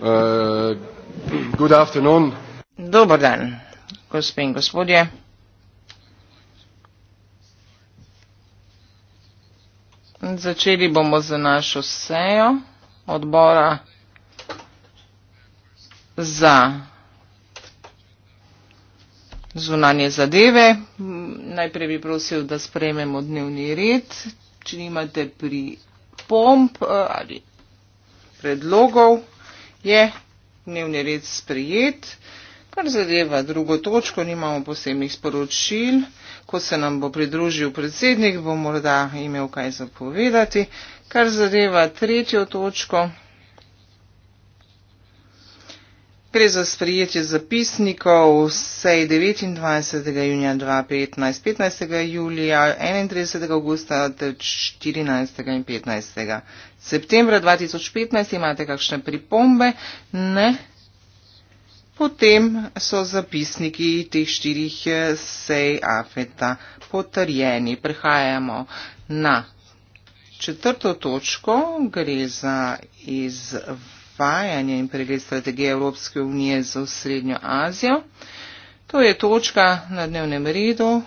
Uh, Dober dan, gospe in gospodje. Začeli bomo z našo sejo odbora za zunanje zadeve. Najprej bi prosil, da sprejmemo dnevni red. Če nimate pri pomp eh, ali predlogov je dnevni red sprijet. Kar zadeva drugo točko, nimamo posebnih sporočil. Ko se nam bo pridružil predsednik, bo morda imel kaj zapovedati. Kar zadeva tretjo točko. Gre za sprejetje zapisnikov sej 29. junija 2015, 15. julija, 31. augusta, 14. in 15. septembra 2015. Imate kakšne pripombe? Ne. Potem so zapisniki teh štirih eh, sej AFETA potrjeni. Prehajamo na četrto točko. Gre za izvajanje osvajanje in pregled strategije Evropske unije za Srednjo Azijo. To je točka na dnevnem redu.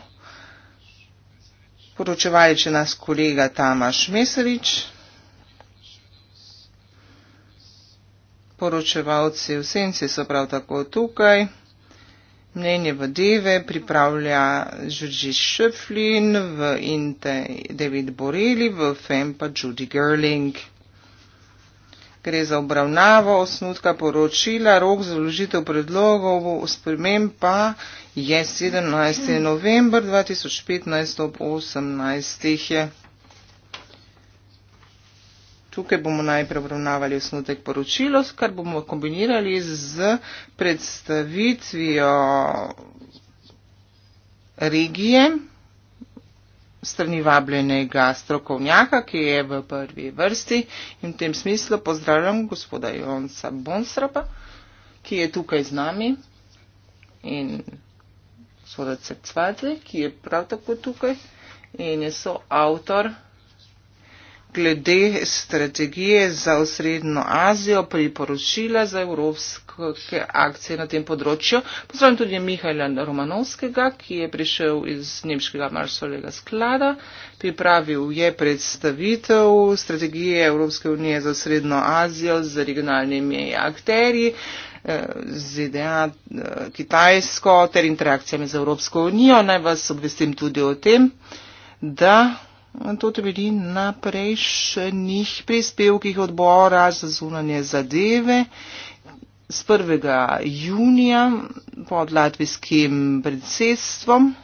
Poročevali če nas kolega Tamaš Meselič. Poročevalci v senci so prav tako tukaj. Mnenje v Deve pripravlja Žuži Šeflin in David Boreli v Fem pa Judy Gerling. Gre za obravnavo osnutka poročila, rok za vložitev predlogov o spremem pa je 17. november 2015 ob 18. je. Tukaj bomo najprej obravnavali osnutek poročilo, kar bomo kombinirali z predstavitvijo regije, strani vabljenega strokovnjaka, ki je v prvi vrsti in v tem smislu pozdravljam gospoda Jonca Bonsrapa, ki je tukaj z nami in gospoda Cercvadze, ki je prav tako tukaj in je so avtor glede strategije za osrednjo Azijo, priporočila za evropske akcije na tem področju. Pozdravljam tudi Mihajla Romanovskega, ki je prišel iz Nemškega Marsolega sklada. Pripravil je predstavitev strategije Evropske unije za osrednjo Azijo z regionalnimi akterji eh, z ideja eh, Kitajsko ter interakcijami z Evropsko unijo. Naj vas obvestim tudi o tem, da Tudi bili na prejšnjih prispevkih odbora za zunanje zadeve. Z 1. junija pod latvijskim predsedstvom.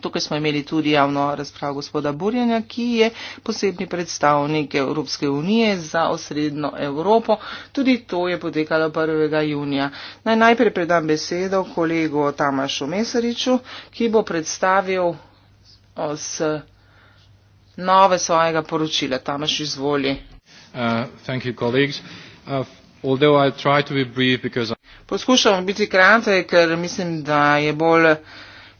Tukaj smo imeli tudi javno razpravo gospoda Burjanja, ki je posebni predstavnik Evropske unije za osrednjo Evropo. Tudi to je potekalo 1. junija. Naj najprej predam besedo kolegu Tamašu Mesariču, ki bo predstavil s nove svojega poročila. Tamaš izvoli. Uh, uh Poskušam biti kratek, ker mislim, da je bolj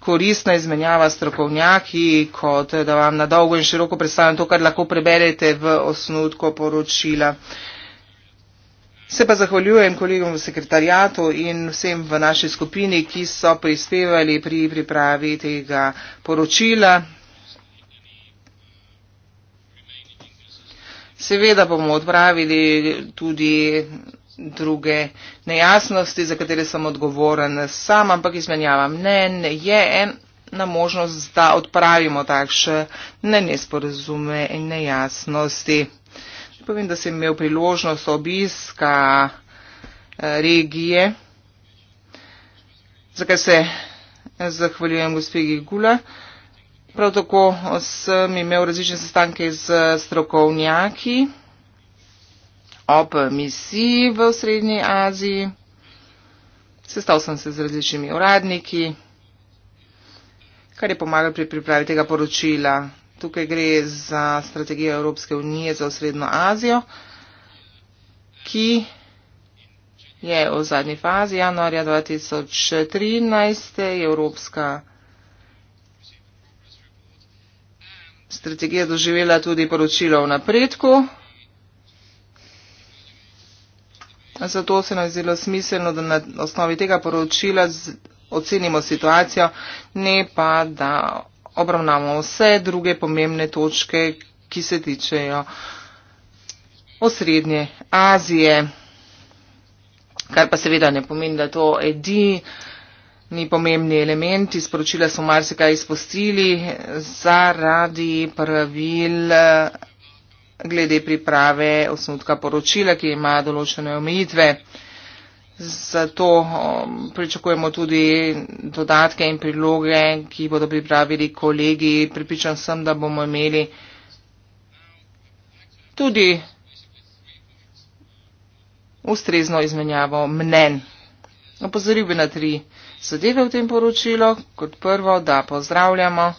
koristna izmenjava strokovnjaki, kot da vam na dolgo in široko predstavim to, kar lahko preberete v osnutku poročila. Se pa zahvaljujem kolegom v sekretarijatu in vsem v naši skupini, ki so prispevali pri pripravi tega poročila. Seveda bomo odpravili tudi druge nejasnosti, za katere sem odgovoren sam, ampak izmenjava mnen je ena možnost, da odpravimo takšne nesporazume in nejasnosti. Povem, da sem imel priložnost obiska eh, regije, za kar se zahvaljujem gospegi Gula. Prav tako sem imel različne sestanke z strokovnjaki ob misiji v Srednji Aziji. Sestal sem se z različnimi uradniki, kar je pomagalo pri pripravi tega poročila. Tukaj gre za strategijo Evropske unije za Srednjo Azijo, ki je v zadnji fazi januarja 2013 Evropska unija. strategija doživela tudi poročilo o napredku. Zato se nam je zelo smiselno, da na osnovi tega poročila ocenimo situacijo, ne pa da obravnamo vse druge pomembne točke, ki se tičejo osrednje Azije, kar pa seveda ne pomeni, da to edi ni pomembni element, izporočila smo marsikaj izpostili zaradi pravil eh, glede priprave osnutka poročila, ki ima določene omejitve. Zato um, pričakujemo tudi dodatke in priloge, ki bodo pripravili kolegi. Pripričan sem, da bomo imeli tudi ustrezno izmenjavo mnen. Opozoril bi na tri zadeve v tem poročilu. Kot prvo, da pozdravljamo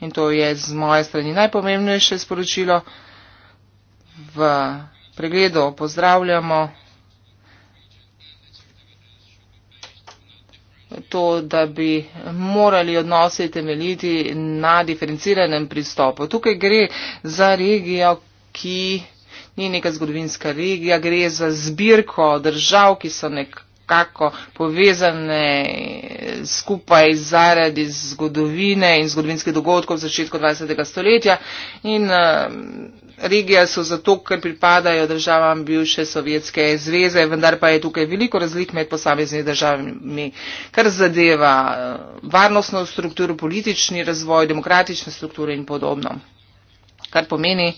in to je z moje strani najpomembnejše sporočilo. V pregledu pozdravljamo to, da bi morali odnose temeljiti na diferenciranem pristopu. Tukaj gre za regijo, ki ni neka zgodovinska regija, gre za zbirko držav, ki so nekako nekako povezane skupaj zaradi zgodovine in zgodovinskih dogodkov v začetku 20. stoletja. In eh, regija so zato, ker pripadajo državam bivše Sovjetske zveze, vendar pa je tukaj veliko razlik med posameznimi državami, kar zadeva eh, varnostno strukturo, politični razvoj, demokratične strukture in podobno. Kar pomeni,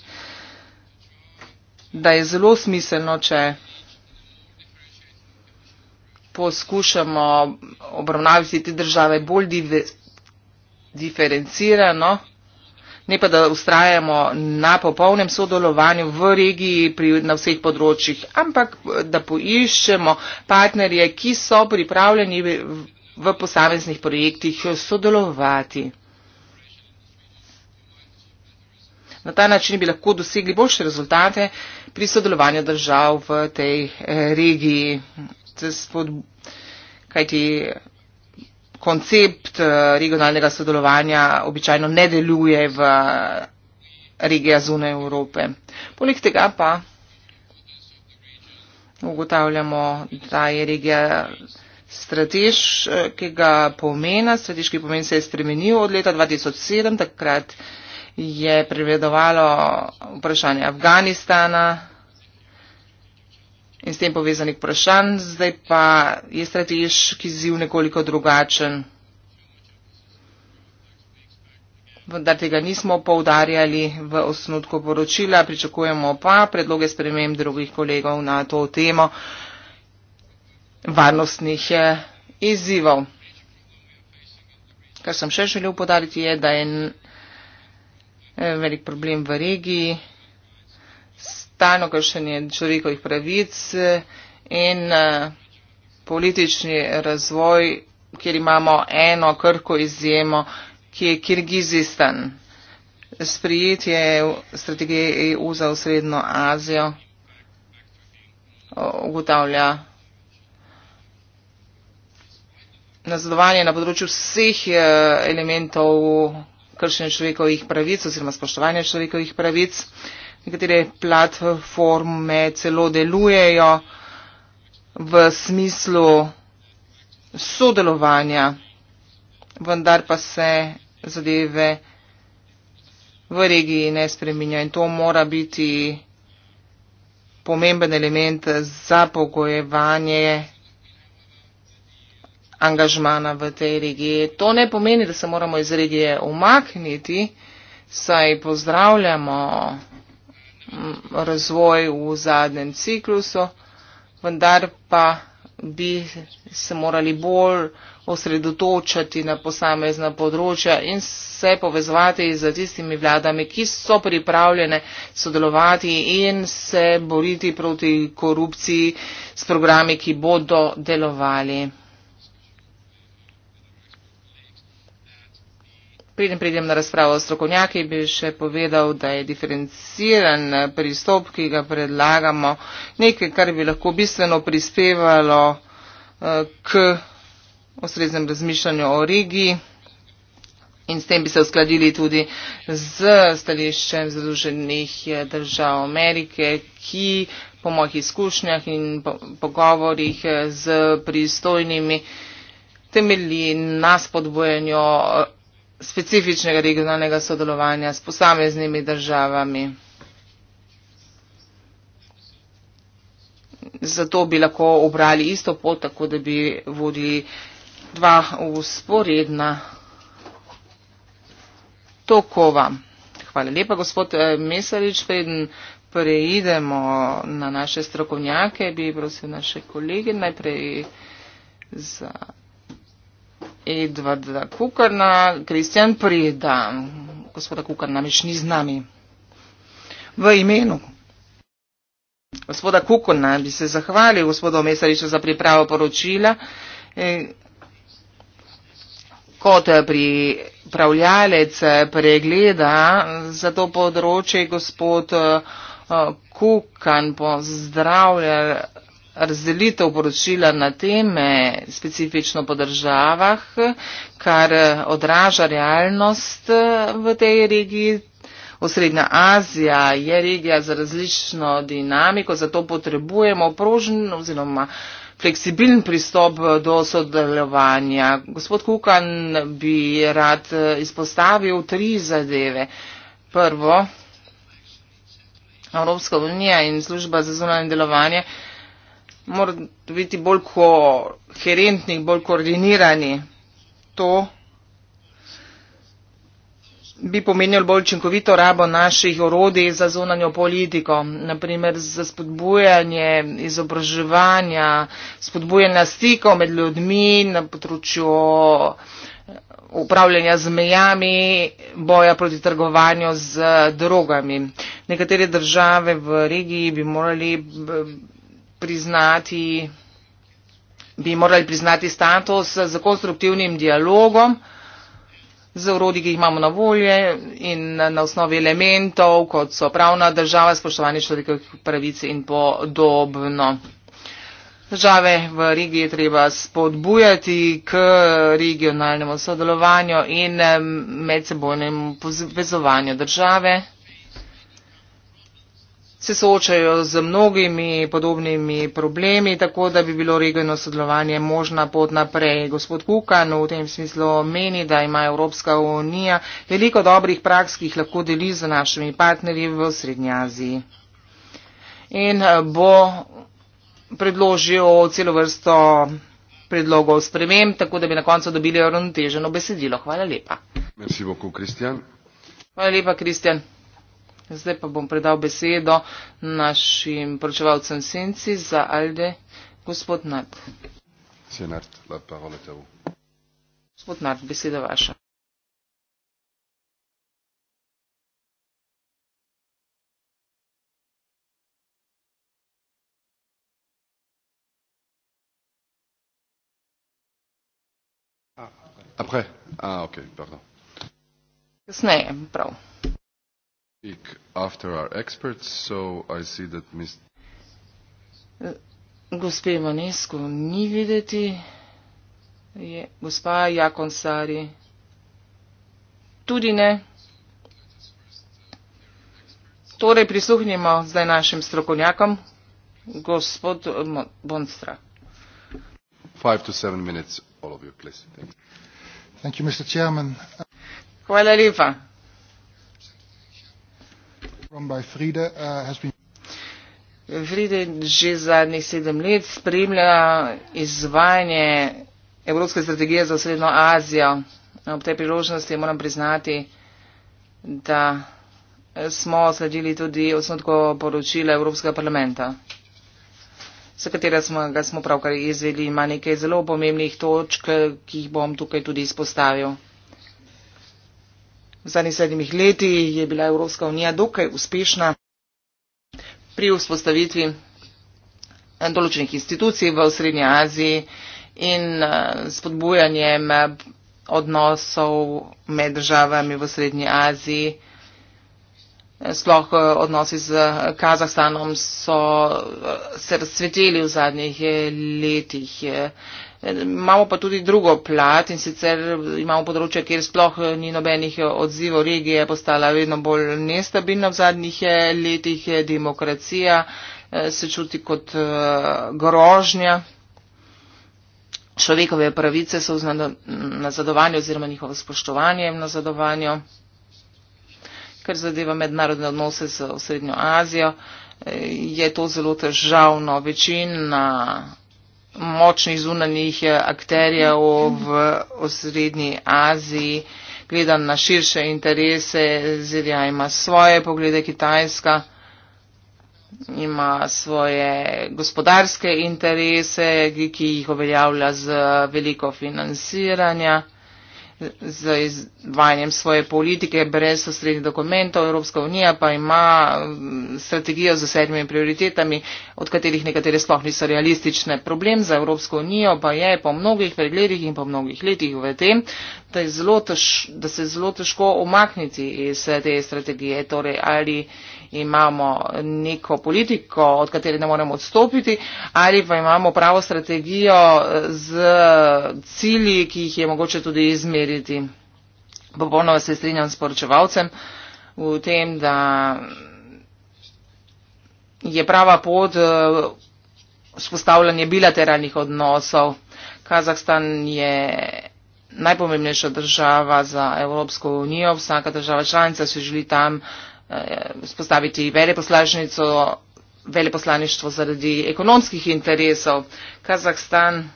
da je zelo smiselno, če poskušamo obravnaviti te države bolj diferencirano, ne pa da ustrajamo na popolnem sodelovanju v regiji pri, na vseh področjih, ampak da poiščemo partnerje, ki so pripravljeni v, v posameznih projektih sodelovati. Na ta način bi lahko dosegli boljše rezultate pri sodelovanju držav v tej eh, regiji kajti koncept eh, regionalnega sodelovanja običajno ne deluje v regija zune Evrope. Poleg tega pa ugotavljamo, da je regija strateškega pomena, strateški pomen se je spremenil od leta 2007, takrat je prevedovalo vprašanje Afganistana in s tem povezanih vprašanj, zdaj pa je strateški ziv nekoliko drugačen. Vendar tega nismo poudarjali v osnutku poročila, pričakujemo pa predloge spremem drugih kolegov na to temo varnostnih eh, izzivov. Kar sem še želel podariti je, da je eh, velik problem v regiji stalno kršenje človekovih pravic eh, in eh, politični razvoj, kjer imamo eno krko izjemo, ki je Kirgizistan. Sprijetje strategije EU za osrednjo Azijo ugotavlja nazadovanje na področju vseh eh, elementov kršenja človekovih pravic oziroma spoštovanja človekovih pravic nekatere platforme celo delujejo v smislu sodelovanja, vendar pa se zadeve v regiji ne spreminja in to mora biti pomemben element za pogojevanje angažmana v tej regiji. To ne pomeni, da se moramo iz regije umakniti, saj pozdravljamo Mm, razvoj v zadnjem ciklusu, vendar pa bi se morali bolj osredotočati na posamezna področja in se povezovati z tistimi vladami, ki so pripravljene sodelovati in se boriti proti korupciji s programi, ki bodo delovali. Preden pridem na razpravo s strokovnjaki, bi še povedal, da je diferenciran pristop, ki ga predlagamo, nekaj, kar bi lahko bistveno prispevalo eh, k osreznem razmišljanju o regiji in s tem bi se uskladili tudi z stališčem Združenih eh, držav Amerike, ki po mojih izkušnjah in pogovorjih z eh, pristojnimi temelji na spodbojanju specifičnega regionalnega sodelovanja s posameznimi državami. Zato bi lahko obrali isto pot, tako da bi vodili dva usporedna tokova. Hvala lepa, gospod eh, Mesarič. Preden preidemo na naše strokovnjake, bi prosil naše kolege najprej za. Edvarda Kukarna, Kristjan Prida. Gospoda Kukarna več ni z nami. V imenu gospoda Kukarna bi se zahvalil gospodu Mesariču za pripravo poročila. E, kot pripravljalec pregleda za to področje, gospod e, Kukan pozdravlja razdelitev poročila na teme, specifično po državah, kar eh, odraža realnost eh, v tej regiji. Osrednja Azija je regija z različno dinamiko, zato potrebujemo prožen oziroma fleksibilen pristop eh, do sodelovanja. Gospod Kukan bi rad izpostavil tri zadeve. Prvo, Evropska unija in služba za zunanje delovanje morajo biti bolj koherentni, bolj koordinirani. To bi pomenilo bolj učinkovito rabo naših orodij za zunanjo politiko, naprimer za spodbujanje izobraževanja, spodbujanja stikov med ljudmi na področju eh, upravljanja z mejami, boja proti trgovanju z drogami. Nekatere države v regiji bi morali eh, priznati, bi morali priznati status za konstruktivnim dialogom z urodi, ki jih imamo na volje in na osnovi elementov, kot so pravna država, spoštovanje človekovih pravic in podobno. Države v regiji treba spodbujati k regionalnemu sodelovanju in medsebojnemu povezovanju države se soočajo z mnogimi podobnimi problemi, tako da bi bilo regionalno sodelovanje možna pot naprej. Gospod Kukan v tem smislu meni, da ima Evropska unija veliko dobrih praks, ki jih lahko deli z našimi partnerji v Srednji Aziji. In eh, bo predložil celo vrsto predlogov sprejem, tako da bi na koncu dobili uravnoteženo besedilo. Hvala lepa. Merci beaucoup, Christian. Hvala lepa, Kristjan. Zdaj pa bom predal besedo našim poročevalcem Senci za Alde, gospod Nard. Senart, la parola te vu. Gospod Nard, beseda vaša. Ah, après. Ah, ok, pardon. Kasneje, prav speak after our experts, so I see that Ms. Eh, gospe Manesko ni videti. Je, gospa Jakon Sari. Tudi ne. Torej prisluhnimo zdaj našim strokovnjakom. Gospod Bonstra. Five to seven minutes, all of you, please. Thank you. Thank you, Mr. Chairman. Hvala lepa. Fride uh, že zadnjih sedem let spremlja izvajanje Evropske strategije za Srednjo Azijo. Ob tej priložnosti moram priznati, da smo sledili tudi osnotko poročila Evropskega parlamenta, za katera smo, ga smo pravkar izvedli in ima nekaj zelo pomembnih točk, ki jih bom tukaj tudi izpostavil. V zadnjih sedmih leti je bila Evropska unija dokaj uspešna pri vzpostavitvi eh, določenih institucij v Srednji Aziji in eh, spodbujanjem eh, odnosov med državami v Srednji Aziji. Sploh odnosi z Kazahstanom so se razcveteli v zadnjih letih. Imamo pa tudi drugo plat in sicer imamo področje, kjer sploh eh, ni nobenih eh, odzivov. Regija je postala vedno bolj nestabilna v zadnjih eh, letih. Demokracija se čuti kot grožnja. Človekove pravice so v nazadovanju oziroma njihovo spoštovanje v nazadovanju. Kar zadeva mednarodne odnose z Srednjo Azijo, je to zelo težavno. Večina močnih zunanjih eh, akterjev v osrednji Aziji, gledam na širše interese, Zirja ima svoje poglede, Kitajska ima svoje gospodarske interese, ki jih uveljavlja z veliko financiranja z izvajanjem svoje politike brez ustrednih dokumentov. Evropska unija pa ima mm, strategijo za sedmimi prioritetami, od katerih nekatere sploh niso realistične. Problem za Evropsko unijo pa je po mnogih pregledih in po mnogih letih v tem, da, zelo tež, da se zelo težko omakniti iz te strategije. Torej, ali imamo neko politiko, od katere ne moremo odstopiti, ali pa imamo pravo strategijo eh, z cilji, ki jih je mogoče tudi izmeriti. Popolnoma se strinjam s poročevalcem v tem, da je prava pot spostavljanje eh, bilateralnih odnosov. Kazahstan je najpomembnejša država za Evropsko unijo, vsaka država članica se želi tam uh, spostaviti eh, veleposlašnico, veleposlaništvo zaradi ekonomskih interesov. Kazahstan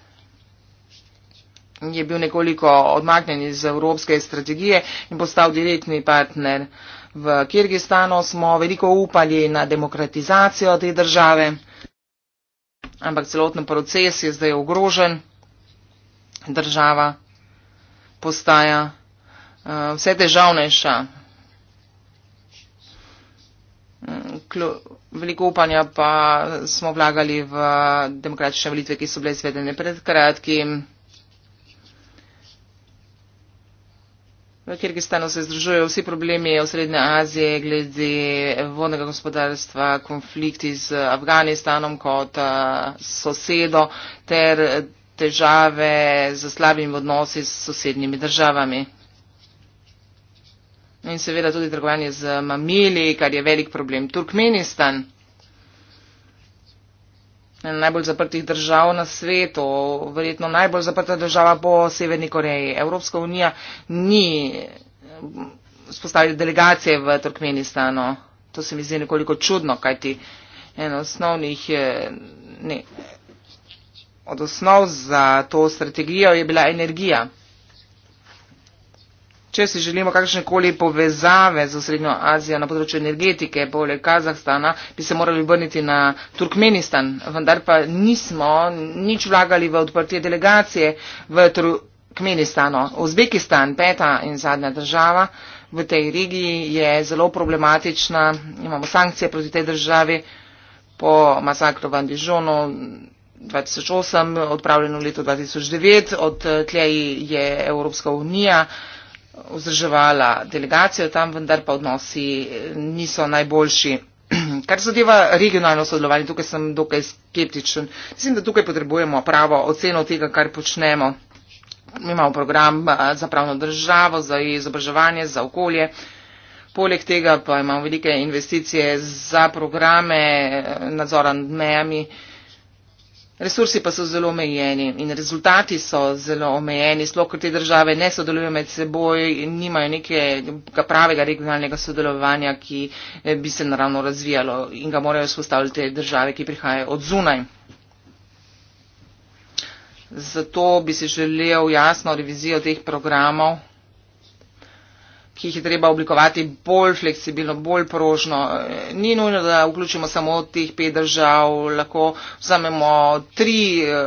je bil nekoliko odmaknjen iz evropske strategije in postal direktni partner. V Kirgistanu smo veliko upali na demokratizacijo te države, ampak celoten proces je zdaj ogrožen. Država postaja eh, vse težavnejša. veliko upanja pa smo vlagali v demokratične volitve, ki so bile izvedene pred kratkim. V Kirgistanu se združujejo vsi problemi v Srednje Azije, glede vodnega gospodarstva, konflikti z Afganistanom kot uh, sosedo ter težave z slabimi odnosi s sosednjimi državami. In seveda tudi trgovanje z mamili, kar je velik problem. Turkmenistan, ena najbolj zaprtih držav na svetu, verjetno najbolj zaprta država po Severni Koreji. Evropska unija ni eh, spostavila delegacije v Turkmenistano. To se mi zdi nekoliko čudno, kajti eno osnovnih. Eh, ne, Od osnov za to strategijo je bila energija. Če si želimo kakšne koli povezave z Srednjo Azijo na področju energetike, poleg Kazahstana, bi se morali vrniti na Turkmenistan, vendar pa nismo nič vlagali v odprtje delegacije v Turkmenistano. Uzbekistan, peta in zadnja država v tej regiji, je zelo problematična. Imamo sankcije proti tej državi po masakru v Andižonu. 2008, odpravljeno leto 2009, od tleji je Evropska unija vzdrževala delegacijo tam, vendar pa odnosi eh, niso najboljši. Kar zadeva regionalno sodelovanje, tukaj sem dokaj skeptičen. Mislim, da tukaj potrebujemo pravo oceno tega, kar počnemo. Mi imamo program eh, za pravno državo, za izobraževanje, za okolje. Poleg tega pa imamo velike investicije za programe eh, nadzora nad mejami. Resursi pa so zelo omejeni in rezultati so zelo omejeni, sploh ker te države ne sodelujo med seboj in nimajo nekega pravega regionalnega sodelovanja, ki eh, bi se naravno razvijalo in ga morajo vzpostavljati te države, ki prihajajo od zunaj. Zato bi se želel jasno revizijo teh programov ki jih je treba oblikovati bolj fleksibilno, bolj prožno. Eh, ni nujno, da vključimo samo teh pet držav, lahko vzamemo tri eh,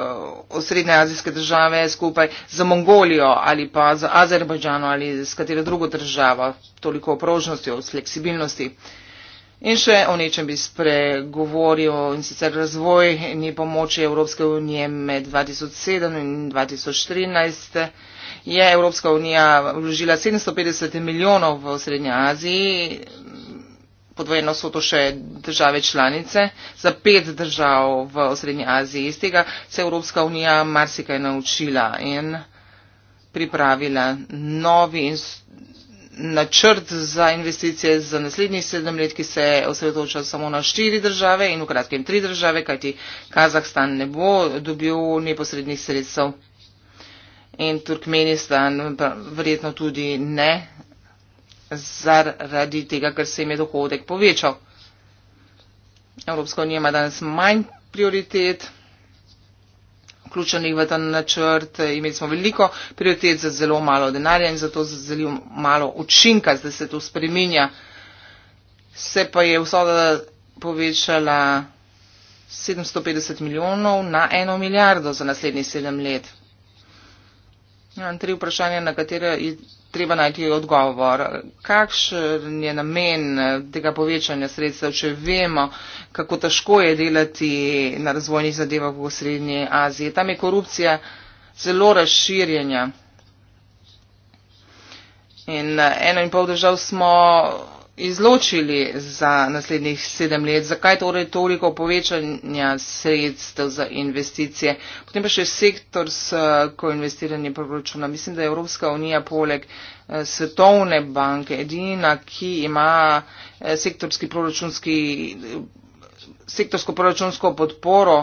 osrednje azijske države skupaj za Mongolijo ali pa za Azerbajdžano ali z katero drugo državo, toliko o prožnosti, o fleksibilnosti. In še o nečem bi spregovoril in sicer razvoj in pomoči Evropske unije med 2007 in 2013 je Evropska unija vložila 750 milijonov v Srednji Aziji, podvojeno so to še države članice, za pet držav v Srednji Aziji. Iz tega se je Evropska unija marsikaj naučila in pripravila novi načrt za investicije za naslednjih sedem let, ki se osredotoča samo na štiri države in v kratkem tri države, kajti Kazahstan ne bo dobil neposrednih sredstev in Turkmenistan verjetno tudi ne, zaradi tega, ker se jim je dohodek povečal. Evropska unija ima danes manj prioritet, vključenih v ta načrt. Imeli smo veliko prioritet za zelo malo denarja in zato za zelo malo učinka, zdaj se to spreminja. Se pa je vsota povečala 750 milijonov na eno milijardo za naslednjih sedem let. Imam tri vprašanja, na katere je treba najti odgovor. Kakšen je namen eh, tega povečanja sredstev, če vemo, kako težko je delati na razvojnih zadevah v Srednji Aziji? Tam je korupcija zelo razširjenja. In eh, eno in pol držav smo izločili za naslednjih sedem let, zakaj torej toliko povečanja sredstev za investicije. Potem pa še sektor s eh, koinvestiranjem proračuna. Mislim, da je Evropska unija poleg eh, svetovne banke edina, ki ima eh, sektorski proračunski, sektorsko proračunsko podporo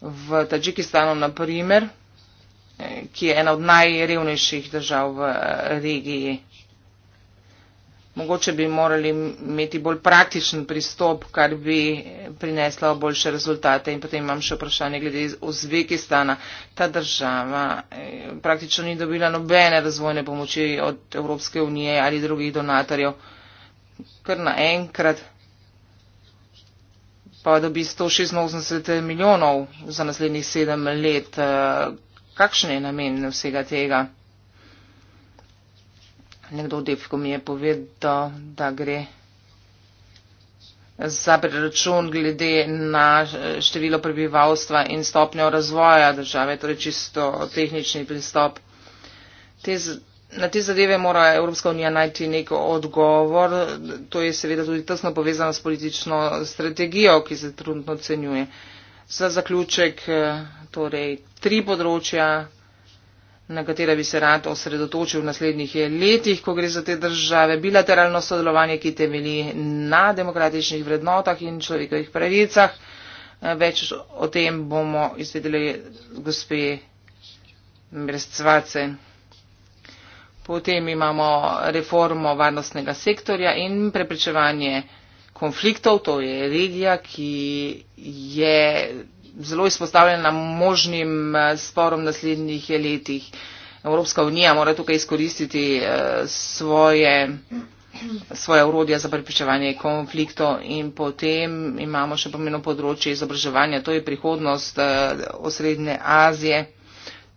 v Tadžikistanu, na primer, ki je ena od najrevnejših držav v regiji mogoče bi morali imeti bolj praktičen pristop, kar bi prineslo boljše rezultate. In potem imam še vprašanje glede Uzbekistana. Ta država eh, praktično ni dobila nobene razvojne pomoči od Evropske unije ali drugih donatorjev. Kar naenkrat pa dobi 186 milijonov za naslednjih sedem let. Eh, kakšen je namen vsega tega? nekdo v Defku mi je povedal, da gre za preračun glede na število prebivalstva in stopnjo razvoja države, torej čisto tehnični pristop. Te Na te zadeve mora Evropska unija najti nek odgovor. To je seveda tudi tesno povezano s politično strategijo, ki se trudno ocenjuje. Za zaključek, eh, torej tri področja, na katere bi se rad osredotočil v naslednjih letih, ko gre za te države, bilateralno sodelovanje, ki temelji na demokratičnih vrednotah in človekovih pravicah. Eh, več o tem bomo izvedeli gospe Mrescvace. Potem imamo reformo varnostnega sektorja in preprečevanje konfliktov. To je regija, ki je zelo izpostavljena možnim eh, sporom naslednjih letih. Evropska unija mora tukaj izkoristiti eh, svoje, svoje urodja za pripričevanje konfliktov in potem imamo še pomeno področje izobraževanja, to je prihodnost eh, osrednje Azije.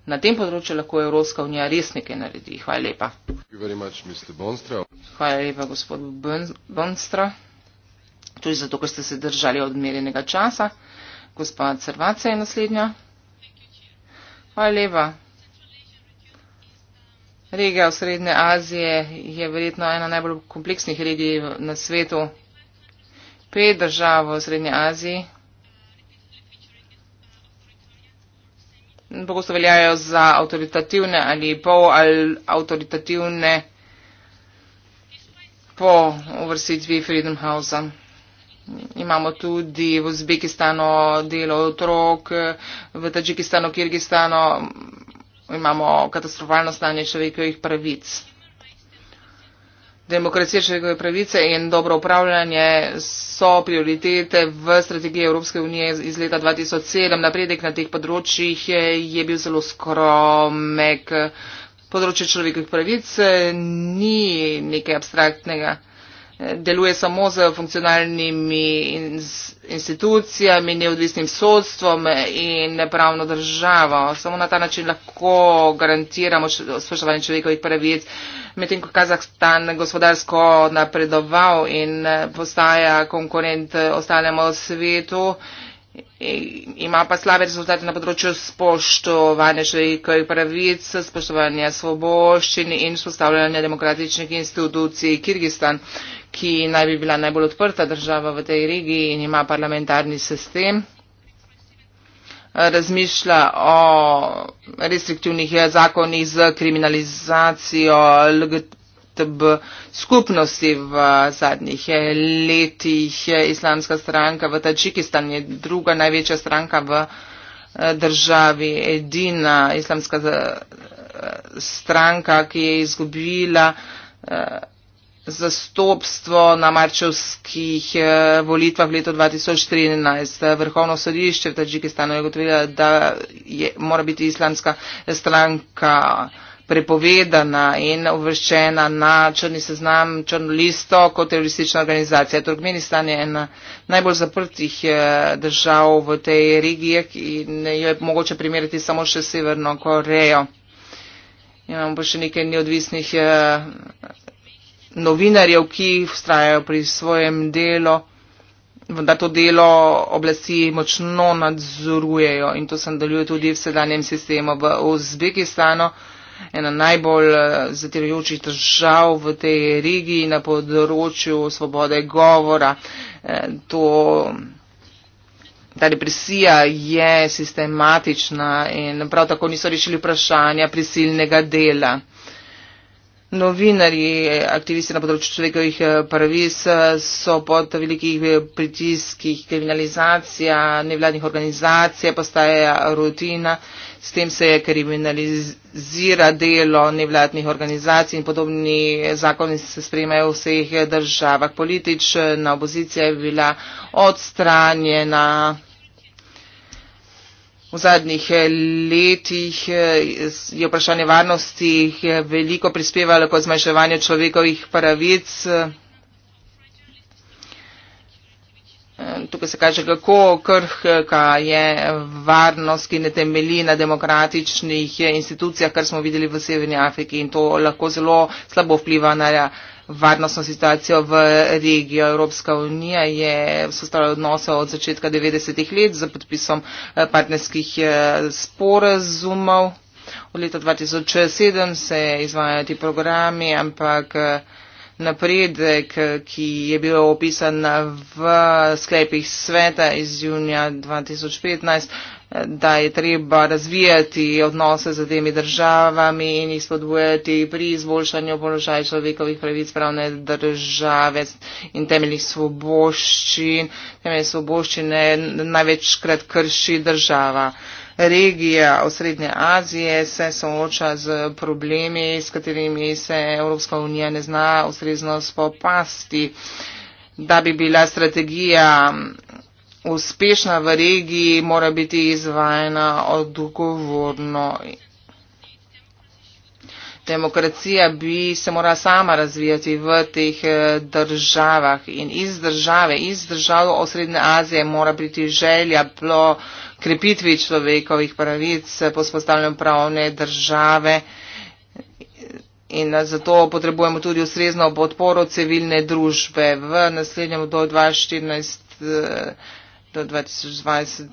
Na tem področju lahko Evropska unija res nekaj naredi. Hvala lepa. Much, Hvala lepa, gospod Bonstra, tudi zato, ker ste se držali odmerjenega časa gospa Cervaca je naslednja. Hvala lepa. Regija v Srednje Azije je verjetno ena najbolj kompleksnih regij na svetu. Pet držav v Srednje Aziji. Pogosto veljajo za avtoritativne ali pol ali avtoritativne po uvrstitvi Freedom House. -a. Imamo tudi v Uzbekistanu delo otrok, v Tačikistanu, Kirgistanu imamo katastrofalno stanje človekovih pravic. Demokracija človekove pravice in dobro upravljanje so prioritete v strategiji Evropske unije iz leta 2007. Napredek na teh področjih je bil zelo skromek. Področje človekovih pravic ni nekaj abstraktnega deluje samo z funkcionalnimi institucijami, neodvisnim sodstvom in pravno državo. Samo na ta način lahko garantiramo spoštovanje človekovih pravic. Medtem ko Kazahstan gospodarsko napredoval in eh, postaja konkurent eh, ostalemu svetu, ima pa slabe rezultate na področju spoštovanja človekovih pravic, spoštovanja svoboščin in spostavljanja demokratičnih institucij Kyrgyzstan ki naj bi bila najbolj odprta država v tej regiji in ima parlamentarni sistem, razmišlja o restriktivnih zakonih z kriminalizacijo LGTB skupnosti v zadnjih letih. Islamska stranka v Tačikistan je druga največja stranka v eh, državi, edina islamska eh, stranka, ki je izgubila eh, zastopstvo na marčevskih eh, volitvah v letu 2013. Vrhovno sodišče v Tadžikistanu je gotovilo, da je, mora biti islamska stranka prepovedana in uvrščena na črni seznam, črno listo kot teroristična organizacija. Turkmenistan je ena najbolj zaprtih eh, držav v tej regiji in jo je mogoče primerjati samo še Severno Korejo. Imamo pa še nekaj neodvisnih eh, novinarjev, ki vztrajajo pri svojem delu, vendar to delo oblasti močno nadzorujejo in to se nadaljuje tudi v sedanjem sistemu v Uzbekistanu. Ena najbolj eh, zatirajočih držav v tej regiji na področju svobode govora. Eh, to, ta represija je sistematična in prav tako niso rešili vprašanja prisilnega dela. Novinarji, aktivisti na področju človekovih eh, pravic eh, so pod velikih eh, pritiskih, kriminalizacija nevladnih organizacij postaje rutina, s tem se kriminalizira delo nevladnih organizacij in podobni zakoni se sprejmejo v vseh državah. Politična opozicija je bila odstranjena. V zadnjih eh, letih eh, je vprašanje varnosti eh, veliko prispevalo kot zmanjševanje človekovih pravic. Tukaj se kaže, kako krhka je varnost, ki ne temeli na demokratičnih institucijah, kar smo videli v Severni Afriki in to lahko zelo slabo vpliva na reakcijo varnostno situacijo v regijo. Evropska unija je vzpostavila odnose od začetka 90-ih let z podpisom eh, partnerskih eh, sporazumov. Od leta 2007 se izvajajo ti programi, ampak eh, napredek, ki je bil opisan v sklepih sveta iz junija 2015, da je treba razvijati odnose z temi državami in jih spodbujati pri izboljšanju položaja človekovih pravic pravne države in temeljnih svoboščin. Temeljne svoboščine največkrat krši država. Regija osrednje Azije se sooča z problemi, s katerimi se Evropska unija ne zna ustrezno spopasti. Da bi bila strategija uspešna v regiji, mora biti izvajena odgovorno. Demokracija bi se mora sama razvijati v teh eh, državah in iz države, iz držav osrednje Azije mora biti želja plo krepitvi človekovih pravic, pospostavljanju pravne države in eh, zato potrebujemo tudi ustrezno podporo civilne družbe v naslednjem do 2014 do 2020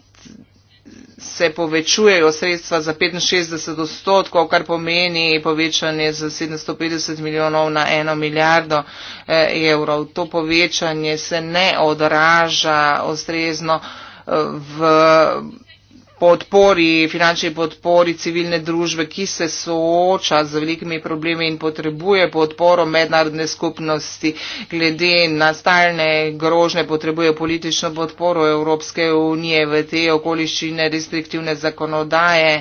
se povečujejo sredstva za 65 odstotkov, kar pomeni povečanje za 750 milijonov na eno milijardo eh, evrov. To povečanje se ne odraža ustrezno eh, v podpori, finančni podpori civilne družbe, ki se sooča z velikimi problemi in potrebuje podporo mednarodne skupnosti glede na stalne grožne, potrebuje politično podporo Evropske unije v te okoliščine restriktivne zakonodaje.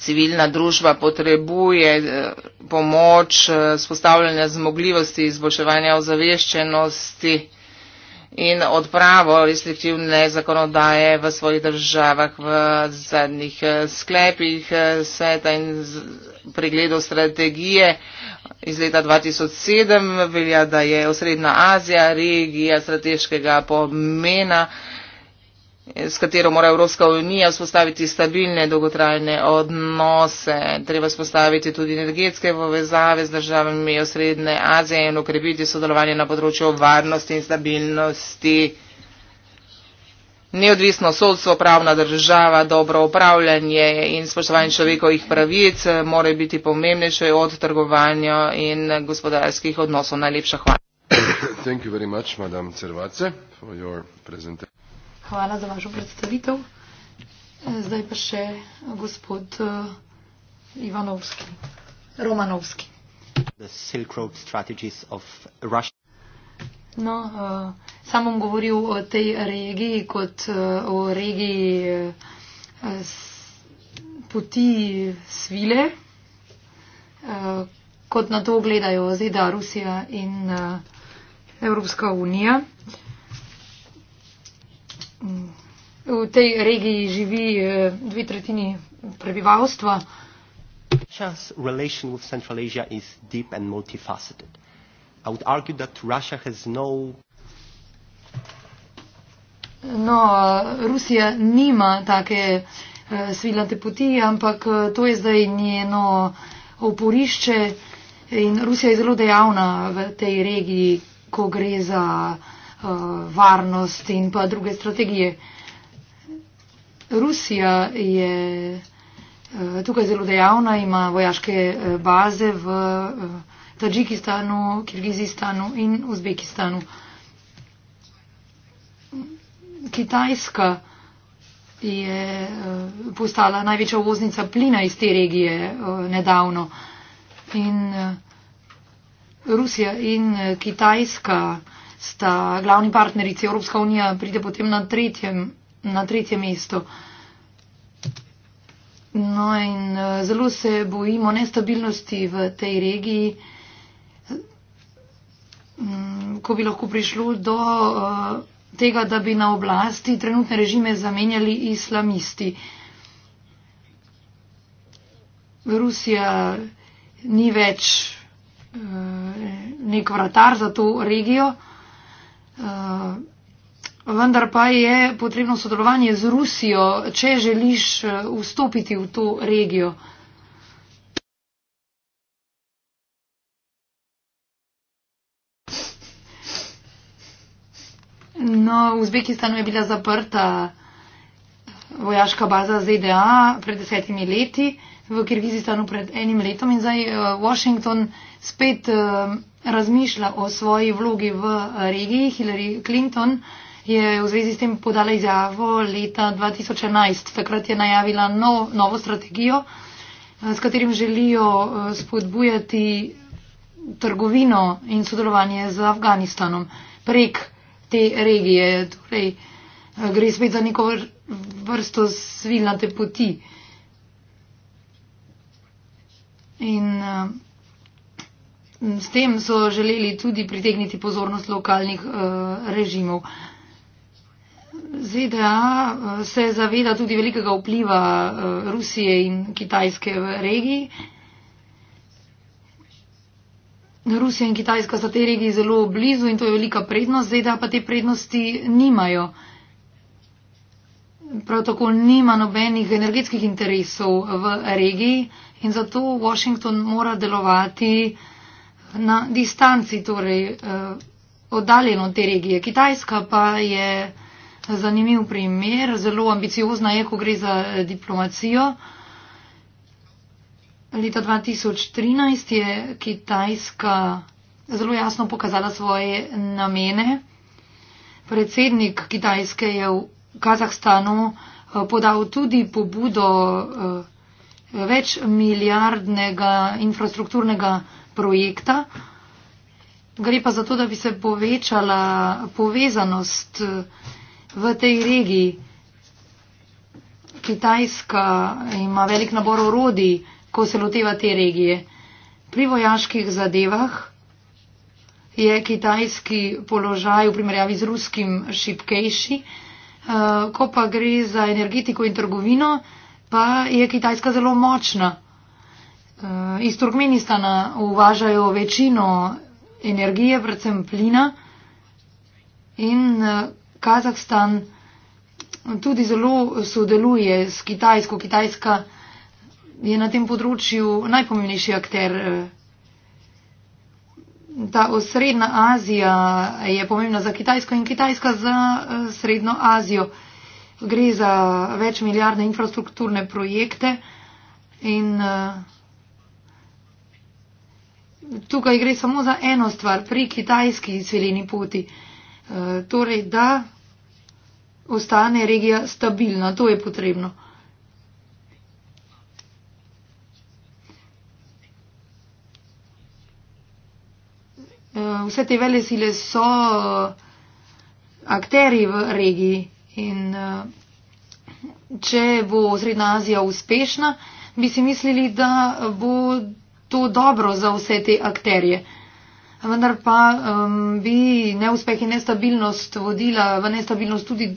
Civilna družba potrebuje eh, pomoč spostavljanja eh, zmogljivosti, izboljševanja ozaveščenosti in odpravo restriktivne zakonodaje v svojih državah v zadnjih eh, sklepih eh, sveta in pregledu strategije iz leta 2007 velja, da je osrednja Azija regija strateškega pomena s katero mora Evropska unija vzpostaviti stabilne dolgotrajne odnose. Treba vzpostaviti tudi energetske povezave z državami osrednje Azije in okrepiti sodelovanje na področju varnosti in stabilnosti. Neodvisno sodstvo, pravna država, dobro upravljanje in spoštovanje človekovih pravic more biti pomembnejše od trgovanja in gospodarskih odnosov. Najlepša hvala. Hvala za vašo predstavitev. E, zdaj pa še gospod e, Ivanovski, Romanovski. The Silk Road strategies of Russia. No, uh, sam bom govoril o tej regiji kot uh, o regiji uh, s, poti svile, uh, kot na to gledajo zeda Rusija in uh, Evropska unija. Uh, v tej regiji živi eh, dve tretjini prebivalstva. Russia's relation with Central Asia is deep and multifaceted. I would argue that Russia has no. No, Rusija nima take uh, eh, svilate poti, ampak eh, to je zdaj njeno oporišče in Rusija je zelo dejavna v tej regiji, ko gre za uh, Eh, varnost in pa druge strategije. Rusija je eh, tukaj zelo dejavna, ima vojaške eh, baze v Tadžikistanu, Kirgizistanu in Uzbekistanu. Kitajska je postala največja uvoznica plina iz te regije nedavno. In Rusija in Kitajska sta glavni partnerici. Evropska unija pride potem na tretje, na tretje mesto. No in eh, zelo se bojimo nestabilnosti v tej regiji, mm, ko bi lahko prišlo do eh, tega, da bi na oblasti trenutne režime zamenjali islamisti. Rusija ni več eh, nek vratar za to regijo. Eh, vendar pa je potrebno sodelovanje z Rusijo, če želiš eh, vstopiti v to regijo. No, v Uzbekistanu je bila zaprta eh, vojaška baza ZDA pred desetimi leti, v Kirgizistanu pred enim letom in zdaj Washington. Uh, spet eh, razmišlja o svoji vlogi v eh, regiji. Hillary Clinton je v zvezi s tem podala izjavo leta 2011. Takrat je najavila no, novo strategijo, eh, s katerim želijo spodbujati trgovino in sodelovanje z Afganistanom prek te regije. Torej, gre spet za neko vrsto svilnate poti. In uh, Mm, s tem so želeli tudi pritegniti pozornost lokalnih eh, režimov. ZDA e eh, se zaveda tudi velikega vpliva eh, Rusije in Kitajske v regiji. Rusija in Kitajska sta tej regiji zelo blizu in to je velika prednost, ZDA e pa te prednosti nimajo. Prav tako nima nobenih energetskih interesov v regiji in zato Washington mora delovati uh, na distanci, torej eh, oddaljeno od te regije. Kitajska pa je zanimiv primer, zelo ambiciozna je, ko gre za eh, diplomacijo. Leta 2013 je Kitajska zelo jasno pokazala svoje namene. Predsednik Kitajske je v Kazahstanu eh, podal tudi pobudo večmiljardnega infrastrukturnega projekta. Gre pa za to, da bi se povečala povezanost eh, v tej regiji. Kitajska ima velik nabor orodij, ko se loteva te regije. Pri vojaških zadevah je kitajski položaj v primerjavi z ruskim šipkejši. Eh, ko pa gre za energetiko in trgovino, pa je Kitajska zelo močna. Eh, iz Turkmenistana uvažajo večino energije, predvsem plina. In eh, Kazahstan tudi zelo sodeluje s Kitajsko. Kitajska je na tem področju najpomembnejši akter. Eh. Ta osrednja Azija je pomembna za Kitajsko in Kitajska za srednjo Azijo. Gre za več milijardne infrastrukturne projekte in uh, tukaj gre samo za eno stvar pri kitajski izseljeni poti. E, torej, da ostane regija stabilna, to je potrebno. E, vse te vele sile so e, akteri v regiji in če bo Srednja Azija uspešna, bi si mislili, da bo to dobro za vse te akterje. Vendar pa um, bi neuspeh in nestabilnost vodila v nestabilnost tudi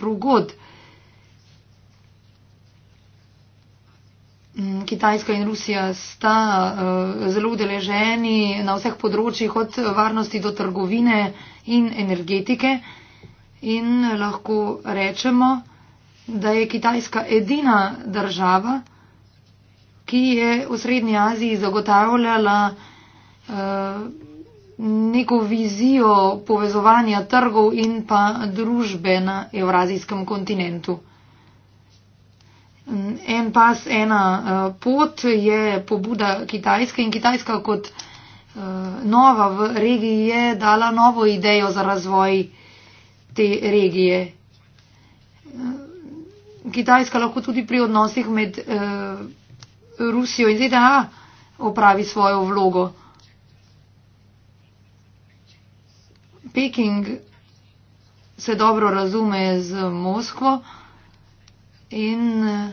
drugod. Mm, Kitajska in Rusija sta uh, zelo udeleženi na vseh področjih, od varnosti do trgovine in energetike. In lahko rečemo, da je Kitajska edina država, ki je v Srednji Aziji zagotavljala uh, neko vizijo povezovanja trgov in pa družbe na evrazijskem kontinentu. En pas, ena uh, pot je pobuda Kitajske in Kitajska kot uh, nova v regiji je dala novo idejo za razvoj te regije. Uh, Kitajska lahko tudi pri odnosih med uh, Rusijo in ZDA opravi svojo vlogo. Peking se dobro razume z Moskvo in eh,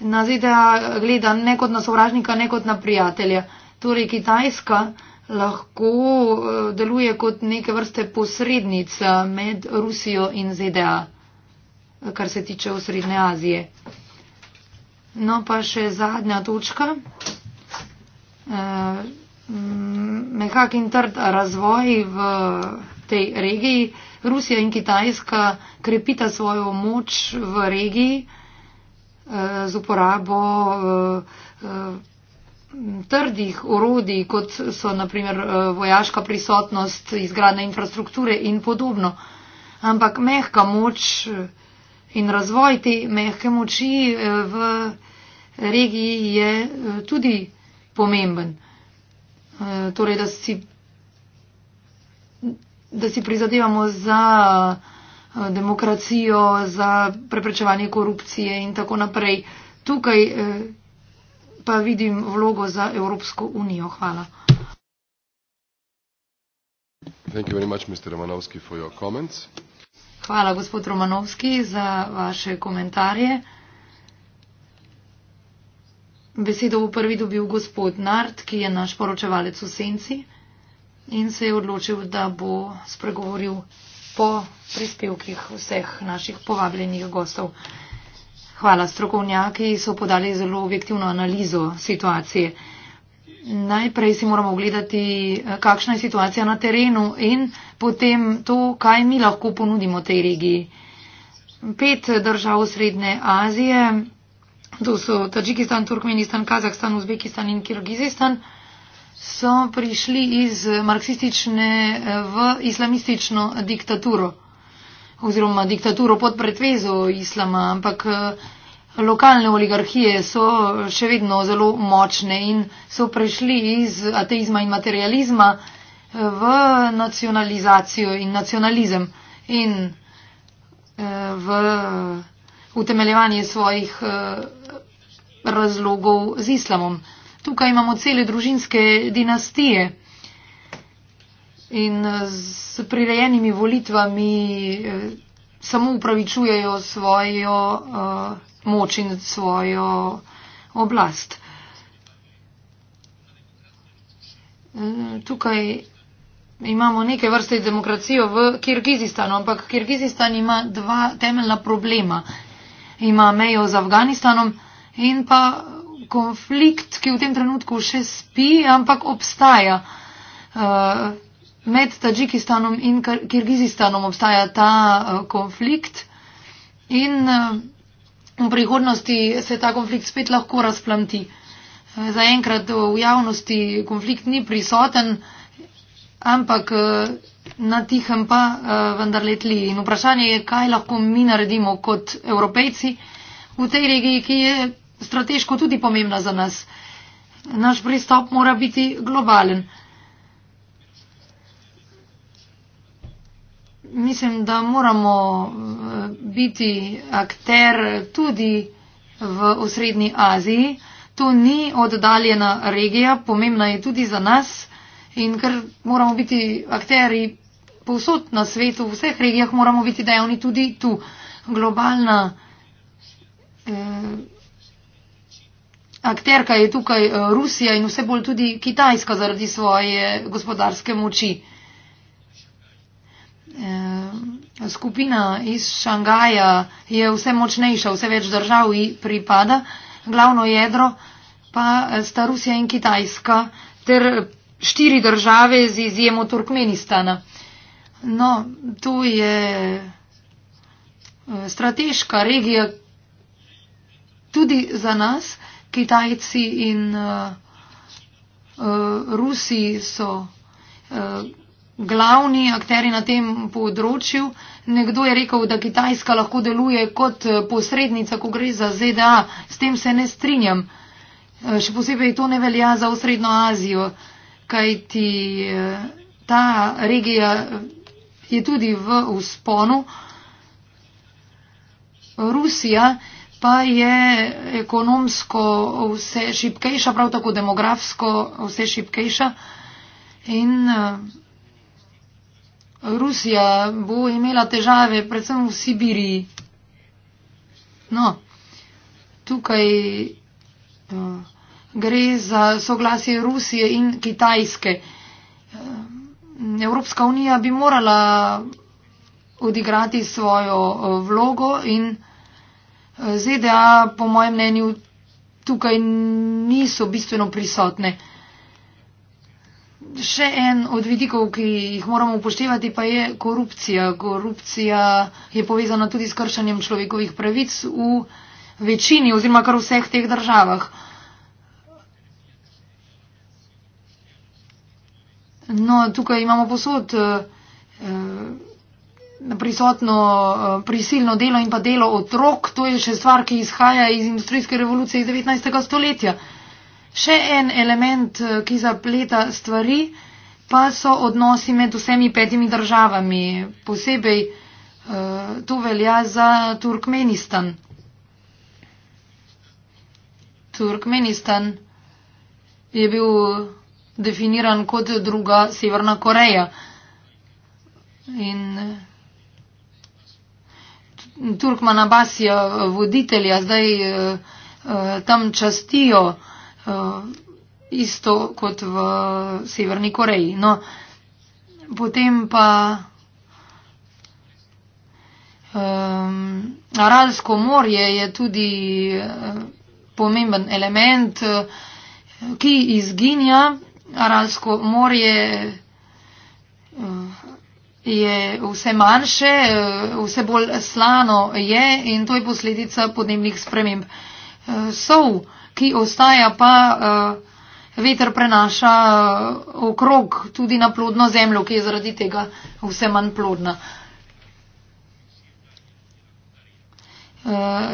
na ZDA gleda ne kot na sovražnika, ne kot na prijatelja. Torej Kitajska lahko eh, deluje kot neke vrste posrednica med Rusijo in ZDA, kar se tiče osrednje Azije. No pa še zadnja točka. E, mehak in trd razvoj v tej regiji. Rusija in Kitajska krepita svojo moč v regiji e, z uporabo e, e trdih orodij, kot so naprimer e, vojaška prisotnost, izgradna infrastrukture in podobno. Ampak mehka moč. E, in razvoj te mehke moči eh, v regiji je eh, tudi pomemben. Eh, torej, da si, da si prizadevamo za demokracijo, za preprečevanje korupcije in tako naprej. Tukaj pa vidim vlogo za Evropsko unijo. Hvala. Thank you very much, Mr. Romanovsky, for your comments. Hvala, gospod Romanovski, za vaše komentarje. Besedo v prvi dobil gospod Nart, ki je naš poročevalec v Senci in se je odločil, da bo spregovoril po prispevkih vseh naših povabljenih gostov. Hvala, strokovnjaki so podali zelo objektivno analizo situacije. Najprej si moramo ogledati, kakšna je situacija na terenu in potem to, kaj mi lahko ponudimo tej regiji. Pet držav Srednje Azije, to so Tačikistan, Turkmenistan, Kazahstan, Uzbekistan in Kirgizistan, so prišli iz marksistične v islamistično diktaturo oziroma diktaturo pod pretvezo islama, ampak lokalne oligarhije so še vedno zelo močne in so prišli iz ateizma in materializma v nacionalizacijo in nacionalizem in eh, v utemeljevanje svojih eh, razlogov z islamom. Tukaj imamo cele družinske dinastije in eh, s prirejenimi volitvami samo upravičujejo svojo moč in svojo oblast. Tukaj imamo neke vrste demokracijo v Kirgizistanu, ampak Kirgizistan ima dva temeljna problema. Ima mejo z Afganistanom in pa konflikt, ki v tem trenutku še spi, ampak obstaja. Eh, med Tadžikistanom in Kirgizistanom obstaja ta eh, konflikt in eh, v prihodnosti se ta konflikt spet lahko razplanti. Zaenkrat v javnosti konflikt ni prisoten, ampak eh, na tihem pa eh, vendar letli. In vprašanje je, kaj lahko mi naredimo kot evropejci v tej regiji, ki je strateško tudi pomembna za nas. Naš pristop mora biti globalen. Mislim, da moramo eh, biti akter tudi v osrednji Aziji. To ni oddaljena regija, pomembna je tudi za nas. In ker moramo biti akteri povsod na svetu, v vseh regijah, moramo biti dejavni tudi tu. Globalna eh, akterka je tukaj eh, Rusija in vse bolj tudi Kitajska zaradi svoje gospodarske moči. Eh, skupina iz Šangaja je vse močnejša, vse več držav ji pripada, glavno jedro pa sta Rusija in Kitajska ter štiri države z izjemo Turkmenistana. No, to je eh, strateška regija tudi za nas, Kitajci in uh, uh, Rusi so uh, glavni akteri na tem področju. Nekdo je rekel, da Kitajska lahko deluje kot posrednica, ko gre za ZDA. S tem se ne strinjam. Še posebej to ne velja za osrednjo Azijo kaj ti eh, ta regija eh, je tudi v usponu. Rusija pa je ekonomsko vse šipkejša, prav tako demografsko vse šipkejša. In eh, Rusija bo imela težave predvsem v Sibiriji. No, tukaj. Uh, gre za soglasje Rusije in Kitajske. Ehm, Evropska unija bi morala odigrati svojo e, vlogo in e, ZDA, po mojem mnenju, tukaj niso bistveno prisotne. Še en od vidikov, ki jih moramo upoštevati, pa je korupcija. Korupcija je povezana tudi s kršanjem človekovih pravic v večini oziroma kar v vseh teh državah. No, tukaj imamo posod eh, eh, prisotno eh, prisilno delo in pa delo otrok. To je še stvar, ki izhaja iz industrijske revolucije iz 19. stoletja. Še en element, eh, ki zapleta stvari, pa so odnosi med vsemi petimi državami. Posebej eh, to velja za Turkmenistan. Turkmenistan je bil definiran kot druga Severna Koreja. In eh, Turkman Abasija, eh, voditelja, zdaj eh, tam častijo isto kot v Severni Koreji. No, potem pa um, Aralsko morje je tudi pomemben element, ki izginja Aralsko morje eh, je vse manjše, eh, vse bolj slano je in to je posledica podnebnih sprememb. Eh, Sov, ki ostaja pa veter prenaša okrog tudi na plodno zemljo, ki je zaradi tega vse manj plodna.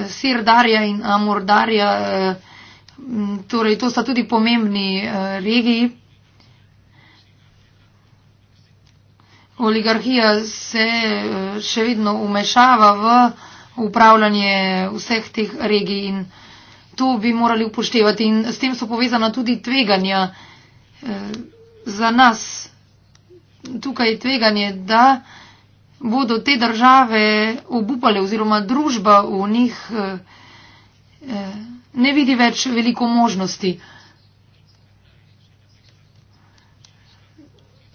Sir Darja in Amor Darja, torej to sta tudi pomembni regiji. oligarhija se eh, še vedno umešava v upravljanje vseh teh regij in to bi morali upoštevati. In s tem so povezana tudi tveganja eh, za nas. Tukaj je tveganje, da bodo te države obupale oziroma družba v njih eh, ne vidi več veliko možnosti.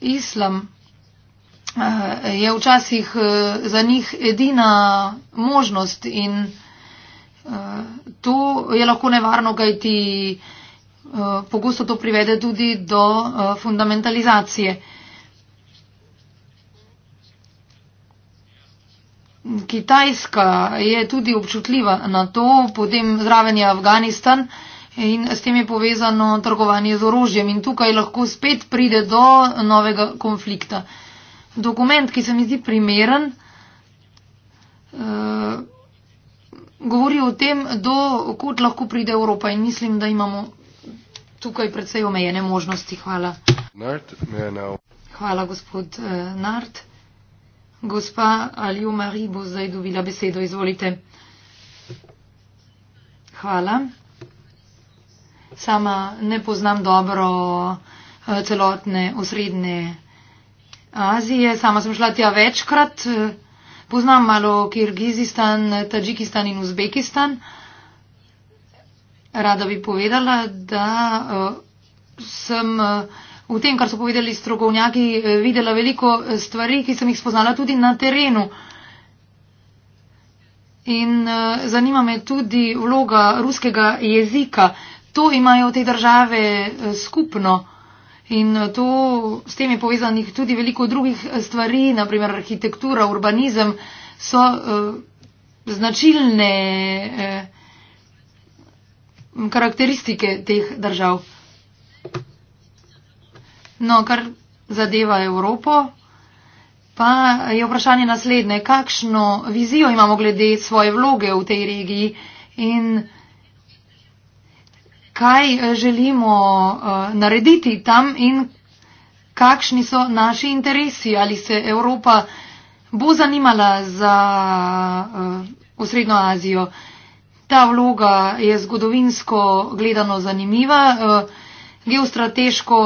Islam Eh, je včasih eh, za njih edina možnost in eh, to je lahko nevarno, kaj ti pogosto to privede tudi do fundamentalizacije. Kitajska je tudi občutljiva na to, potem zraven je Afganistan in s tem je povezano trgovanje z orožjem in tukaj lahko spet pride do novega konflikta dokument, ki se mi zdi primeren, eh, govori o tem, do kod lahko pride Evropa in mislim, da imamo tukaj predvsej omejene možnosti. Hvala. Nart, Hvala, gospod eh, Nart. Gospa Aljo Mari bo zdaj dobila besedo. Izvolite. Hvala. Sama ne poznam dobro eh, celotne osrednje Azije. Sama sem šla tja večkrat, poznam malo Kirgizistan, Tadžikistan in Uzbekistan. Rada bi povedala, da eh, sem eh, v tem, kar so povedali strokovnjaki, eh, videla veliko stvari, ki sem jih spoznala tudi na terenu. In zanima me tudi vloga ruskega jezika. To imajo te države skupno. In eh, to, s tem je povezanih tudi veliko drugih eh, stvari, naprimer arhitektura, urbanizem, so uh, značilne uh, karakteristike teh držav. No, kar zadeva Evropo, pa je vprašanje naslednje, kakšno vizijo imamo glede svoje vloge v tej regiji in uh, kaj eh, želimo eh, narediti tam in kakšni so naši interesi, ali se Evropa bo zanimala za eh, osrednjo Azijo. Ta vloga je zgodovinsko gledano zanimiva, geostrateško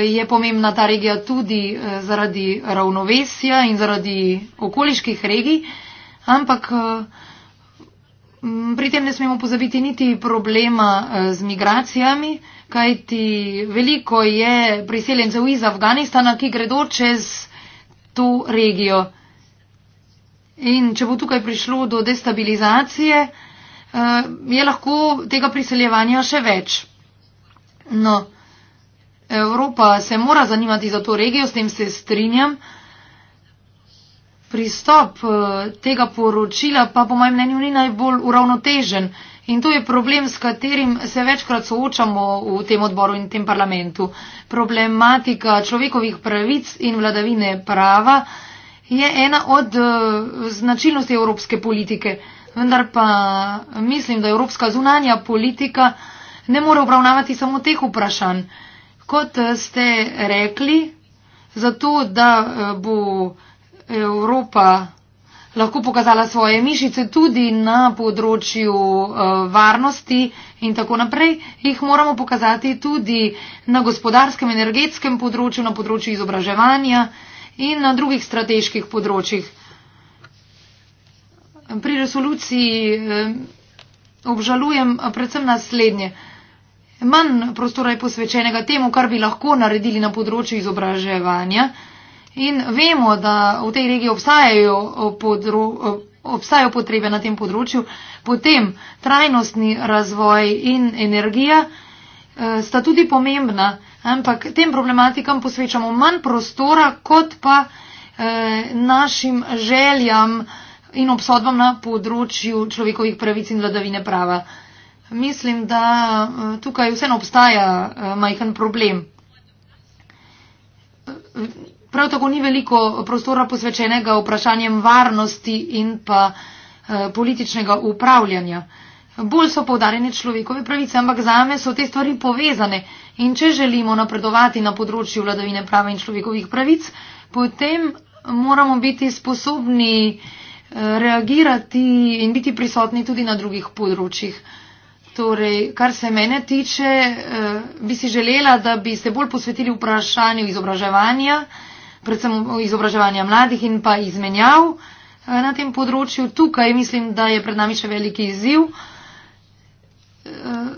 je pomembna ta regija tudi zaradi ravnovesja in zaradi okoliških regij, ampak Mm, pri tem ne smemo pozabiti niti problema eh, z migracijami, kajti veliko je priseljencev iz Afganistana, ki gredo čez to regijo. In če bo tukaj prišlo do destabilizacije, eh, je lahko tega priseljevanja še več. No, Evropa se mora zanimati za to regijo, s tem se strinjam pristop eh, tega poročila pa po mojem mnenju ni najbolj uravnotežen. In to je problem, s katerim se večkrat soočamo v tem odboru in tem parlamentu. Problematika človekovih pravic in vladavine prava je ena od eh, značilnosti evropske politike. Vendar pa mislim, da evropska zunanja politika ne more obravnavati samo teh vprašanj. Kot eh, ste rekli, zato da bo Evropa lahko pokazala svoje mišice tudi na področju eh, varnosti in tako naprej, jih moramo pokazati tudi na gospodarskem, energetskem področju, na področju izobraževanja in na drugih strateških področjih. Pri resoluciji eh, obžalujem predvsem naslednje. Manj prostora je posvečenega temu, kar bi lahko naredili na področju izobraževanja. In vemo, da v tej regiji obstajajo, eh, podro, eh, obstajajo potrebe na tem področju. Potem trajnostni razvoj in energija eh, sta tudi pomembna, ampak tem problematikam posvečamo manj prostora, kot pa našim željam in obsodbam na področju človekovih pravic in vladavine prava. Mislim, da tukaj vseeno obstaja majhen problem. Prav tako ni veliko prostora posvečenega vprašanjem varnosti in pa eh, političnega upravljanja. Bolj so povdarjene človekove pravice, ampak za me so te stvari povezane in če želimo napredovati na področju vladavine prava in človekovih pravic, potem moramo biti sposobni eh, reagirati in biti prisotni tudi na drugih področjih. Torej, kar se mene tiče, eh, bi si želela, da bi se bolj posvetili vprašanju izobraževanja, predvsem izobraževanja mladih in pa izmenjav eh, na tem področju. Tukaj mislim, da je pred nami še veliki izziv. Eh,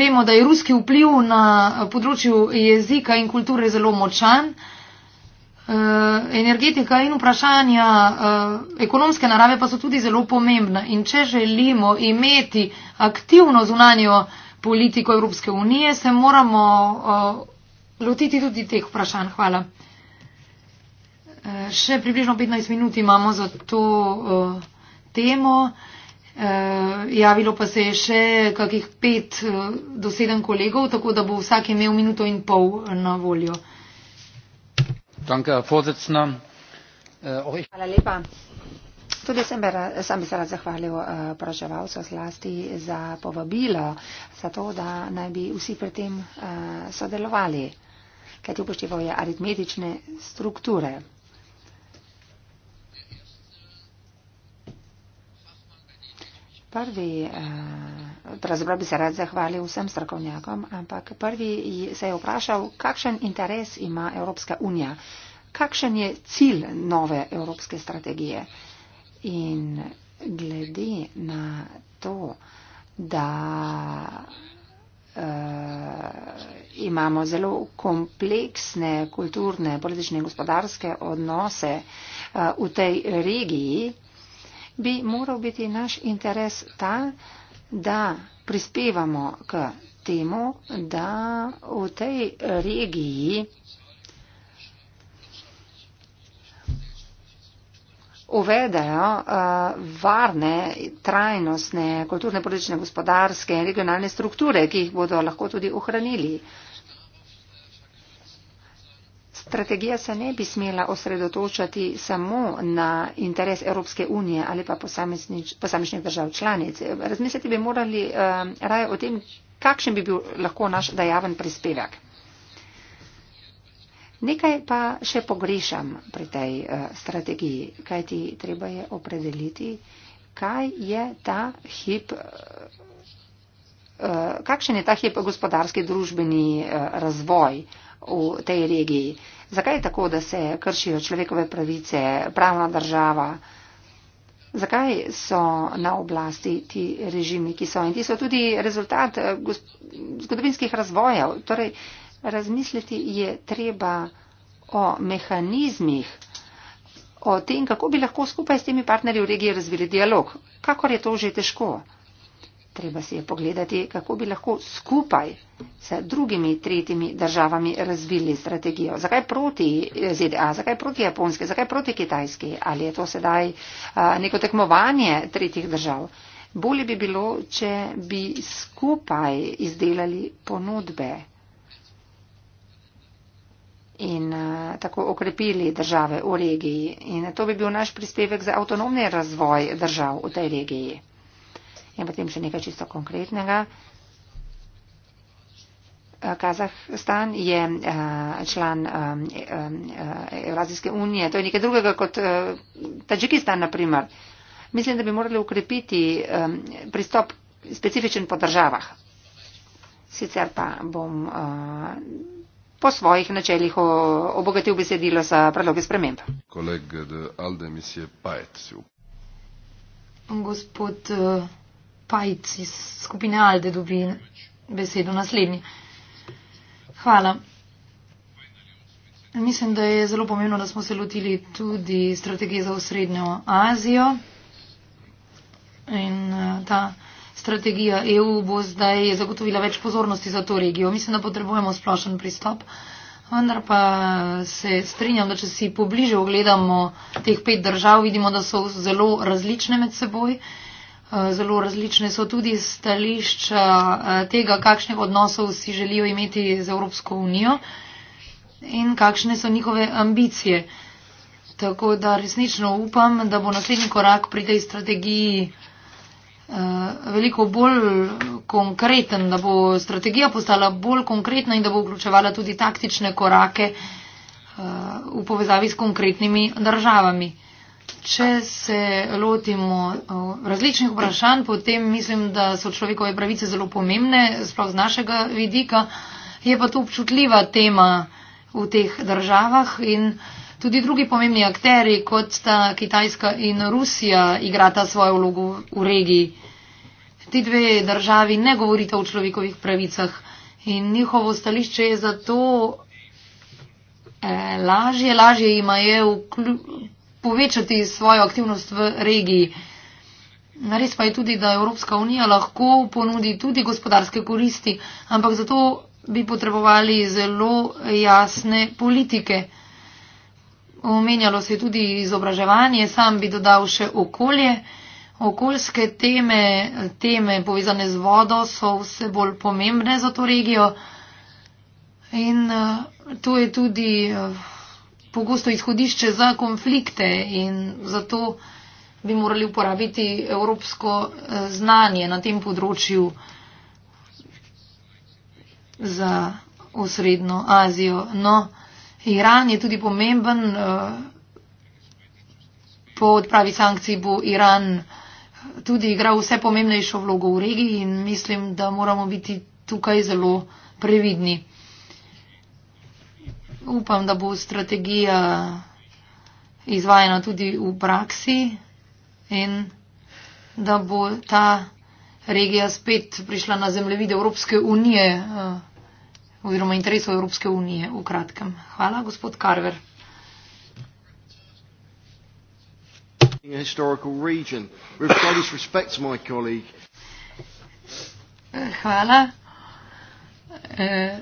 vemo, da je ruski vpliv na področju jezika in kulture zelo močan. Eh, energetika in vprašanja ekonomske narave pa so tudi zelo pomembna. In če želimo imeti aktivno zunanjo politiko Evropske unije, se moramo lotiti tudi teh vprašanj. Hvala. Eh, še približno 15 minut imamo za to uh, temo. Uh, javilo pa se je še kakih pet uh, do sedem kolegov, tako da bo vsak imel minuto in pol na voljo. Hvala lepa. Tudi sem, ber, sem bi se rad zahvalil uh, praževalcu zlasti za povabilo, za to, da naj bi vsi pri tem uh, sodelovali, kajti upoštevajo aritmetične strukture. Prvi, pravzaprav eh, torej bi se rad zahvalil vsem strokovnjakom, ampak prvi se je vprašal, kakšen interes ima Evropska unija, kakšen je cilj nove evropske strategije. In glede na to, da uh, imamo zelo kompleksne kulturne, politične in gospodarske odnose uh, v tej regiji, bi moral biti naš interes ta, da prispevamo k temu, da v tej regiji uvedejo eh, varne, trajnostne, kulturne, politične, gospodarske in regionalne strukture, ki jih bodo lahko tudi ohranili. Strategija se ne bi smela osredotočati samo na interes Evropske unije ali pa posamičnih držav članic. Razmisliti bi morali uh, raje o tem, kakšen bi bil lahko naš dejaven prispevek. Nekaj pa še pogrešam pri tej uh, strategiji, kaj ti treba je opredeliti, kaj je ta hip, uh, kakšen je ta hip gospodarski družbeni uh, razvoj v tej regiji. Uh, Zakaj je tako, da se kršijo človekove pravice, pravna država? Zakaj so na oblasti ti režimi, ki so in ti so tudi rezultat eh, zgodovinskih razvojev? Torej, razmisliti je treba o mehanizmih, o tem, kako bi lahko skupaj s temi partnerji v regiji razvili dialog, kakor je to že težko treba si je pogledati, kako bi lahko skupaj s drugimi tretjimi državami razvili strategijo. Zakaj proti ZDA, zakaj proti Japonske, zakaj proti Kitajski? Ali je to sedaj neko tekmovanje tretjih držav? Bolje bi bilo, če bi skupaj izdelali ponudbe in tako okrepili države v regiji. In to bi bil naš prispevek za avtonomni razvoj držav v tej regiji. In potem še nekaj čisto konkretnega. Eh, Kazahstan je eh, član eh, Evrazijske unije. To je nekaj drugega kot Tadžikistan, na primer. Mislim, da bi morali ukrepiti pristop specifičen po državah. Sicer pa bom po svojih načeljih obogatil besedilo za predloge sprememb. Kolega Alde, misije Pajec. Gospod. Uh... Pajc iz skupine Alde dobi besedo naslednji. Hvala. Mislim, da je zelo pomembno, da smo se lotili tudi strategije za osrednjo Azijo. In eh, ta strategija EU bo zdaj zagotovila več pozornosti za to regijo. Mislim, da potrebujemo splošen pristop. Vendar pa se strinjam, da če si pobliže ogledamo teh pet držav, vidimo, da so zelo različne med seboj Eh, zelo različne so tudi stališča eh, tega, kakšnih odnosov si želijo imeti z Evropsko unijo in kakšne so njihove ambicije. Tako da resnično upam, da bo naslednji korak pri tej strategiji eh, veliko bolj konkreten, da bo strategija postala bolj konkretna in da bo vključevala tudi taktične korake v povezavi s konkretnimi državami če se lotimo različnih vprašanj, potem mislim, da so človekove pravice zelo pomembne, sprav z našega vidika. Je pa to občutljiva tema v teh državah in tudi drugi pomembni akteri, kot sta Kitajska in Rusija, igrata svojo vlogo v regiji. Ti dve državi ne govorita o človekovih pravicah in njihovo stališče je zato eh, lažje, lažje ima je vključiti povečati svojo aktivnost v regiji. Res pa je tudi, da Evropska unija lahko ponudi tudi gospodarske koristi, ampak zato bi potrebovali zelo jasne politike. Omenjalo se je tudi izobraževanje, sam bi dodal še okolje. Okoljske teme, teme povezane z vodo, so vse bolj pomembne za to regijo. In uh, to je tudi. Uh, pogosto izhodišče za konflikte in zato bi morali uporabiti evropsko eh, znanje na tem področju za osrednjo Azijo. No, Iran je tudi pomemben. Eh, po odpravi sankcij bo Iran eh, tudi igral vse pomembnejšo vlogo v regiji in mislim, da moramo biti tukaj zelo previdni upam, da bo strategija izvajena tudi v praksi in da bo ta regija spet prišla na zemljevide Evropske unije eh, oziroma interesov Evropske unije v kratkem. Hvala, gospod Karver. Eh, hvala. Uh,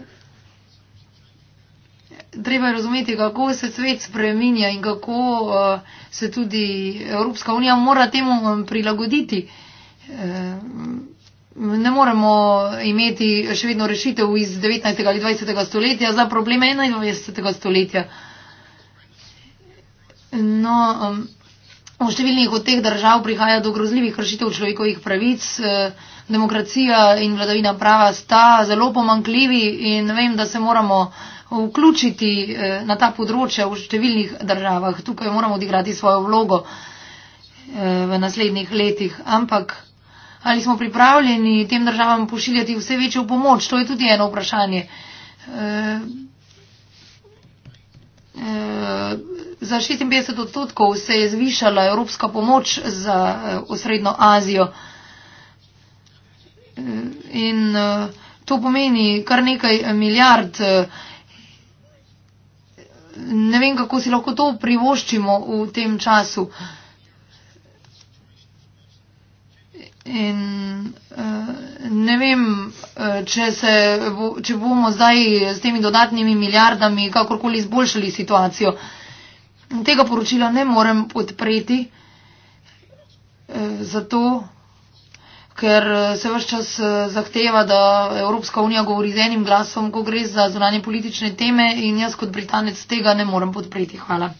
treba razumeti, kako se svet spreminja in kako uh, se tudi Evropska unija mora temu eh, prilagoditi. Uh, ne moremo imeti še vedno rešitev iz 19. ali 20. stoletja za probleme 21. stoletja. No, um, v številnih od teh držav prihaja do grozljivih kršitev človekovih pravic. Uh, Demokracija in vladavina prava sta zelo pomankljivi in vem, da se moramo vključiti eh, na ta področja v številnih državah. Tukaj moramo odigrati svojo vlogo eh, v naslednjih letih. Ampak ali smo pripravljeni tem državam pošiljati vse večjo pomoč? To je tudi eno vprašanje. Eh, za 56 odstotkov se je zvišala evropska pomoč za osrednjo Azijo. In to pomeni kar nekaj milijard ne vem, kako si lahko to privoščimo v tem času. In uh, ne vem, eh, če, se, če bomo zdaj s temi dodatnimi milijardami kakorkoli izboljšali situacijo. Tega poročila ne morem podpreti. Uh, zato ker eh, se vse čas eh, zahteva, da Evropska unija govori z enim glasom, ko gre za zunanje politične teme in jaz kot Britanec tega ne morem podpreti. Hvala.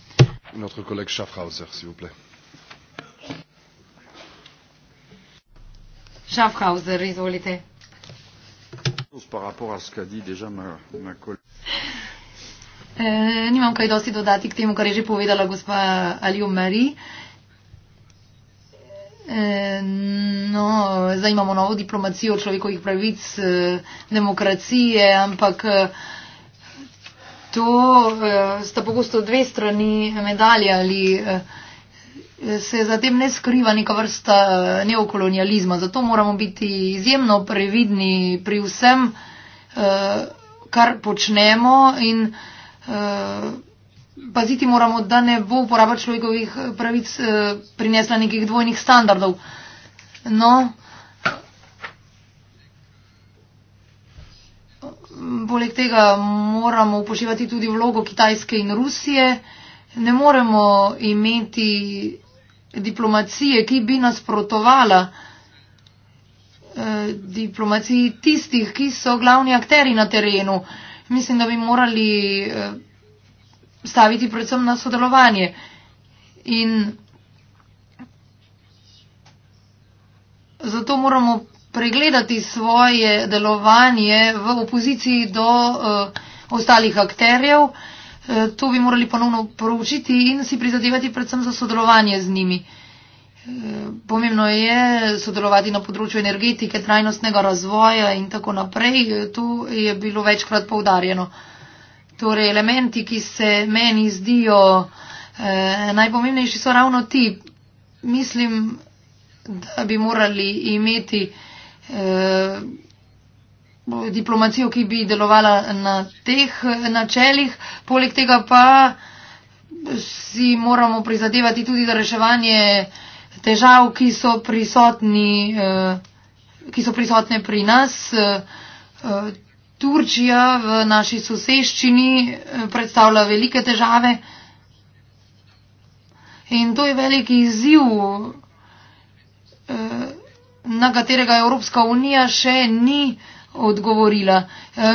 Schaffhauser, izvolite. Eh, nimam kaj dosti dodati k temu, kar je že povedala gospa Alijo Marie. E, no, zdaj imamo novo diplomacijo človekovih pravic, e, demokracije, ampak e, to sta pogosto dve strani medalje ali se za tem ne skriva neka vrsta neokolonializma. Zato moramo biti izjemno previdni pri vsem, kar počnemo in paziti moramo, da ne bo uporaba človekovih eh, pravic eh, prinesla nekih dvojnih standardov. No, poleg tega moramo upoštevati tudi vlogo Kitajske in Rusije. Ne moremo imeti diplomacije, ki bi nasprotovala eh, diplomaciji tistih, ki so glavni akteri na terenu. Mislim, da bi morali staviti predvsem na sodelovanje. In zato moramo pregledati svoje delovanje v opoziciji do uh, ostalih akterjev. Eh, to bi morali ponovno poročiti in si prizadevati predvsem za sodelovanje z njimi. Eh, pomembno je sodelovati na področju energetike, trajnostnega razvoja in tako naprej. To je bilo večkrat poudarjeno. Torej, elementi, ki se meni zdijo eh, najpomembnejši, so ravno ti. Mislim, da bi morali imeti eh, diplomacijo, ki bi delovala na teh načelih. Poleg tega pa si moramo prizadevati tudi za reševanje težav, ki so, prisotni, eh, ki so prisotne pri nas. Eh, Turčija v naši soseščini eh, predstavlja velike težave. In to je veliki izziv, eh, na katerega Evropska unija še ni odgovorila. Eh,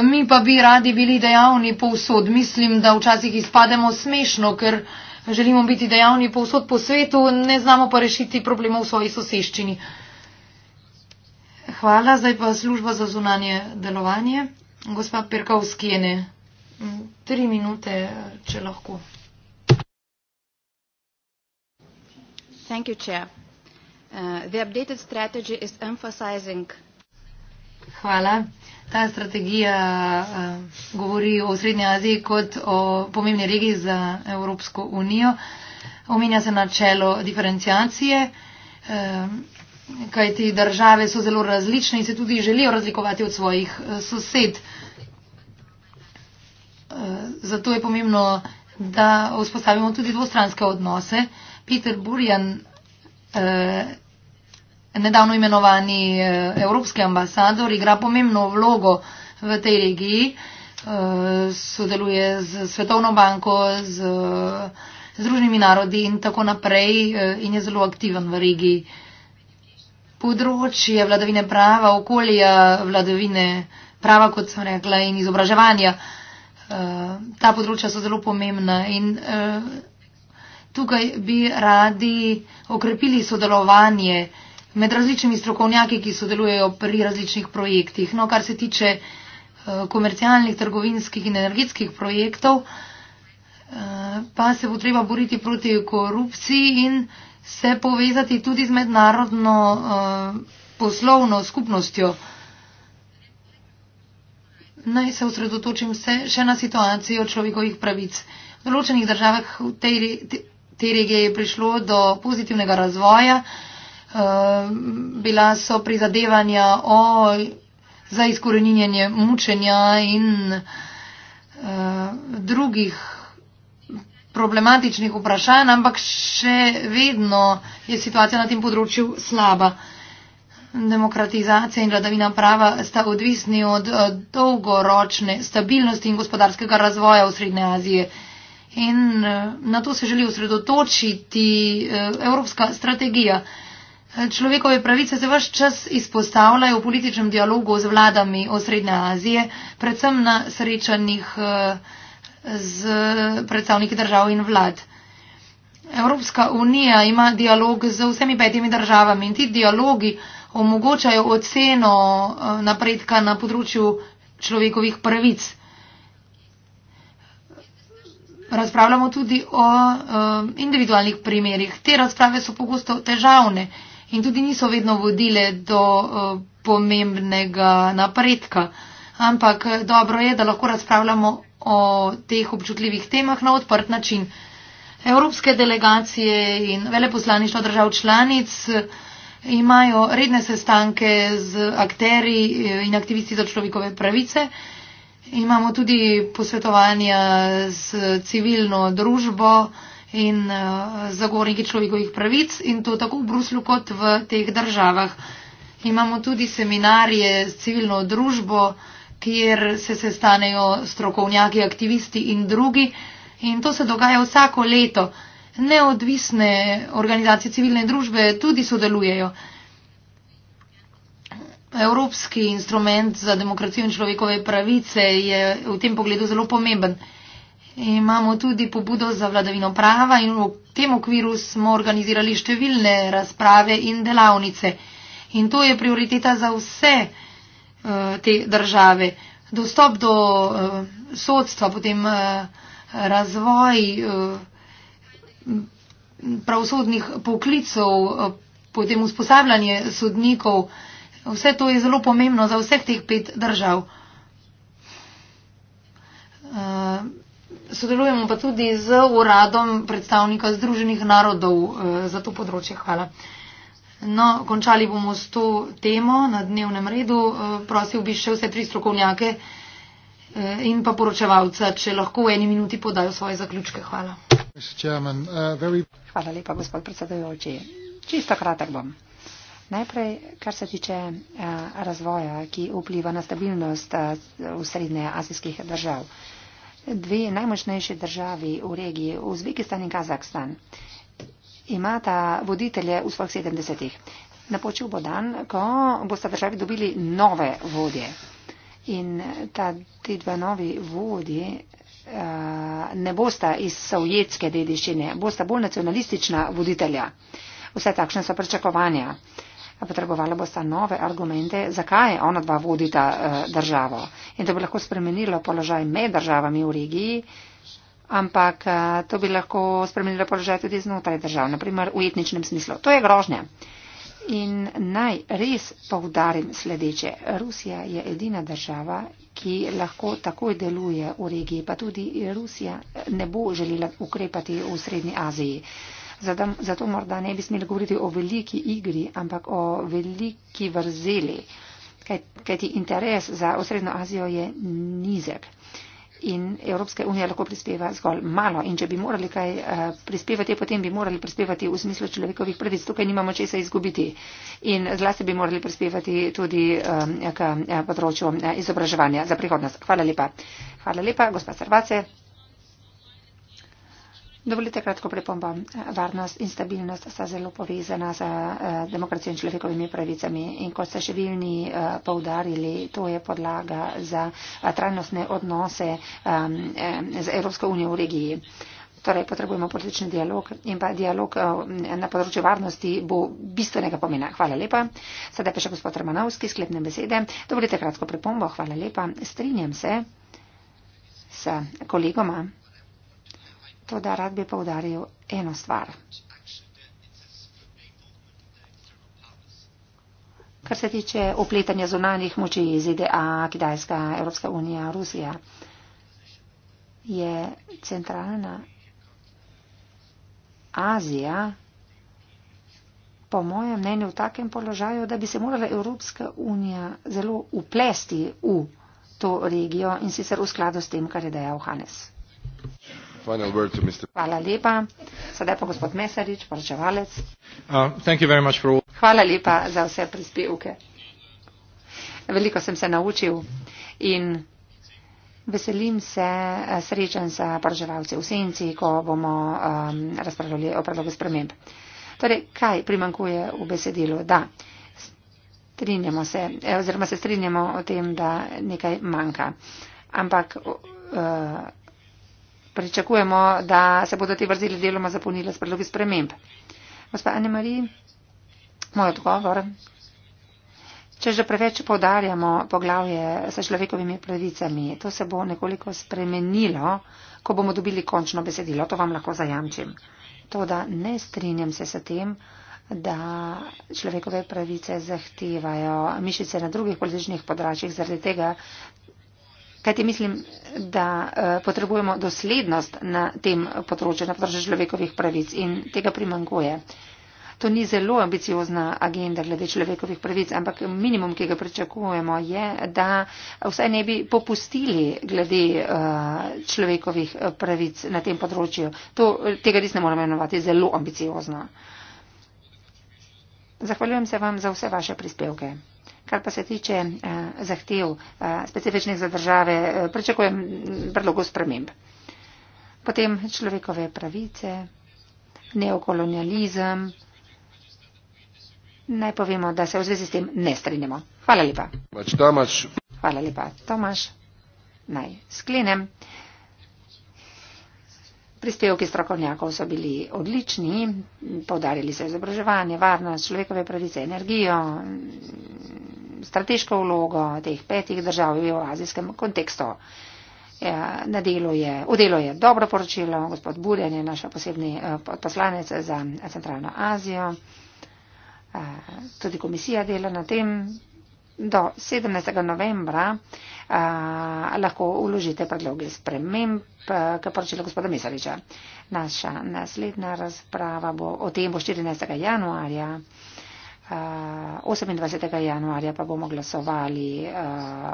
mi pa bi radi bili dejavni povsod. Mislim, da včasih izpademo smešno, ker želimo biti dejavni povsod po svetu, ne znamo pa rešiti problemov v svoji soseščini. Hvala, zdaj pa služba za zunanje delovanje. Gospa Perkovskijene, mm, tri minute, če lahko. Thank you, Chair. Uh, the updated strategy is emphasizing. Hvala. Ta strategija uh, govori o Srednji Aziji kot o pomembni regiji za Evropsko unijo. Omenja se načelo diferencijacije, uh, kajti države so zelo različne in se tudi želijo razlikovati od svojih uh, sosed. Uh, Eh, zato je pomembno, da vzpostavimo tudi dvostranske odnose. Peter Burjan, eh, nedavno imenovani eh, evropski ambasador, igra pomembno vlogo v tej regiji, sodeluje z Svetovno banko, z Združenimi narodi in tako naprej in je zelo aktiven v regiji. Področje vladavine prava, okolja, vladavine prava, kot sem rekla, in izobraževanja. Eh, ta področja so zelo pomembna in eh, tukaj bi radi okrepili sodelovanje med različnimi strokovnjaki, ki sodelujejo pri različnih projektih. No, kar se tiče eh, komercialnih, trgovinskih in energetskih projektov, pa se bo treba boriti proti korupciji in se povezati tudi z mednarodno poslovno skupnostjo. Naj se osredotočim še na situacijo človekovih pravic. V določenih državah v tej, tej regiji je prišlo do pozitivnega razvoja, eh, bila so prizadevanja o, za izkoreninjenje mučenja in eh, drugih problematičnih vprašanj, ampak še vedno je situacija na tem področju slaba demokratizacija in vladavina prava sta odvisni od eh, dolgoročne stabilnosti in gospodarskega razvoja v Srednje Azije. In eh, na to se želi osredotočiti eh, evropska strategija. Človekove pravice se vaš čas izpostavljajo v političnem dialogu z vladami v Srednje Azije, predvsem na srečanjih z predstavniki držav in vlad. Evropska unija ima dialog z vsemi petimi državami in ti dialogi omogočajo oceno eh, napredka na področju človekovih pravic. Razpravljamo tudi o eh, individualnih primerjih. Te razprave so pogosto težavne in tudi niso vedno vodile do eh, pomembnega napredka. Ampak dobro je, da lahko razpravljamo o teh občutljivih temah na odprt način. Evropske delegacije in veleposlaništvo držav članic imajo redne sestanke z akteri eh, in aktivisti za človekove pravice. Imamo tudi posvetovanja z civilno družbo in eh, zagovorniki človekovih pravic in to tako v Bruslju kot v teh državah. Imamo tudi seminarje z civilno družbo, kjer se sestanejo strokovnjaki, aktivisti in drugi. In to se dogaja vsako leto neodvisne organizacije civilne družbe tudi sodelujejo. Evropski instrument za demokracijo in človekove pravice je v tem pogledu zelo pomemben. Imamo tudi pobudo za vladavino prava in v tem okviru smo organizirali številne razprave in delavnice. In to je prioriteta za vse uh, te države. Dostop do uh, sodstva, potem uh, razvoj. Uh, pravosodnih poklicov, potem usposabljanje sodnikov. Vse to je zelo pomembno za vseh teh pet držav. Eh, sodelujemo pa tudi z uradom predstavnika Združenih narodov eh, za to področje. Hvala. No, končali bomo s to temo na dnevnem redu. Eh, prosil bi še vse tri strokovnjake in pa poročevalca, če lahko v eni minuti podajo svoje zaključke. Hvala. Uh, Hvala lepa, gospod predsedojoči. Čisto kratek bom. Najprej, kar se tiče uh, razvoja, ki vpliva na stabilnost v uh, srednje azijskih držav. Dve najmočnejši državi v regiji, Uzbekistan in Kazahstan, imata voditelje v svojih 70-ih. Napočil bo dan, ko boste državi dobili nove vodje. In ta, ti dva novi vodje ne bosta iz sovjetske dediščine, bosta bolj nacionalistična voditelja. Vse takšne so pričakovanja. Potrebovala bosta nove argumente, zakaj ona dva vodita eh, državo. In to bi lahko spremenilo položaj med državami v regiji, ampak eh, to bi lahko spremenilo položaj tudi znotraj držav, naprimer v etničnem smislu. To je grožnja. In naj res povdarim sledeče. Rusija je edina država, ki lahko takoj deluje v regiji, pa tudi Rusija ne bo želela ukrepati v Srednji Aziji. Zato morda ne bi smeli govoriti o veliki igri, ampak o veliki vrzeli, kajti interes za Srednjo Azijo je nizek in Evropska unija lahko prispeva zgolj malo. In če bi morali kaj eh, prispevati, potem bi morali prispevati v smislu človekovih pravic. Tukaj nimamo česa izgubiti. In zlasti bi morali prispevati tudi eh, k eh, področju izobraževanja za prihodnost. Hvala lepa. Hvala lepa, gospod Srbace. Dovolite kratko pripomba. Varnost in stabilnost sta zelo povezana z eh, demokracijo in človekovimi pravicami. In kot ste številni eh, poudarili, to je podlaga za eh, trajnostne odnose ehm, z Evropsko unijo v regiji. Torej potrebujemo politični dialog in pa dialog na področju varnosti bo bistvenega pomena. Hvala lepa. Sedaj pa še gospod Romanovski, sklepne besede. Dovolite kratko pripombo. Hvala lepa. Strinjam se s kolegoma. Toda rad bi povdaril eno stvar. Kar se tiče upletanja zunanjih moči ZDA, Kitajska, Evropska unija, Rusija, je centralna Azija po mojem mnenju v takem položaju, da bi se morala Evropska unija zelo uplesti v to regijo in sicer v skladu s tem, kar je dejal Hanes. Hvala lepa. Sedaj pa gospod Mesarič, poročevalec. Uh, Hvala lepa za vse prispevke. Veliko sem se naučil in veselim se, eh, srečen sa poročevalce v senci, ko bomo um, razpravljali o predlogu sprememb. Torej, kaj primankuje v besedilu? Da, strinjamo se, eh, oziroma se strinjamo o tem, da nekaj manjka. Ampak. Uh, pričakujemo, da se bodo te vrzeli deloma zapolnile s predlogi sprememb. Gospa Anemarija, moj odgovor. Če že preveč podarjamo poglavje sa človekovimi pravicami, to se bo nekoliko spremenilo, ko bomo dobili končno besedilo, to vam lahko zajamčim. To, da ne strinjam se s tem, da človekove pravice zahtevajo mišice na drugih političnih področjih, zaradi tega Kajti mislim, da eh, potrebujemo doslednost na tem področju, na področju človekovih pravic in tega primankuje. To ni zelo ambiciozna agenda glede človekovih pravic, ampak minimum, ki ga pričakujemo, je, da vsaj ne bi popustili glede uh, človekovih eh, pravic na tem področju. To, tega res ne moramo imenovati zelo ambiciozno. Zahvaljujem se vam za vse vaše prispevke. Kar pa se tiče eh, zahtev eh, specifičnih za države, eh, pričakujem predlogo sprememb. Potem človekove pravice, neokolonializem. Naj povemo, da se v zvezi s tem ne strinjamo. Hvala lepa. Hvala lepa, Tomaš. Naj sklenem. Prispevki strokovnjakov so bili odlični, povdarjali so izobraževanje, varnost, človekove pravice, energijo, strateško vlogo teh petih držav v azijskem kontekstu. Ja, delu je, v delu je dobro poročilo, gospod Burjan je naš posebni eh, poslanec za Centralno Azijo. Eh, tudi komisija dela na tem. Do 17. novembra a, eh, lahko uložite predloge sprememb k poročilu gospoda Misaliča. Naša naslednja razprava bo o tem bo 14. januarja. 28. Eh, januarja pa bomo glasovali eh,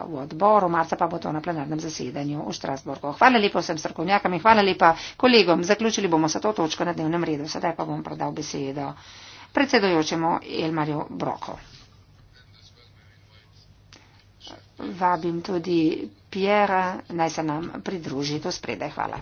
v odboru, marca pa bo to na plenarnem zasedanju v Strasburgu. Hvala lepo vsem strokovnjakom in hvala lepa kolegom. Zaključili bomo se to točko na dnevnem redu. Sedaj pa bom predal besedo predsedojočemu Elmarju Broko. Vabim tudi Pjera, naj se nam pridruži tu spredaj. Hvala.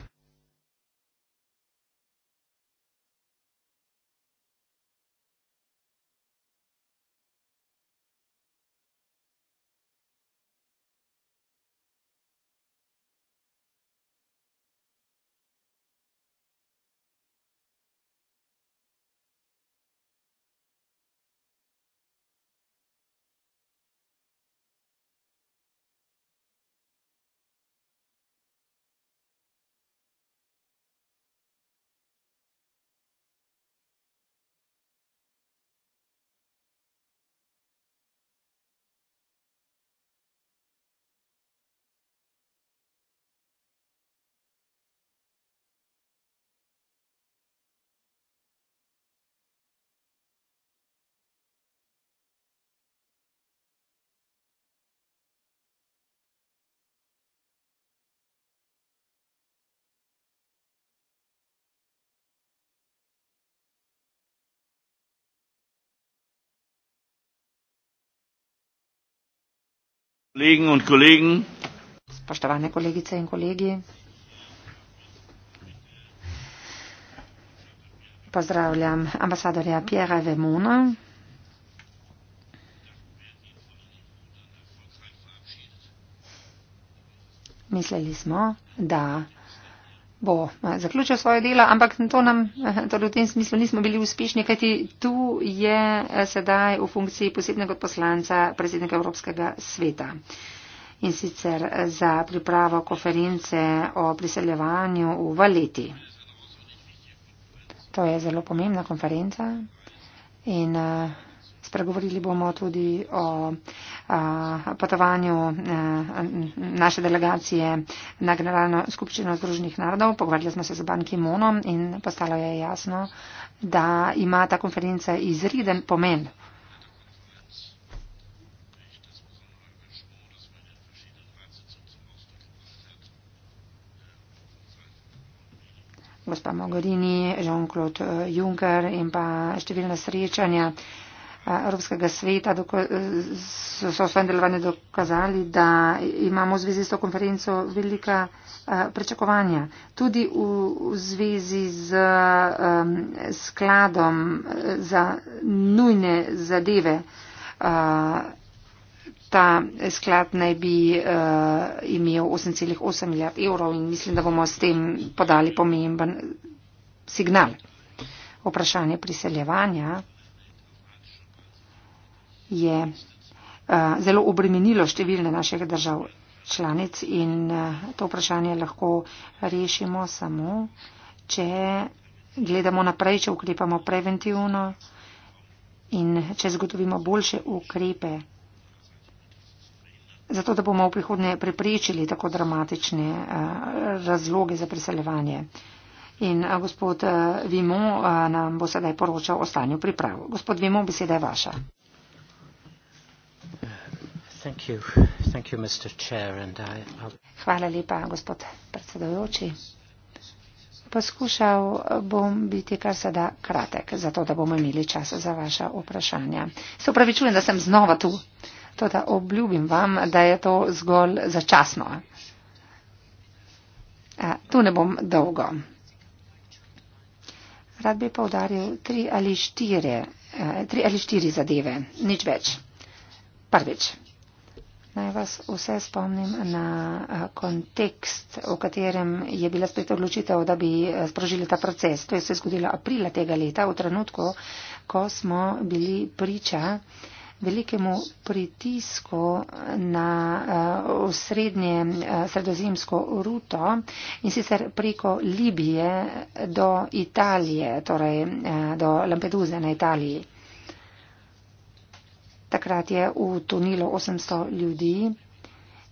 Spoštovane kolegice in kolegi, pozdravljam ambasadorja Pierre Vemona. Mislili smo, da bo eh, zaključil svoje delo, ampak to nam, eh, torej v tem smislu nismo bili uspešni, kajti tu je eh, sedaj v funkciji posebnega poslanca predsednika Evropskega sveta. In sicer za pripravo konference o priseljevanju v Valeti. To je zelo pomembna konferenca in spregovorili bomo tudi o potovanju e, naše delegacije na Generalno skupščino Združenih narodov. Pogovarjali smo se z Ban Ki-moonom in postalo je jasno, da ima ta konferenca izreden pomen. Gospa Mogherini, Jean-Claude e, Juncker in pa številna srečanja. Evropskega sveta so, so svojem delovanju dokazali, da imamo v zvezi s to konferenco velika prečakovanja. Tudi v, v zvezi z um, skladom e, za nujne zadeve. Uh, ta sklad naj bi uh, imel 8,8 milijard evrov in mislim, da bomo s tem podali pomemben signal. Vprašanje priseljevanja je eh, zelo obremenilo številne naših držav članic in eh, to vprašanje lahko rešimo samo, če gledamo naprej, če ukrepamo preventivno in če zgotovimo boljše ukrepe, zato da bomo v prihodnje preprečili tako dramatične eh, razloge za priseljevanje. In gospod Vimo nam bo sedaj poročal o stanju priprav. Gospod Vimo, beseda je vaša. Thank you. Thank you, Mr. Chair, and I, Hvala lepa, gospod predsedujoči. Poskušal bom biti kar seda kratek, zato da bomo imeli čas za vaša vprašanja. Se upravičujem, da sem znova tu. Toda obljubim vam, da je to zgolj začasno. A, tu ne bom dolgo. Rad bi povdaril tri ali štiri, eh, tri ali štiri zadeve, nič več. Prvič, Naj vas vse spomnim na eh, kontekst, v katerem je bila spet odločitev, da bi eh, sprožili ta proces. To je se zgodilo aprila tega leta, v trenutku, ko smo bili priča velikemu pritisku na eh, srednje, sredozimsko ruto in sicer preko Libije do Italije, torej do Lampeduze na Italiji. Takrat je utonilo 800 ljudi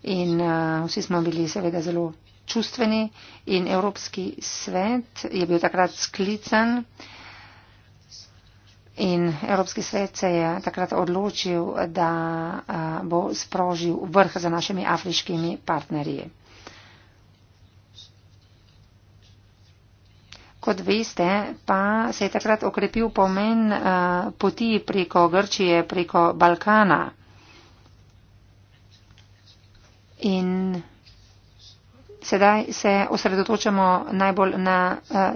in uh, vsi smo bili seveda zelo čustveni in Evropski svet je bil takrat sklican in Evropski svet se je takrat odločil, da uh, bo sprožil vrh za našimi afriškimi partnerji. Kot veste, pa se je takrat okrepil pomen uh, poti preko Grčije, preko Balkana. In sedaj se osredotočamo najbolj na uh,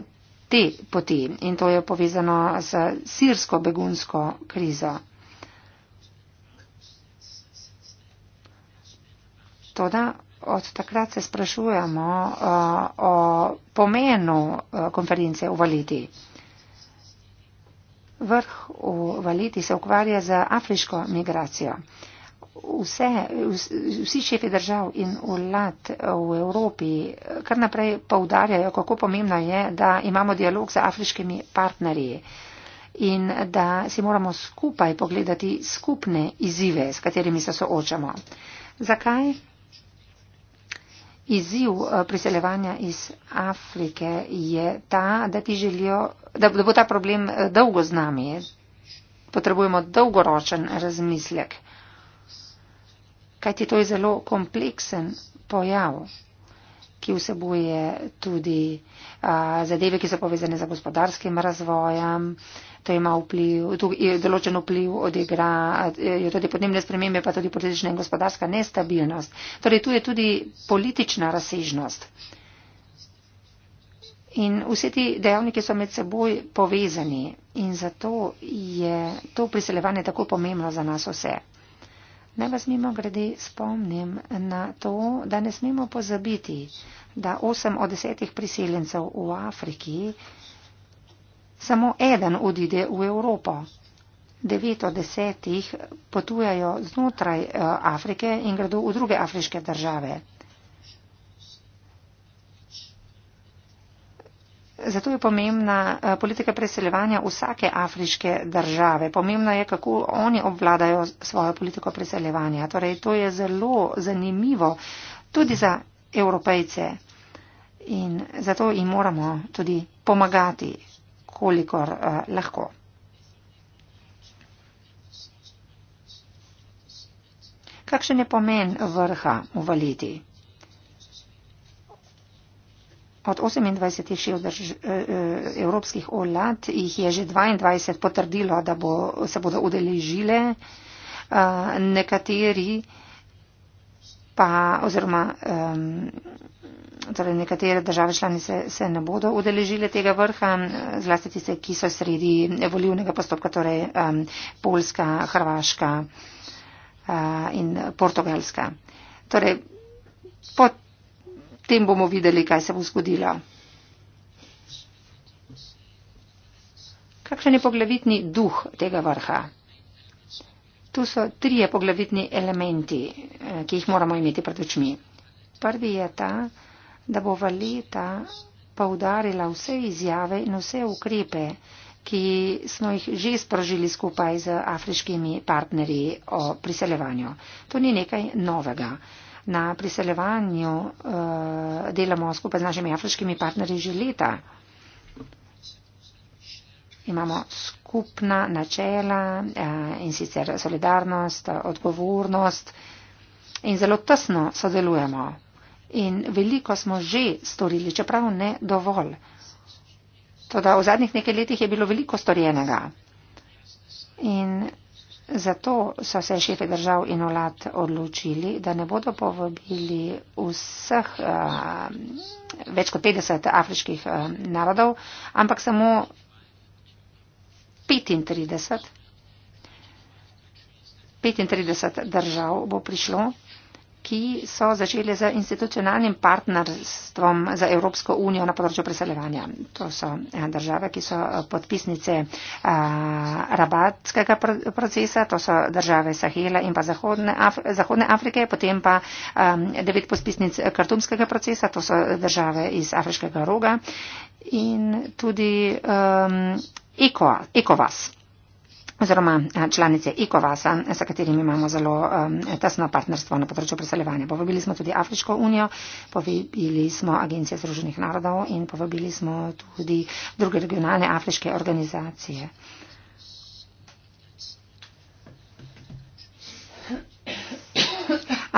te poti in to je povezano z sirsko begunsko krizo. Toda od takrat se sprašujemo uh, o pomenu uh, konference v Validi. Vrh v Validi se ukvarja z afriško migracijo. Vse, vsi šefi držav in vlad v Evropi eh, kar naprej poudarjajo, kako pomembno je, da imamo dialog z afriškimi partnerji in da si moramo skupaj pogledati skupne izzive, s katerimi se soočamo. Zakaj? Izziv eh, priseljevanja iz Afrike je ta, da, želijo, da, da bo ta problem eh, dolgo z nami. Potrebujemo dolgoročen razmislek, kajti to je zelo kompleksen pojav, ki vsebuje tudi a, eh, zadeve, ki so povezane z gospodarskim razvojem, a, to ima vpliv, določen vpliv odigra tudi podnebne spremembe, pa tudi politična in gospodarska nestabilnost. Torej tu je tudi politična razsežnost. In vsi ti dejavniki so med seboj povezani in zato je to priseljevanje tako pomembno za nas vse. Naj vas mimo grede spomnim na to, da ne smemo pozabiti, da 8 od 10 priseljencev v Afriki Samo eden odide v Evropo. Devet od desetih potujajo znotraj eh, Afrike in gredo v druge afriške države. Zato je pomembna eh, politika preseljevanja vsake afriške države. Pomembno je, kako oni obvladajo svojo politiko preseljevanja. Torej, to je zelo zanimivo tudi za evropejce in zato jim moramo tudi pomagati kolikor uh, lahko. Kakšen je pomen vrha uvaliti? Od 28 drž, e, evropskih olad jih je že 22 potrdilo, da bo, se bodo udeležile, e, nekateri pa oziroma. E, torej nekatere države članice se ne bodo udeležile tega vrha, zlasti tiste, ki so sredi volivnega postopka, torej um, Poljska, Hrvaška uh, in Portugalska. Torej, potem bomo videli, kaj se bo zgodilo. Kakšen je poglavitni duh tega vrha? Tu so trije poglavitni elementi, eh, ki jih moramo imeti pred očmi. Prvi je ta, da bova leta poudarila vse izjave in vse ukrepe, ki smo jih že sprožili skupaj z afriškimi partnerji o priseljevanju. To ni nekaj novega. Na priseljevanju uh, delamo skupaj z našimi afriškimi partnerji že leta. Imamo skupna načela uh, in sicer solidarnost, odgovornost in zelo tesno sodelujemo. In veliko smo že storili, čeprav ne dovolj. Toda v zadnjih nekaj letih je bilo veliko storjenega. In zato so se šefe držav in vlad odločili, da ne bodo povabili vseh uh, več kot 50 afriških uh, narodov, ampak samo 35. 35 držav bo prišlo ki so začele z institucionalnim partnerstvom za Evropsko unijo na področju preseljevanja. To so eh, države, ki so eh, podpisnice a, eh, rabatskega procesa, to so države Sahela in pa Zahodne, Af Zahodne Afrike, potem pa a, ehm, devet podpisnic kartumskega procesa, to so države iz Afriškega roga in tudi a, ehm, ECOWAS. Eko, oziroma eh, članice ICOVAS-a, s katerimi imamo zelo um, tesno partnerstvo na področju preseljevanja. Povabili smo tudi Afriško unijo, povabili smo Agencije Združenih narodov in povabili smo tudi druge regionalne afriške organizacije.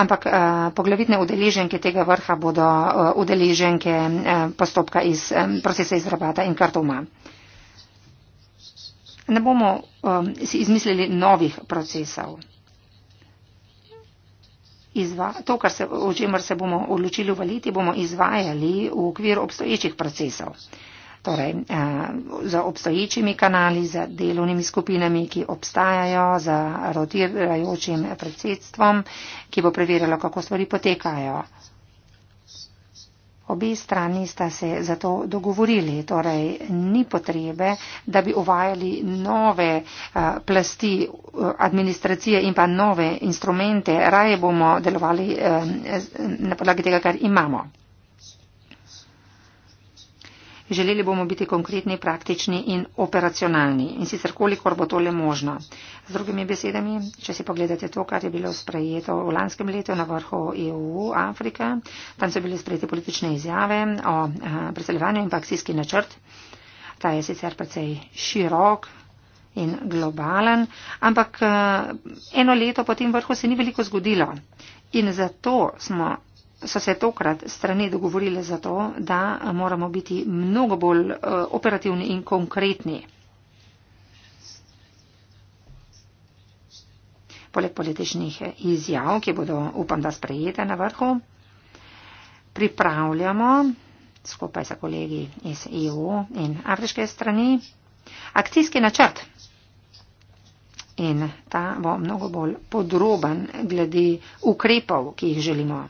Ampak eh, poglavitne udeleženke tega vrha bodo eh, udeleženke eh, postopka iz eh, procesa iz Rabata in Kartuma ne bomo um, si izmislili novih procesov. Izva, to, se, o čemer se bomo odločili uvaliti, bomo izvajali v okviru obstoječih procesov. Torej, eh, z obstoječimi kanali, z delovnimi skupinami, ki obstajajo, z rotirajočim predsedstvom, ki bo preverjalo, kako stvari potekajo. Obe strani sta se zato dogovorili, torej ni potrebe, da bi uvajali nove eh, plasti eh, administracije in pa nove instrumente. Raje bomo delovali eh, na podlagi tega, kar imamo. Želeli bomo biti konkretni, praktični in operacionalni in sicer kolikor bo tole možno. Z drugimi besedami, če si pogledate to, kar je bilo sprejeto v lanskem letu na vrhu EU Afrika, tam so bile sprejete politične izjave o eh, preseljevanju in pa akcijski načrt. Ta je sicer precej širok in globalen, ampak eh, eno leto po tem vrhu se ni veliko zgodilo. In zato smo so se tokrat strani dogovorile za to, da moramo biti mnogo bolj eh, operativni in konkretni. Poleg političnih izjav, ki bodo, upam, da sprejete na vrhu, pripravljamo skupaj sa kolegi iz EU in afriške strani akcijski načrt. In ta bo mnogo bolj podroben glede ukrepov, ki jih želimo.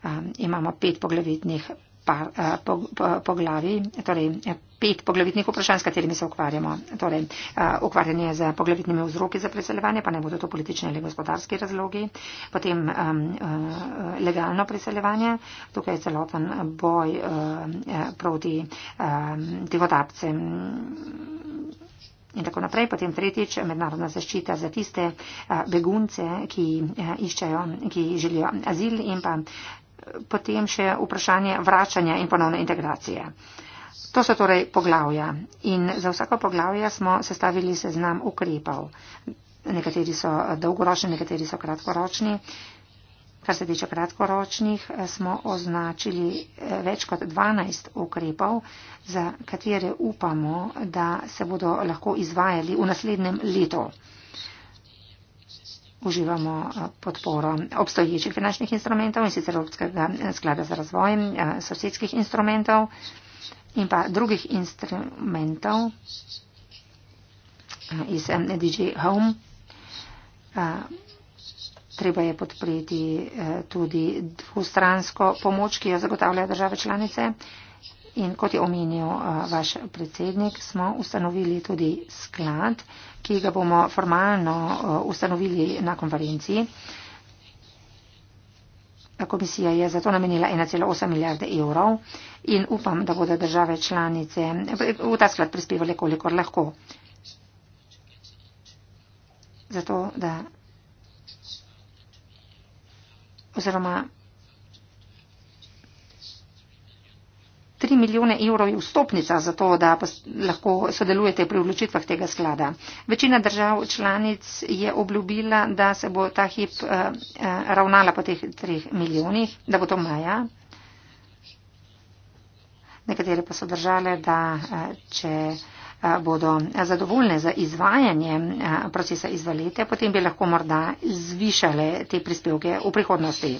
Um, imamo pet poglavitnih par, uh, po, po, po glavi, torej eh, pet poglavitnih vprašanj, s katerimi se ukvarjamo. Torej, uh, ukvarjanje z poglavitnimi vzroki za preseljevanje, pa ne bodo to politični ali gospodarski razlogi. Potem um, uh, legalno preseljevanje, tukaj je celoten boj um, proti um, tihotapcem. In tako naprej. Potem tretjič, mednarodna zaščita za tiste begunce, ki eh, iščejo, ki želijo azil in pa potem še vprašanje vračanja in ponovne integracije. To so torej poglavja in za vsako poglavje smo sestavili seznam ukrepov. Nekateri so dolgoročni, nekateri so kratkoročni. Kar se tiče kratkoročnih, smo označili eh, več kot 12 ukrepov, za katere upamo, da se bodo lahko izvajali v naslednjem letu uživamo eh, podporo obstoječih finančnih instrumentov in sicer Evropskega eh, sklada za razvoj eh, sosedskih instrumentov in pa drugih instrumentov iz DG Home. Treba je podpreti tudi dvostransko pomoč, ki jo zagotavljajo države članice. In kot je omenil eh, vaš predsednik, smo ustanovili tudi sklad, ki ga bomo formalno eh, ustanovili na konferenciji. Komisija je zato namenila 1,8 milijarde evrov in upam, da bodo države članice v ta sklad prispevali, kolikor lahko. Zato, da oziroma 3 milijone evrov je vstopnica za to, da lahko sodelujete pri odločitvah tega sklada. Večina držav članic je obljubila, da se bo ta hip uh, ravnala po teh 3 milijonih, da bo to maja. Nekatere pa so držale, da uh, če bodo zadovoljne za izvajanje procesa izvalite, potem bi lahko morda zvišale te prispevke v prihodnosti.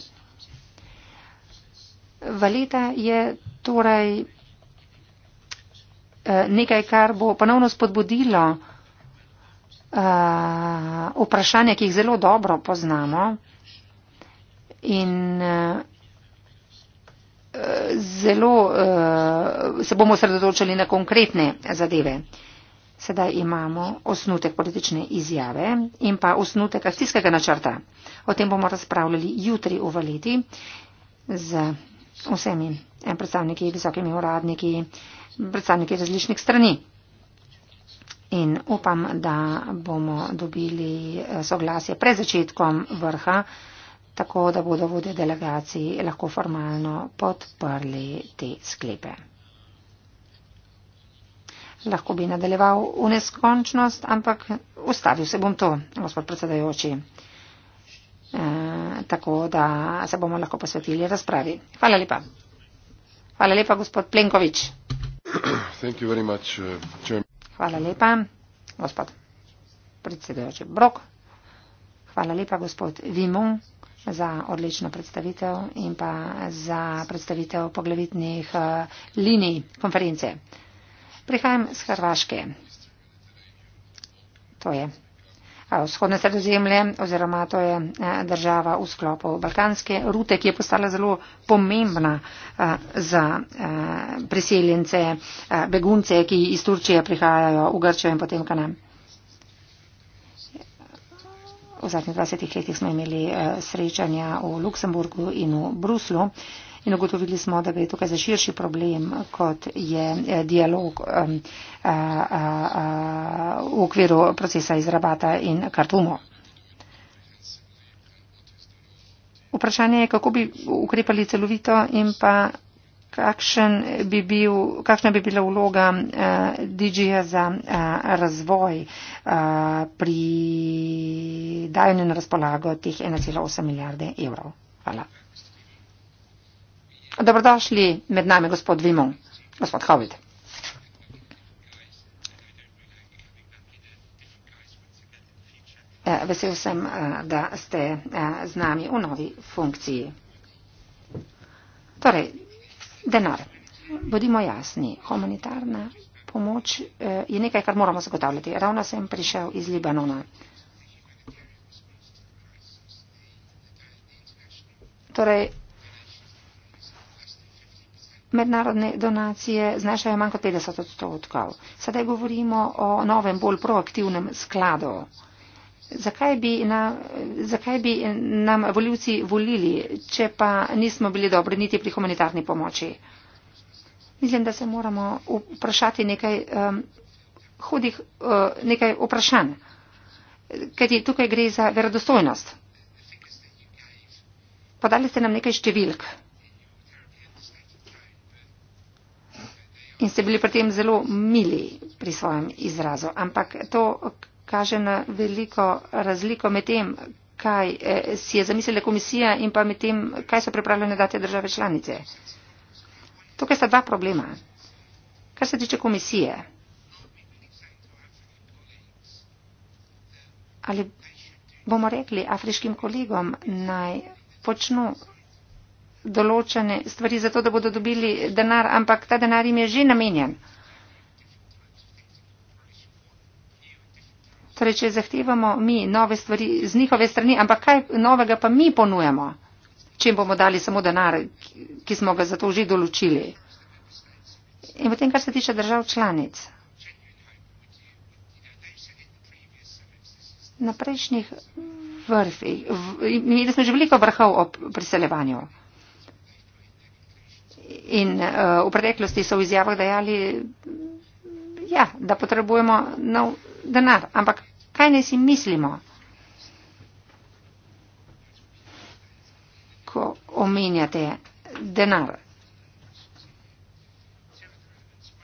Valeta je torej eh, nekaj, kar bo ponovno spodbudilo eh, vprašanja, ki jih zelo dobro poznamo in eh, zelo se bomo sredotočili na konkretne zadeve. Sedaj imamo osnutek politične izjave in pa osnutek akcijskega načrta. O tem bomo razpravljali jutri v valeti z vsemi eh, predstavniki, visokimi uradniki, predstavniki različnih strani. In upam, da bomo dobili eh, soglasje pred začetkom vrha, tako da bodo vode delegacij lahko formalno podprli te sklepe. Lahko bi nadaljeval v neskončnost, ampak ustavil se bom to, gospod predsedajoči. Eh, tako da se bomo lahko posvetili razpravi. Hvala lepa. Hvala lepa, gospod Plenkovič. Eh, Hvala lepa, gospod predsedujoči Brok. Hvala lepa, gospod Vimon, za odlično predstavitev in pa za predstavitev poglavitnih eh, linij konference. Prihajam z Hrvaške. To je. Eh, vzhodne sredozemlje oziroma to je eh, država v sklopu balkanske rute, ki je postala zelo pomembna eh, za priseljence, begunce, ki iz Turčije prihajajo v Grčijo in potem k nam. V zadnjih 20 letih smo imeli srečanja v Luksemburgu in v Bruslu in ugotovili smo, da gre tukaj za širši problem, kot je eh, dialog v okviru procesa iz Rabata in Kartumo. Vprašanje je, kako bi ukrepali celovito in pa bi bil, kakšna bi bila vloga uh, eh, DG-ja za uh, razvoj uh, pri dajanju na razpolago teh 1,8 milijarde evrov. Hvala. Dobrodošli med nami, gospod Vimon, gospod Hovid. Eh, vesel sem, eh, da ste eh, z nami v novi funkciji. Torej, denar. Bodimo jasni, humanitarna pomoč je nekaj, kar moramo zagotavljati. Ravno sem prišel iz Libanona. Torej, Mednarodne donacije znašajo manj kot 50 odstotkov. Sedaj govorimo o novem, bolj proaktivnem skladu. Zakaj bi, na, zakaj bi nam voljivci volili, če pa nismo bili dobri niti pri humanitarni pomoči? Mislim, da se moramo vprašati nekaj um, hudih uh, nekaj vprašanj, kajti tukaj gre za verodostojnost. Podali ste nam nekaj številk. in ste bili pri tem zelo mili pri svojem izrazu. Ampak to kaže na veliko razliko med tem, kaj eh, si je zamislila komisija in pa med tem, kaj so pripravljene date države članice. Tukaj sta dva problema. Kar se tiče komisije. Ali bomo rekli afriškim kolegom naj počnu določene stvari zato, da bodo dobili denar, ampak ta denar jim je že namenjen. Torej, če zahtevamo mi nove stvari z njihove strani, ampak kaj novega pa mi ponujemo, če jim bomo dali samo denar, ki smo ga zato že določili. In potem, kar se tiče držav članic. Na prejšnjih vrhih, imeli smo že veliko vrhov o priseljevanju in uh, v preteklosti so v izjavah dejali, ja, da potrebujemo nov denar. Ampak kaj ne si mislimo, ko omenjate denar?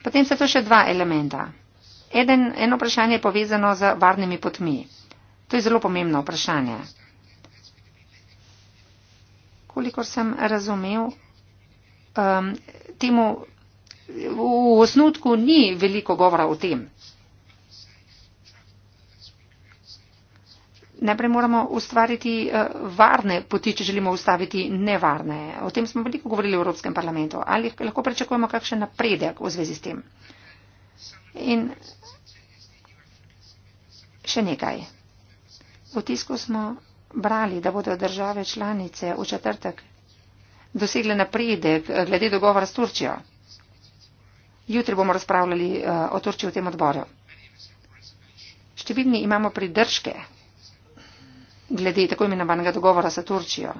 Potem so tu še dva elementa. Eden, eno vprašanje je povezano z varnimi potmi. To je zelo pomembno vprašanje. Kolikor sem razumel, um, temu v osnutku ni veliko govora o tem. Najprej moramo ustvariti uh, varne poti, če želimo ustaviti nevarne. O tem smo veliko govorili v Evropskem parlamentu. Ali lahko pričakujemo kakšen napredek v zvezi s tem? In še nekaj. V tisku smo brali, da bodo države članice v četrtek dosegle napredek eh, glede dogovora s Turčijo. Jutri bomo razpravljali eh, o Turčiji v tem odboru. Številni imamo pridržke glede tako imenovanega dogovora s Turčijo.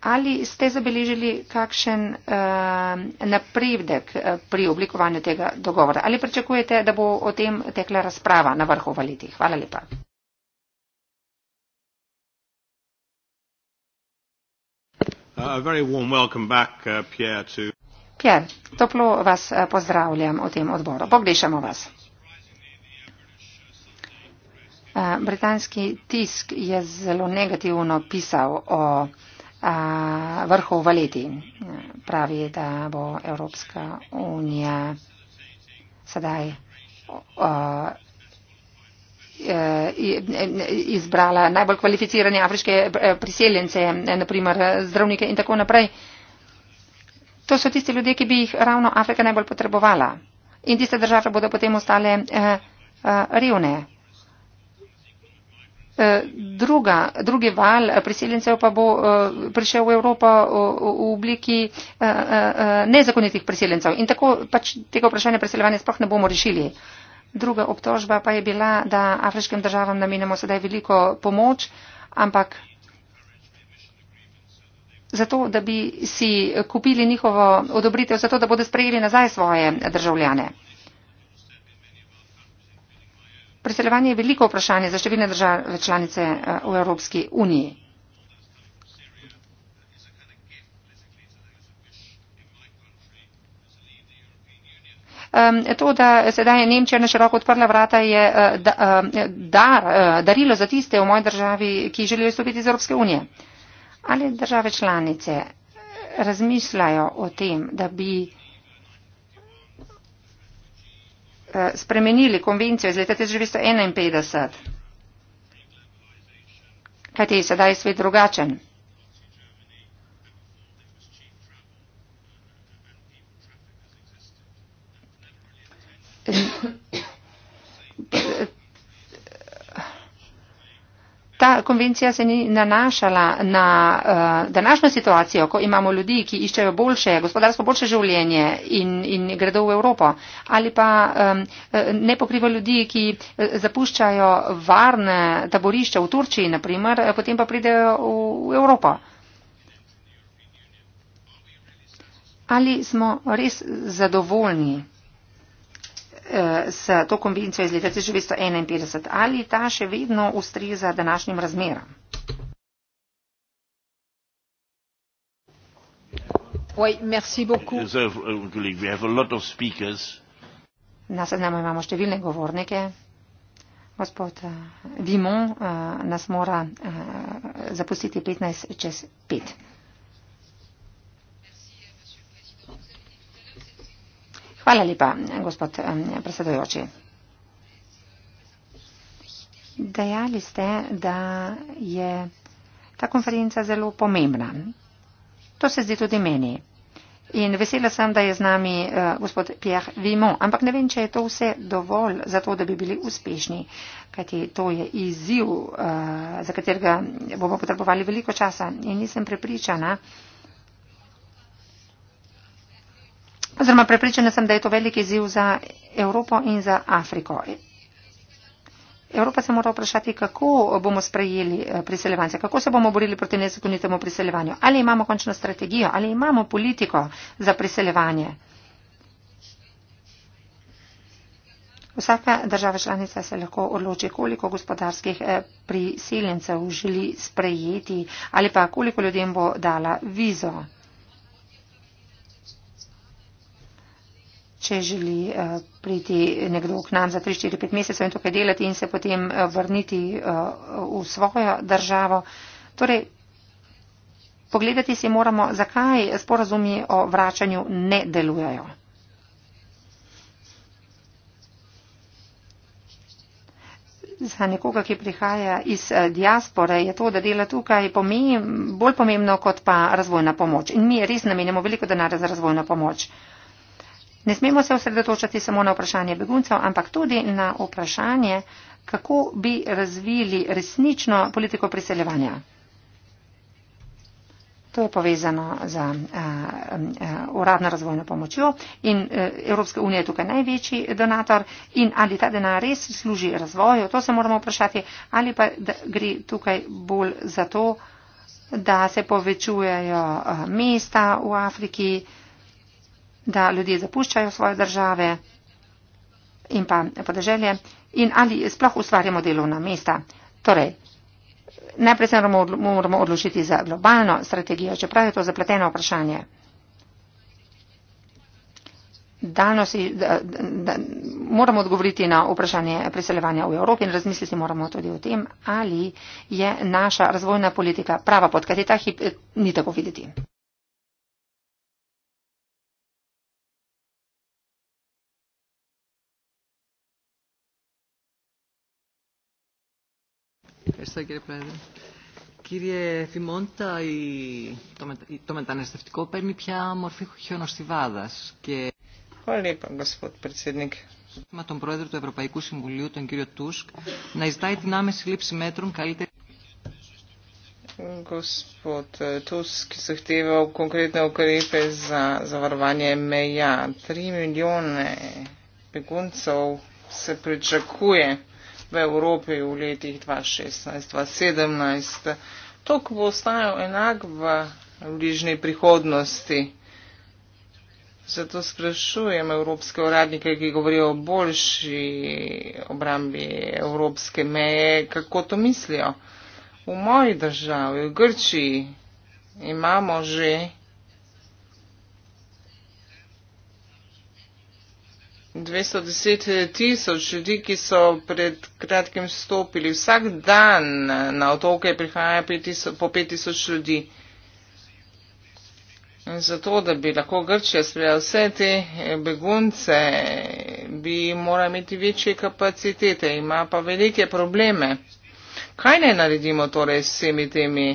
Ali ste zabeležili kakšen uh, napredek pri oblikovanju tega dogovora? Ali pričakujete, da bo o tem tekla razprava na vrhu valiti? Hvala lepa. Uh, Pierre, toplo vas uh, pozdravljam v tem odboru. Pogrešamo vas. Uh, britanski tisk je zelo negativno pisal o vrhu v leti. Pravi, da bo Evropska unija sedaj Eh, izbrala najbolj kvalificirane afriške eh, priseljence, naprimer eh, zdravnike in tako naprej. To so tisti ljudje, ki bi jih ravno Afrika najbolj potrebovala. In tiste države bodo potem ostale eh, eh, revne. Druga, drugi val priseljencev pa bo prišel v Evropo v obliki nezakonitih priseljencev. In tako pač tega vprašanja priseljevanja sploh ne bomo rešili. Druga obtožba pa je bila, da afriškim državam namenjamo sedaj veliko pomoč, ampak zato, da bi si kupili njihovo odobritev, zato, da bodo sprejeli nazaj svoje državljane. Priseljevanje je veliko vprašanje za številne države članice eh, v Evropski uniji. To, da sedaj je Nemčija na široko odprla vrata, je eh, eh, dar, eh, darilo za tiste v moji državi, ki želijo stopiti iz Evropske unije. Ali države članice razmišljajo o tem, da bi spremenili konvencijo iz leta 1951? Kajti sedaj je svet drugačen. Ta konvencija se ni nanašala na uh, današnjo situacijo, ko imamo ljudi, ki iščejo boljše, gospodarsko boljše življenje in, in gredo v Evropo, ali pa um, ne pokriva ljudi, ki zapuščajo varne taborišča v Turčiji, naprimer, potem pa pridejo v Evropo. Ali smo res zadovoljni? s to konvencijo iz leta 1951. Ali ta še vedno ustreza današnjim razmeram? Oui, merci beaucoup. Na seznamu imamo številne govornike. Gospod eh, Vimon eh, nas mora eh, zapustiti 15 čez 5. Hvala lepa, gospod predsedojoči. Dejali ste, da je ta konferenca zelo pomembna. To se zdi tudi meni. In vesela sem, da je z nami uh, gospod Pierre Vimon, ampak ne vem, če je to vse dovolj za to, da bi bili uspešni, kajti to je izziv, uh, za katerega bomo potrebovali veliko časa in nisem prepričana, uh, Oziroma, prepričana sem, da je to veliki ziv za Evropo in za Afriko. Evropa se mora vprašati, kako bomo sprejeli eh, priseljevanje, kako se bomo borili proti nezakonitemu priseljevanju. Ali imamo končno strategijo, ali imamo politiko za priseljevanje. Vsaka država članica se lahko odloči, koliko gospodarskih eh, priseljencev želi sprejeti ali pa koliko ljudem bo dala vizo. če želi eh, priti nekdo k nam za 3-4-5 mesecev in tukaj delati in se potem eh, vrniti eh, v svojo državo. Torej, pogledati si moramo, zakaj sporazumi o vračanju ne delujejo. Za nekoga, ki prihaja iz diaspore, je to, da dela tukaj pomem, bolj pomembno kot pa razvojna pomoč. In mi res namenjamo veliko denarja za razvojno pomoč. Ne smemo se osredotočati samo na vprašanje beguncev, ampak tudi na vprašanje, kako bi razvili resnično politiko priseljevanja. To je povezano z eh, eh, uradno razvojno pomočjo in a, eh, Evropska unija je tukaj največji donator in ali ta denar res služi razvoju, to se moramo vprašati, ali pa gre tukaj bolj za to, da se povečujejo a, mesta v Afriki. A, da ljudje zapuščajo svoje države in pa podeželje in ali sploh ustvarjamo delovna mesta. Torej, najprej se moramo odločiti za globalno strategijo, čeprav je to zapleteno vprašanje. Dano si, da, da, da, moramo odgovoriti na vprašanje priseljevanja v Evropi in razmisliti moramo tudi o tem, ali je naša razvojna politika prava, pod kateri ta hip eh, ni tako videti. Ευχαριστώ κύριε Πρόεδρε. Κύριε Θημόντα, η... το, μετα... το μεταναστευτικό παίρνει πια μορφή χιονοστιβάδας και... Πολύ τον πρόεδρο του Ευρωπαϊκού Συμβουλίου, τον κύριο Τούσκ, να ζητάει την άμεση λήψη μέτρων καλύτερη... Господ Туск захтева конкретно укрепе за заварвание мея. 3 милиона бегунцев се причакуе v Evropi v letih 2016-2017. To, ko bo ostajal enak v bližnji prihodnosti. Zato sprašujem evropske uradnike, ki govorijo o boljši obrambi evropske meje, kako to mislijo. V moji državi, v Grčiji, imamo že 210 eh, tisoč ljudi, ki so pred kratkim stopili. Vsak dan eh, na otoke prihaja po 5 tisoč ljudi. In zato, da bi lahko Grčija sprejela vse te eh, begunce, bi mora imeti večje kapacitete, ima pa velike probleme. Kaj ne naredimo torej s vsemi temi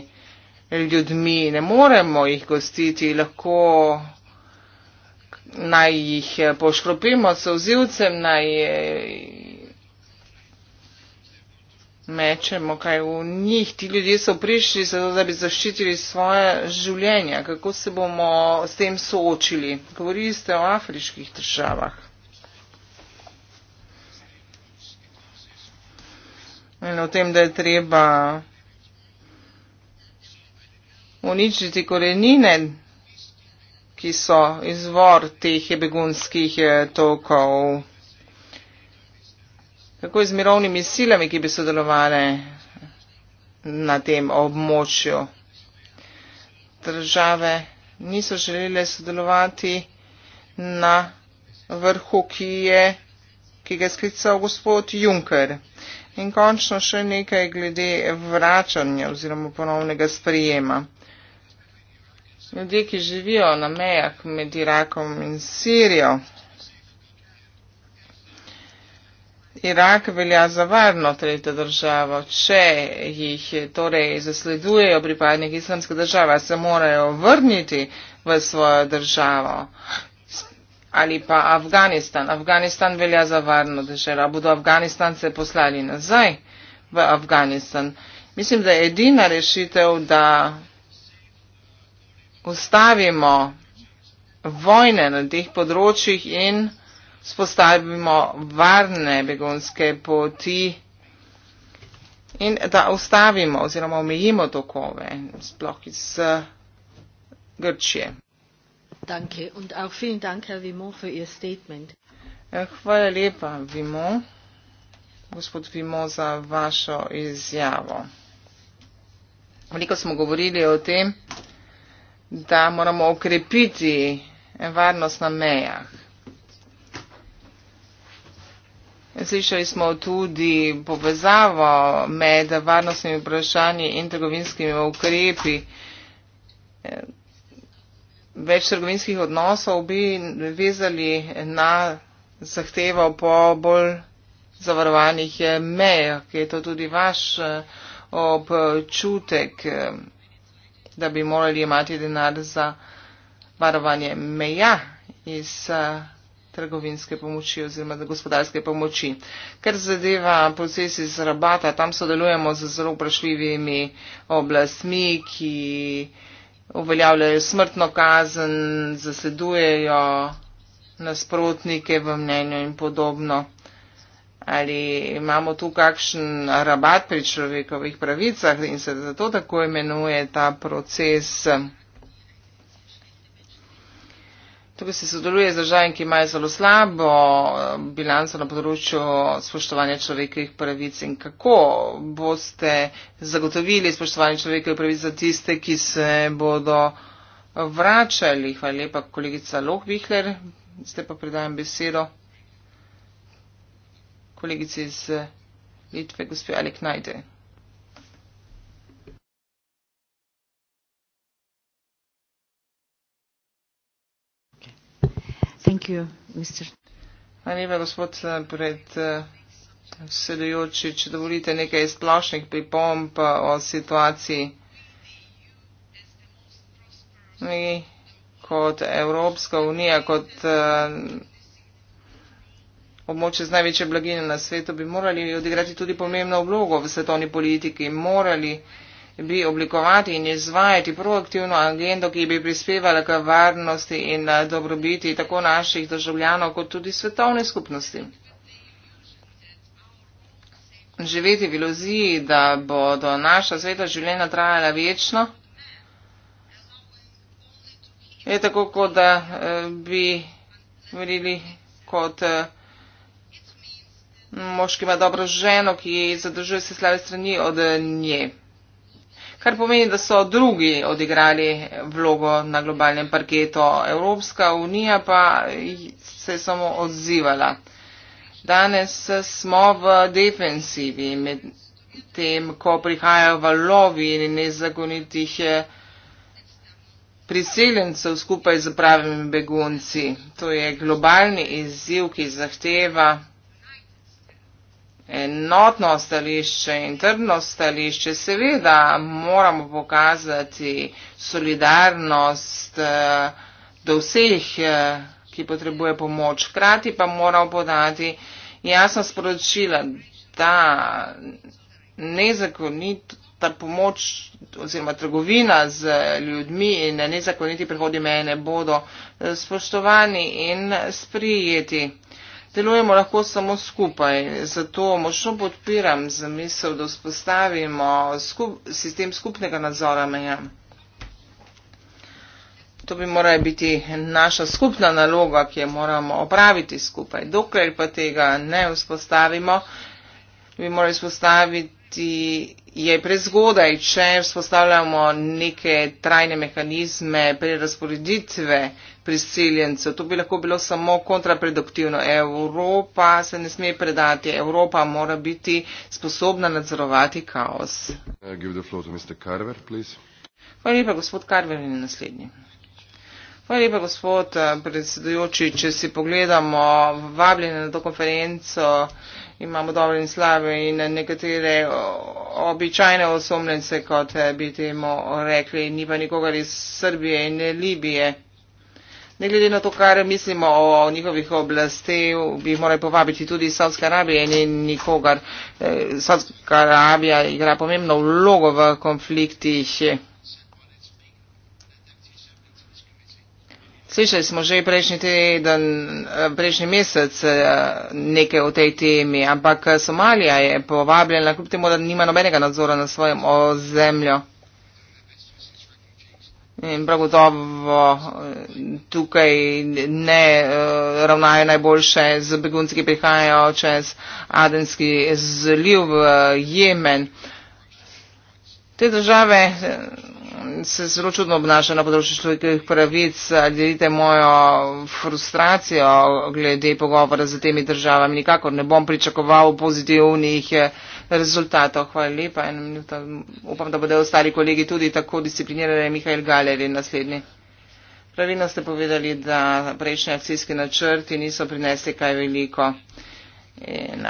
ljudmi? Ne moremo jih gostiti, lahko naj jih eh, poškropimo s vzivcem, naj eh, mečemo kaj v njih. Ti ljudje so prišli zato, da bi zaščitili svoje življenja. Kako se bomo s tem soočili? Govorili ste o afriških državah. In o tem, da je treba uničiti korenine ki so izvor teh begunskih eh, tokov. Kako je z mirovnimi silami, ki bi sodelovali na tem območju? Države niso želele sodelovati na vrhu, ki, je, ki ga je sklical gospod Juncker. In končno še nekaj glede vračanja oziroma ponovnega sprijema ljudje, ki živijo na mejah med Irakom in Sirijo. Irak velja za varno tretjo državo, če jih torej zasledujejo pripadniki islamske države, se morajo vrniti v svojo državo ali pa Afganistan. Afganistan velja za varno državo. Bodo Afganistan se poslali nazaj v Afganistan? Mislim, da je edina rešitev, da ustavimo vojne na teh področjih in spostavimo varne begonske poti in da ustavimo oziroma omejimo tokove, sploh iz eh, Grčije. Danke und auch vielen Dank, Herr Vimon, für Ihr Statement. Ja, hvala lepa, Vimon, gospod Vimon, za vašo izjavo. Veliko smo govorili o tem, da moramo okrepiti varnost na mejah. Slišali smo tudi povezavo med varnostnimi vprašanji in trgovinskimi ukrepi. Več trgovinskih odnosov bi vezali na zahtevo po bolj zavarovanih mejah, ki je to tudi vaš eh, občutek da bi morali imati denar za varovanje meja iz eh, trgovinske pomoči oziroma gospodarske pomoči. Ker zadeva proces iz rabata, tam sodelujemo z zelo vprašljivimi oblastmi, ki uveljavljajo smrtno kazen, zasedujejo nasprotnike v mnenju in podobno ali imamo tu kakšen rabat pri človekovih pravicah in se zato tako imenuje ta proces. Tukaj se sodeluje z državami, ki imajo zelo slabo eh, bilanco na področju spoštovanja človekovih pravic in kako boste zagotovili spoštovanje človekovih pravic za tiste, ki se bodo vračali. Hvala lepa, kolegica Lohvihler. Zdaj pa predajam besedo kolegici iz eh, Litve, gospe Alek Najde. Thank you, Mr. Hvala lepa, gospod eh, pred eh, sedajoči, če dovolite nekaj splošnih pripomb o situaciji. Mi kot Evropska unija, kot uh, območje z največje blaginje na svetu, bi morali odigrati tudi pomembno vlogo v svetovni politiki, morali bi oblikovati in izvajati proaktivno agendo, ki bi prispevala k varnosti in eh, dobrobiti tako naših državljanov, kot tudi svetovne skupnosti. Živeti v iluziji, da bodo naša sveta življenja trajala večno, je tako, kot da eh, bi verili kot eh, Moški ima dobro ženo, ki zadržuje se slave strani od nje. Kar pomeni, da so drugi odigrali vlogo na globalnem parketu. Evropska unija pa se je samo odzivala. Danes smo v defensivi med tem, ko prihajajo valovi in nezagonitih eh, priseljencev skupaj z pravimi begunci. To je globalni izziv, ki zahteva enotno stališče in trdno stališče. Seveda moramo pokazati solidarnost eh, do vseh, eh, ki potrebuje pomoč. Hkrati pa moramo podati jasno sporočila, da nezakonita pomoč oziroma trgovina z ljudmi in nezakoniti prihodi meje ne bodo eh, spoštovani in sprijeti delujemo lahko samo skupaj. Zato močno podpiram zamisel, da vzpostavimo skup, sistem skupnega nadzora meja. To bi morala biti naša skupna naloga, ki jo moramo opraviti skupaj. Dokler pa tega ne vzpostavimo, bi morali vzpostaviti, je prezgodaj, če vzpostavljamo neke trajne mehanizme prerasporeditve priseljencev. To bi lahko bilo samo kontraproduktivno. Evropa se ne sme predati, Evropa mora biti sposobna nadzorovati kaos. Uh, Hvala lepa, gospod Karver in naslednji. Hvala lepa, gospod eh, predsedujoči. Če si pogledamo vabljene na to konferenco, imamo dobre in slabe in nekatere običajne osomljence, kot eh, bi temu rekli, ni pa nikogar iz Srbije in Libije. Ne glede na to, kar mislimo o njihovih oblasteh, bi jih morali povabiti tudi iz Saudske Arabije in nikogar. Eh, Saudska Arabija igra pomembno vlogo v konfliktih. Slišali smo že prejšnji teden, eh, prejšnji mesec eh, nekaj o tej temi, ampak Somalija je povabljena, kljub temu, da nima nobenega nadzora na svojem ozemlju. In prav gotovo eh, tukaj ne eh, ravnajo najboljše z begunci, ki prihajajo čez Adenski zliv v eh, Jemen. Te države se zelo čudno obnašajo na področju človekovih pravic. Delite mojo frustracijo glede pogovora z temi državami. Nikakor ne bom pričakoval pozitivnih rezultatov. Hvala lepa. Upam, da bodo ostali kolegi tudi tako disciplinirani. Mihajl Galer je naslednji. Pravilno ste povedali, da prejšnji akcijski načrti niso prinesli kaj veliko in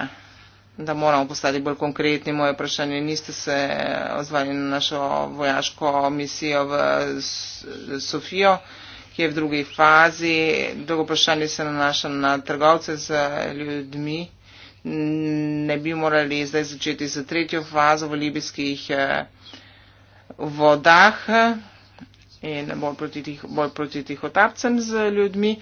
da moramo postati bolj konkretni. Moje vprašanje, niste se ozvali na našo vojaško misijo v Sofijo, ki je v drugi fazi. Drugo vprašanje se nanaša na trgovce z ljudmi ne bi morali zdaj začeti z tretjo fazo v libijskih eh, vodah eh, in bolj proti, tih, bolj proti tihotapcem z ljudmi.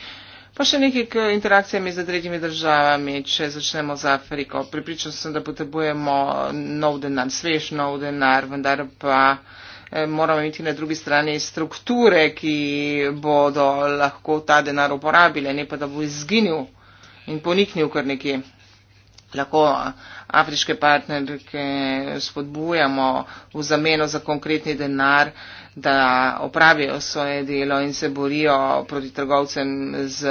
Pa še nekaj k interakcijami z tretjimi državami, če začnemo z Afriko. Pripričan sem, da potrebujemo nov denar, svež nov denar, vendar pa eh, moramo imeti na drugi strani strukture, ki bodo lahko ta denar uporabile, ne pa da bo izginil in poniknil kar nekje lahko eh, afriške partnerke spodbujamo v zameno za konkretni denar, da opravijo svoje delo in se borijo proti trgovcem z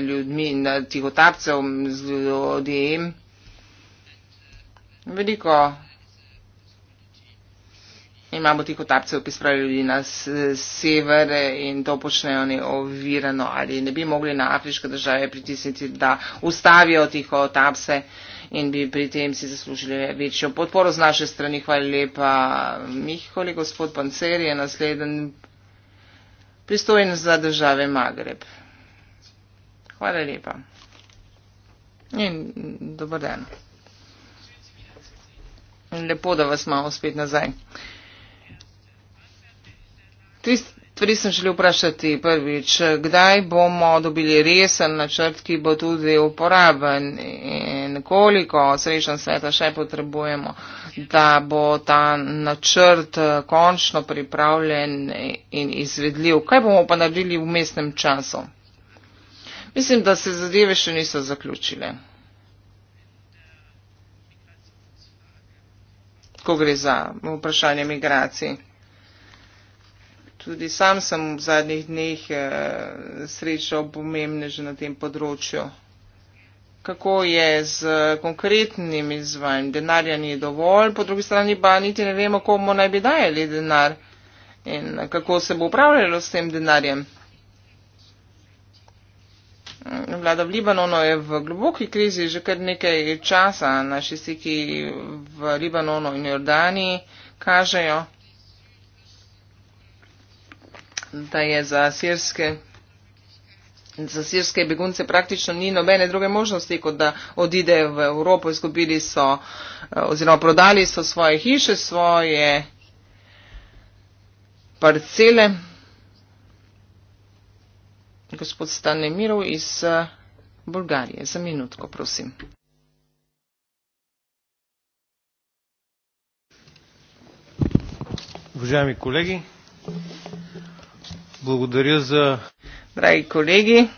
ljudmi in tihotapcem z ljudem. Veliko imamo tihotapcev, ki spravijo ljudi na sever in to počnejo neovirano ali ne bi mogli na afriške države pritisniti, da ustavijo tihotapce in bi pri tem si zaslužili večjo podporo z naše strani. Hvala lepa, Mihole, gospod Pancer je naslednji pristojen za države Magreb. Hvala lepa. In dober dan. Lepo, da vas imamo spet nazaj stvari sem želel vprašati. Prvič, kdaj bomo dobili resen načrt, ki bo tudi uporaben in koliko srečen sveta še potrebujemo, da bo ta načrt končno pripravljen in izvedljiv. Kaj bomo pa naredili v mestnem času? Mislim, da se zadeve še niso zaključile. Ko gre za vprašanje migracij tudi sam sem v zadnjih dneh eh, srečal pomembneže na tem področju. Kako je z konkretnim izvajanjem? Denarja ni dovolj, po drugi strani pa niti ne vemo, komu naj bi dajali denar in kako se bo upravljalo s tem denarjem. Vlada v Libanonu je v globoki krizi že kar nekaj časa. Naši stiki v Libanonu in Jordani kažejo, da je za sirske, za sirske begunce praktično ni nobene druge možnosti, kot da odide v Evropo, izgubili so eh, oziroma prodali so svoje hiše, svoje parcele. Gospod Stanemirov iz eh, Bulgarije, za minutko, prosim. Уважаеми колеги, Благодаря за. Драги колеги,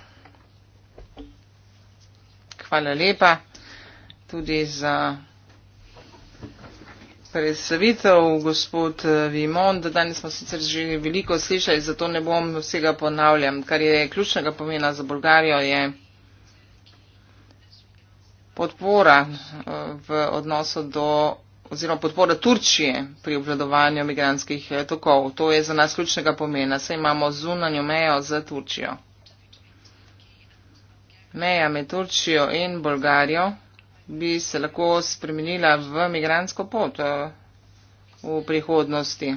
hvala lepa tudi za predstavitev, gospod Vimon, da danes smo sicer že veliko slišali, zato ne bom vsega ponavljam. Kar je ključnega pomena za Bolgarijo, je podpora v odnosu do oziroma podpora Turčije pri obvladovanju migranskih eh, tokov. To je za nas ključnega pomena, saj imamo zunanjo mejo z Turčijo. Meja med Turčijo in Bolgarijo bi se lahko spremenila v migransko pot eh, v prihodnosti.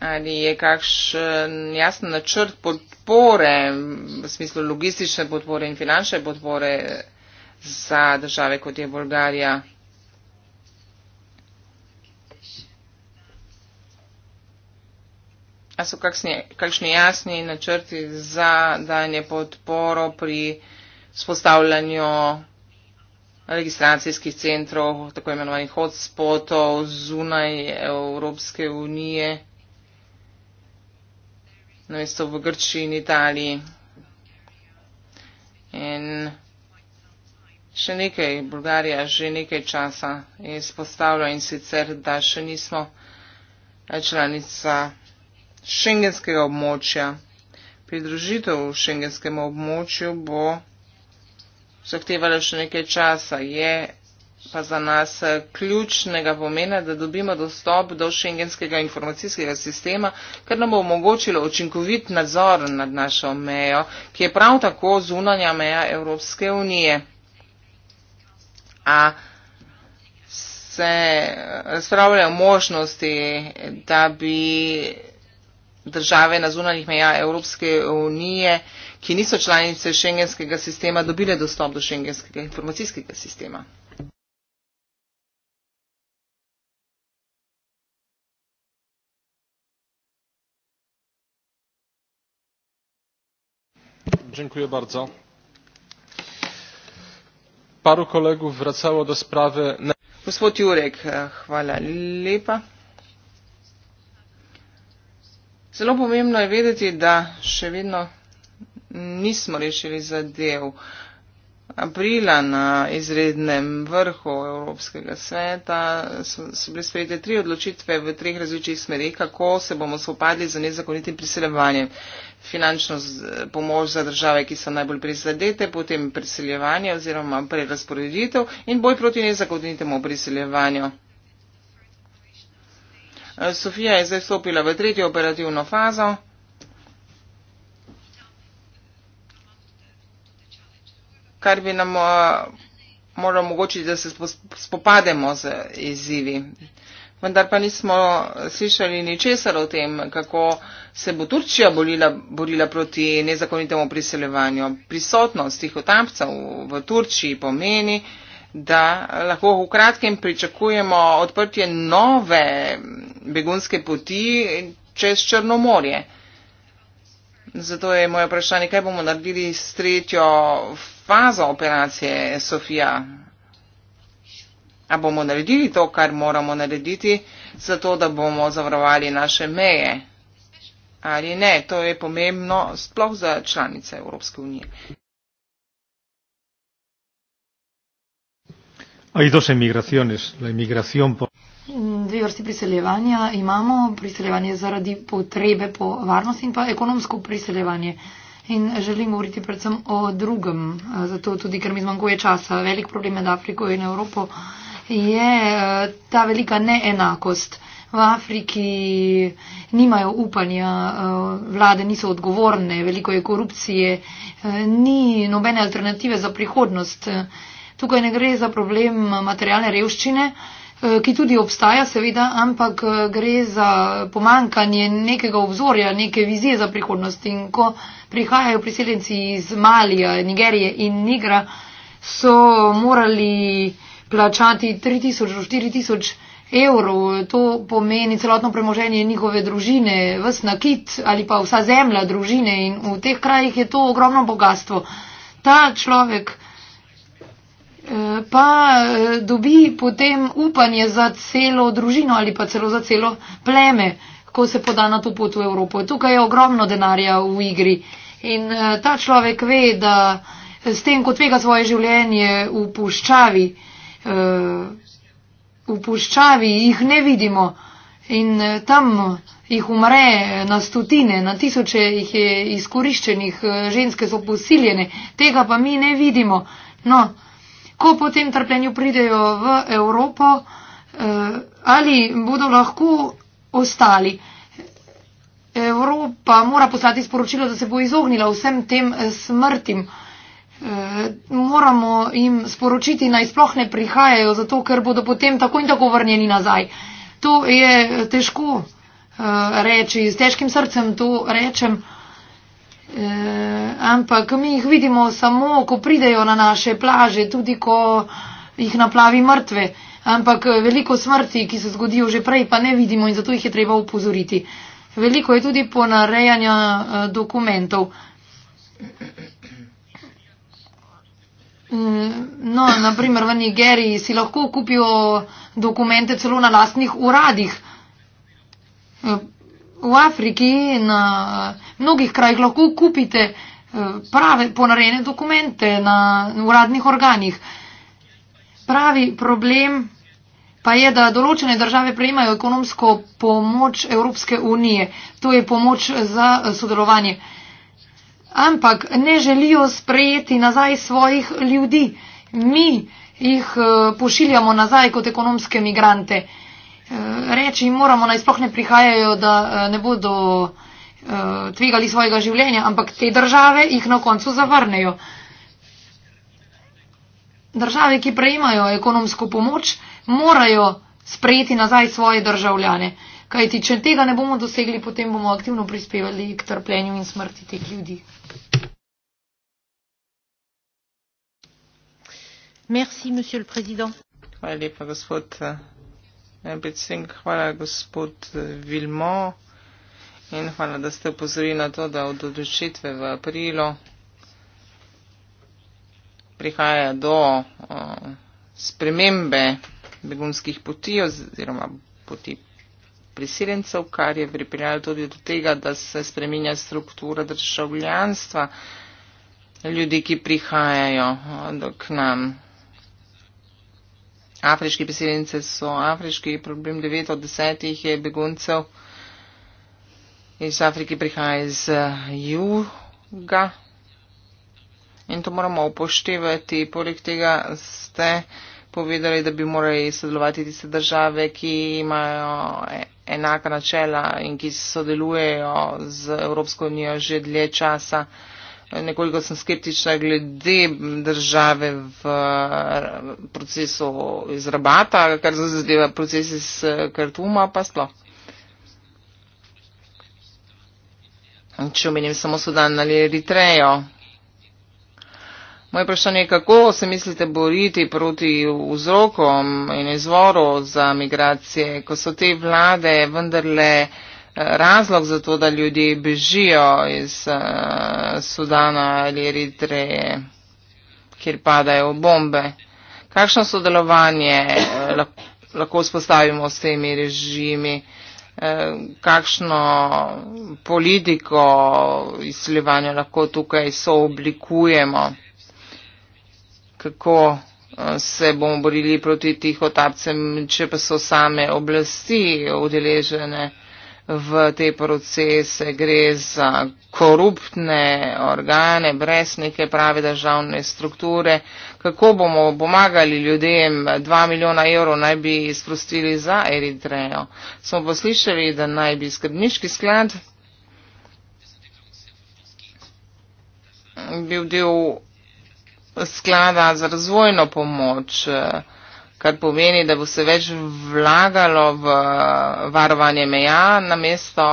Ali je kakšen jasen načrt podpore, v smislu logistične podpore in finančne podpore, za države, kot je Bolgarija. A so kakšne, kakšne jasni načrti za danje podporo pri spostavljanju registracijskih centrov, tako imenovanih hotspotov zunaj Evropske unije, namesto v Grčiji in Italiji. In še nekaj, Bulgarija že nekaj časa izpostavlja in sicer, da še nismo članica šengenskega območja. Pridružitev šengenskemu območju bo zahtevala še nekaj časa. Je pa za nas ključnega pomena, da dobimo dostop do šengenskega informacijskega sistema, ker nam bo omogočilo učinkovit nadzor nad našo mejo, ki je prav tako zunanja meja Evropske unije a se razpravljajo možnosti, da bi države na zunanjih meja Evropske unije, ki niso članice šengenskega sistema, dobile dostop do šengenskega informacijskega sistema. Dziękuję bardzo paru kolegów wracało do sprawy. Gospod Jurek, eh, hvala lepa. Zelo pomembno je vedeti, da še vedno nismo rešili zadev aprila na izrednem vrhu Evropskega sveta so, so bile sprejete tri odločitve v treh različnih smerih, kako se bomo spopadli z nezakonitim priseljevanjem. Finančno pomoč za države, ki so najbolj prizadete, potem priseljevanje oziroma prerasporeditev in boj proti nezakonitemu priseljevanju. Sofija je zdaj vstopila v tretjo operativno fazo. kar bi nam eh, moralo omogočiti, da se spopademo z izzivi. Vendar pa nismo eh, slišali ničesar o tem, kako se bo Turčija borila, borila proti nezakonitemu priseljevanju. Prisotnost tih otapcev v Turčiji pomeni, da lahko v kratkem pričakujemo odprtje nove begunske poti čez Črnomorje. Zato je moje vprašanje, kaj bomo naredili s tretjo faza operacije Sofija. A bomo naredili to, kar moramo narediti, zato da bomo zavarovali naše meje? Ali ne? To je pomembno sploh za članice Evropske unije. Dve vrsti priseljevanja imamo. Priseljevanje zaradi potrebe po varnosti in pa ekonomsko priseljevanje. Uh, In želim govoriti predvsem o drugem, eh, zato tudi, ker mi zmanjkuje časa. Velik problem med Afriko in Evropo je eh, ta velika neenakost. V Afriki nimajo upanja, eh, vlade niso odgovorne, veliko je korupcije, ni nobene alternative za prihodnost. Tukaj ne gre za problem materialne revščine, Eh, ki tudi obstaja, seveda, ampak eh, gre za pomankanje nekega obzorja, neke vizije za prihodnost. In ko prihajajo priseljenci iz Malija, Nigerije in Nigra, so morali plačati 3000 do 4000 evrov. To pomeni celotno premoženje njihove družine, ves nakit ali pa vsa zemlja družine in v teh krajih je to ogromno bogatstvo. Ta človek, pa eh, dobi potem upanje za celo družino ali pa celo za celo pleme, ko se poda na to pot v Evropo. Tukaj je ogromno denarja v igri in eh, ta človek ve, da s tem, ko tvega svoje življenje v puščavi, eh, v puščavi jih ne vidimo in tam jih umre na stotine, na tisoče jih je izkoriščenih, ženske so posiljene, tega pa mi ne vidimo. No, ko po tem trpljenju pridejo v Evropo, eh, ali bodo lahko ostali. Evropa mora poslati sporočilo, da se bo izognila vsem tem eh, smrtim. Eh, moramo jim sporočiti, naj sploh ne prihajajo, zato ker bodo potem tako in tako vrnjeni nazaj. To je težko reči, s težkim srcem to rečem. Eh, ampak mi jih vidimo samo, ko pridejo na naše plaže, tudi ko jih naplavi mrtve. Ampak eh, veliko smrti, ki se zgodijo že prej, pa ne vidimo in zato jih je treba upozoriti. Veliko je tudi ponarejanja eh, dokumentov. Mm, no, naprimer v Nigeriji si lahko kupijo dokumente celo na lastnih uradih v Afriki na mnogih krajih lahko kupite eh, prave ponarejene dokumente na uradnih organih. Pravi problem pa je, da določene države prejemajo ekonomsko pomoč Evropske unije. To je pomoč za eh, sodelovanje. Ampak ne želijo sprejeti nazaj svojih ljudi. Mi jih eh, pošiljamo nazaj kot ekonomske migrante. Eh, reči jim moramo, naj sploh ne prihajajo, da eh, ne bodo eh, tvegali svojega življenja, ampak te države jih na koncu zavrnejo. Države, ki prejmajo ekonomsko pomoč, morajo sprejeti nazaj svoje državljane. Kajti, če tega ne bomo dosegli, potem bomo aktivno prispevali k trpljenju in smrti teh ljudi. Merci, Hvala lepa, gospod predvsem hvala gospod Vilmo in hvala, da ste upozorili na to, da od odločitve v aprilu prihaja do uh, spremembe begunskih poti oziroma poti prisilencev, kar je pripeljalo tudi do tega, da se spreminja struktura državljanstva ljudi, ki prihajajo uh, k nam. Afriški priseljenci so afriški problem. 9 od 10 je beguncev iz Afrike prihaja iz eh, juga. In to moramo upoštevati. Poleg tega ste povedali, da bi morali sodelovati tiste države, ki imajo eh, enaka načela in ki sodelujejo z Evropsko unijo že dlje časa nekoliko sem skeptična glede države v eh, procesu iz rabata, kar zadeva proces iz eh, kartuma, pa sploh. Če omenim samo Sudan ali Eritrejo. Moje vprašanje je, kako se mislite boriti proti vzrokom in izvoru za migracije, ko so te vlade vendarle razlog za to, da ljudje bežijo iz uh, Sudana ali Eritreje, kjer padajo bombe. Kakšno sodelovanje uh, lahko spostavimo s temi režimi? Eh, kakšno politiko izsiljevanja lahko tukaj sooblikujemo, kako se bomo borili proti tihotapcem, če pa so same oblasti udeležene v te procese, gre za koruptne organe, brez neke prave državne strukture. Kako bomo pomagali ljudem, dva milijona evrov naj bi izprostili za Eritrejo. Smo poslišali, da naj bi skrbniški sklad bil del sklada za razvojno pomoč kar pomeni, da bo se več vlagalo v varovanje meja namesto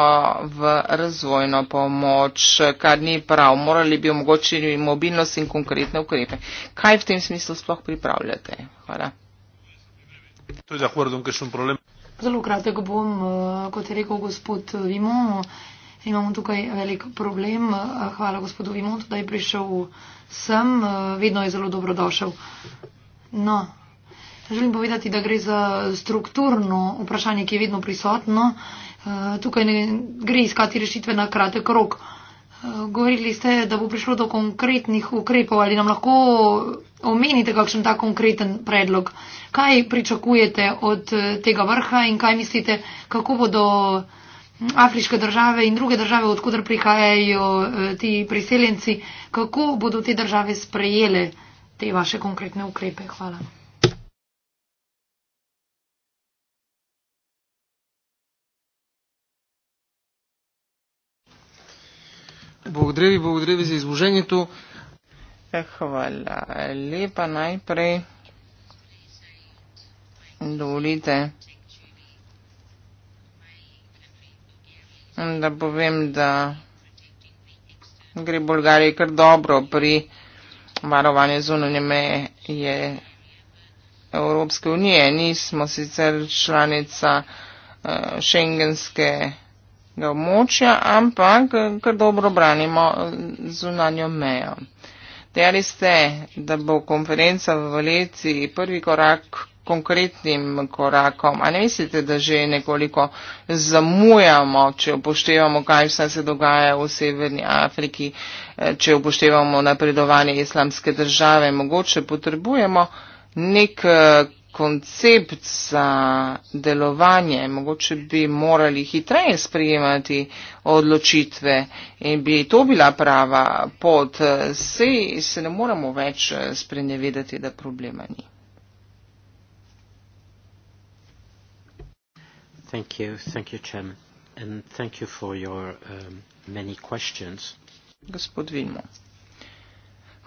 v razvojno pomoč, kar ni prav. Morali bi omogočiti mobilnost in konkretne ukrepe. Kaj v tem smislu sploh pripravljate? Hvala. To je zahvordom, ker sem problem. Zelo kratek bom, eh, kot je rekel gospod Vimon, imamo tukaj velik problem. Hvala gospodu Vimon, da je prišel sem, eh, vedno je zelo dobrodošel. No, Želim povedati, da gre za strukturno vprašanje, ki je vedno prisotno. Eh, tukaj ne gre iskati rešitve na kratek rok. Eh, govorili ste, da bo prišlo do konkretnih ukrepov. Ali nam lahko omenite kakšen ta konkreten predlog? Kaj pričakujete od eh, tega vrha in kaj mislite, kako bodo hm, afriške države in druge države, odkudar prihajajo ti priseljenci, kako bodo te države sprejele te vaše konkretne ukrepe? Hvala. Благодаря ви, благодаря ви за изложението. Хвала лепа най-прей. Доволите. Да повем да гри България кър добро при варование за униме е Европска уния. Ние сме сицер членица Шенгенске uh, tega območja, ampak kar dobro branimo eh, zunanjo mejo. Dejali ste, da bo konferenca v Valeci prvi korak konkretnim korakom, a ne mislite, da že nekoliko zamujamo, če upoštevamo, kaj vse se dogaja v Severni Afriki, eh, če upoštevamo napredovanje islamske države, mogoče potrebujemo nek eh, koncept za delovanje, mogoče bi morali hitreje sprejemati odločitve in bi to bila prava pot, se, se ne moramo več sprenevedati, da problema ni. Thank you, thank you, Chairman, and thank you for your um, many questions. Gospod Vilmo.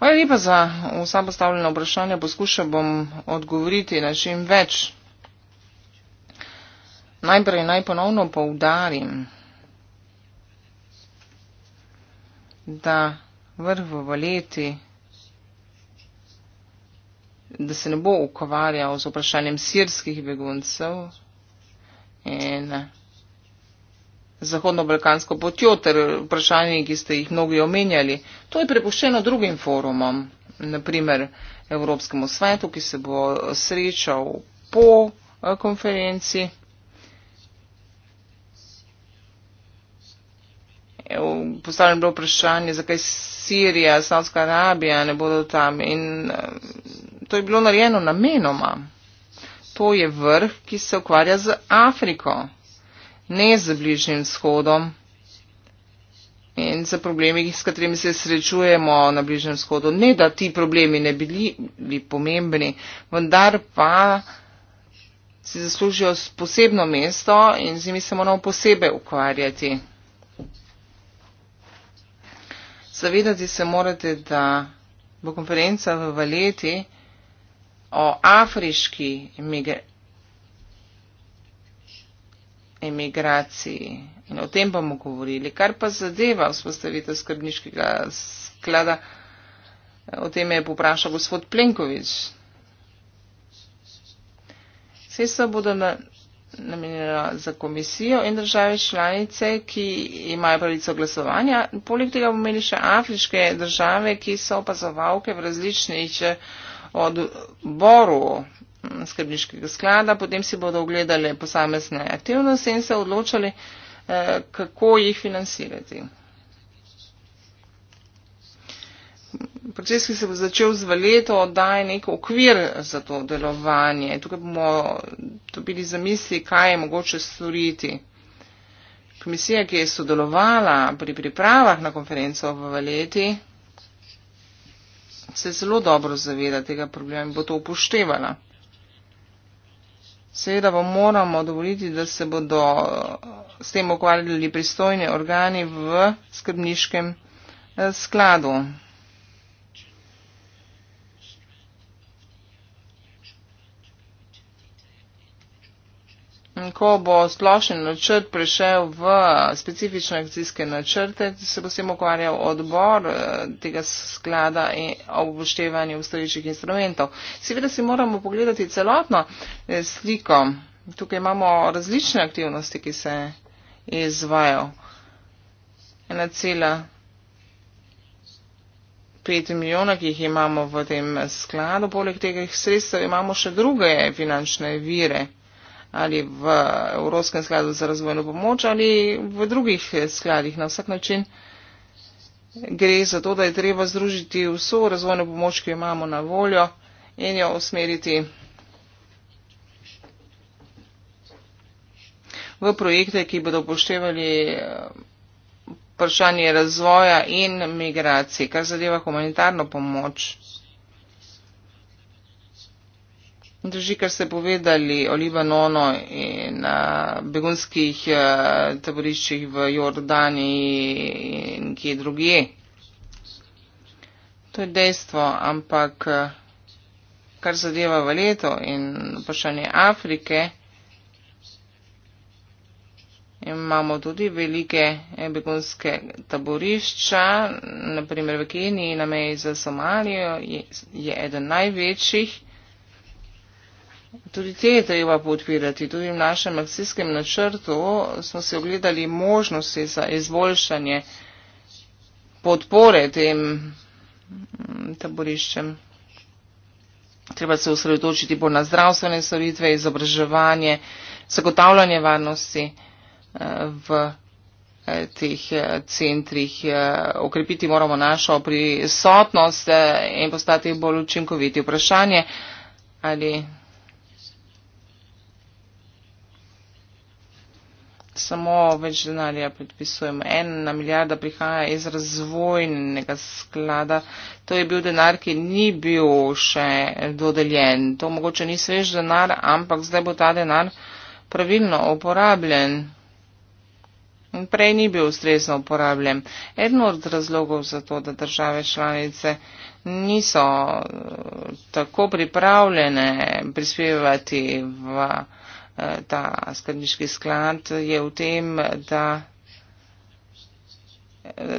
Hvala lepa za vsa postavljena vprašanja. Poskušal bom odgovoriti na čim več. Najprej naj ponovno poudarim, da vrh v valeti, da se ne bo ukvarjal z vprašanjem sirskih beguncev in Zahodno-Balkansko potjo ter vprašanje, ki ste jih mnogi omenjali. To je prepuščeno drugim forumom, naprimer Evropskemu svetu, ki se bo srečal po eh, konferenci. Eh, postavljeno je bilo vprašanje, zakaj Sirija, Saudska Arabija ne bodo tam in eh, to je bilo narejeno namenoma. To je vrh, ki se ukvarja z Afriko ne z Bližnjim vzhodom. In za problemi, s katerimi se srečujemo na Bližnjem vzhodu, ne da ti problemi ne bili, bili pomembni, vendar pa si zaslužijo posebno mesto in z njimi se moramo posebej ukvarjati. Zavedati se morate, da bo konferenca v Valeti o afriški emigraciji. In o tem bomo govorili. Kar pa zadeva vzpostavitev skrbniškega sklada, o tem je poprašal gospod Plenkovič. Sredstva bodo na, namenjena za komisijo in države članice, ki imajo pravico glasovanja. Poleg tega bomo imeli še afriške države, ki so opazovalke v različnih odborov. Mm, skrbniškega sklada, potem si bodo ogledali posamezne aktivnosti in se odločali, eh, kako jih financirati. Proces, ki se bo začel z valeto, daje nek okvir za to delovanje. Tukaj bomo dobili zamisli, kaj je mogoče storiti. Komisija, ki je sodelovala pri pripravah na konferenco v valeti, se zelo dobro zaveda tega problema in bo to upoštevala. Seveda pa moramo dovoliti, da se bodo eh, s tem ukvarjali pristojni organi v skrbniškem eh, skladu. ko bo splošen načrt prišel v specifične akcijske načrte, se bo s tem ukvarjal odbor eh, tega sklada in obuštevanje ustaličnih instrumentov. Seveda si moramo pogledati celotno eh, sliko. Tukaj imamo različne aktivnosti, ki se izvajo. 1,5 milijona, ki jih imamo v tem skladu. Poleg tega sredstev imamo še druge finančne vire ali v Evropskem skladu za razvojno pomoč ali v drugih skladih. Na vsak način gre za to, da je treba združiti vso razvojno pomoč, ki jo imamo na voljo in jo usmeriti v projekte, ki bodo upoštevali eh, vprašanje razvoja in migracij, kar zadeva humanitarno pomoč. Drži, kar ste povedali o Libanonu in na eh, begunskih eh, taboriščih v Jordaniji in kje drugje. To je dejstvo, ampak eh, kar zadeva valeto in vprašanje Afrike, imamo tudi velike begunske taborišča, naprimer v Keniji na meji za Somalijo je, je eden največjih. Tudi te je treba podpirati. Tudi v našem akcijskem načrtu smo si ogledali možnosti za izboljšanje podpore tem mm, taboriščem. Treba se usredotočiti bolj na zdravstvene storitve, izobraževanje, zagotavljanje varnosti eh, v eh, teh eh, centrih. Okrepiti moramo našo prisotnost in postati bolj učinkoviti. Vprašanje ali. samo več denarja predpisujemo. Ena milijarda prihaja iz razvojnega sklada. To je bil denar, ki ni bil še dodeljen. To mogoče ni svež denar, ampak zdaj bo ta denar pravilno uporabljen. Prej ni bil ustrezno uporabljen. Eden od razlogov za to, da države članice niso eh, tako pripravljene prispevati v ta skrbniški sklad je v tem, da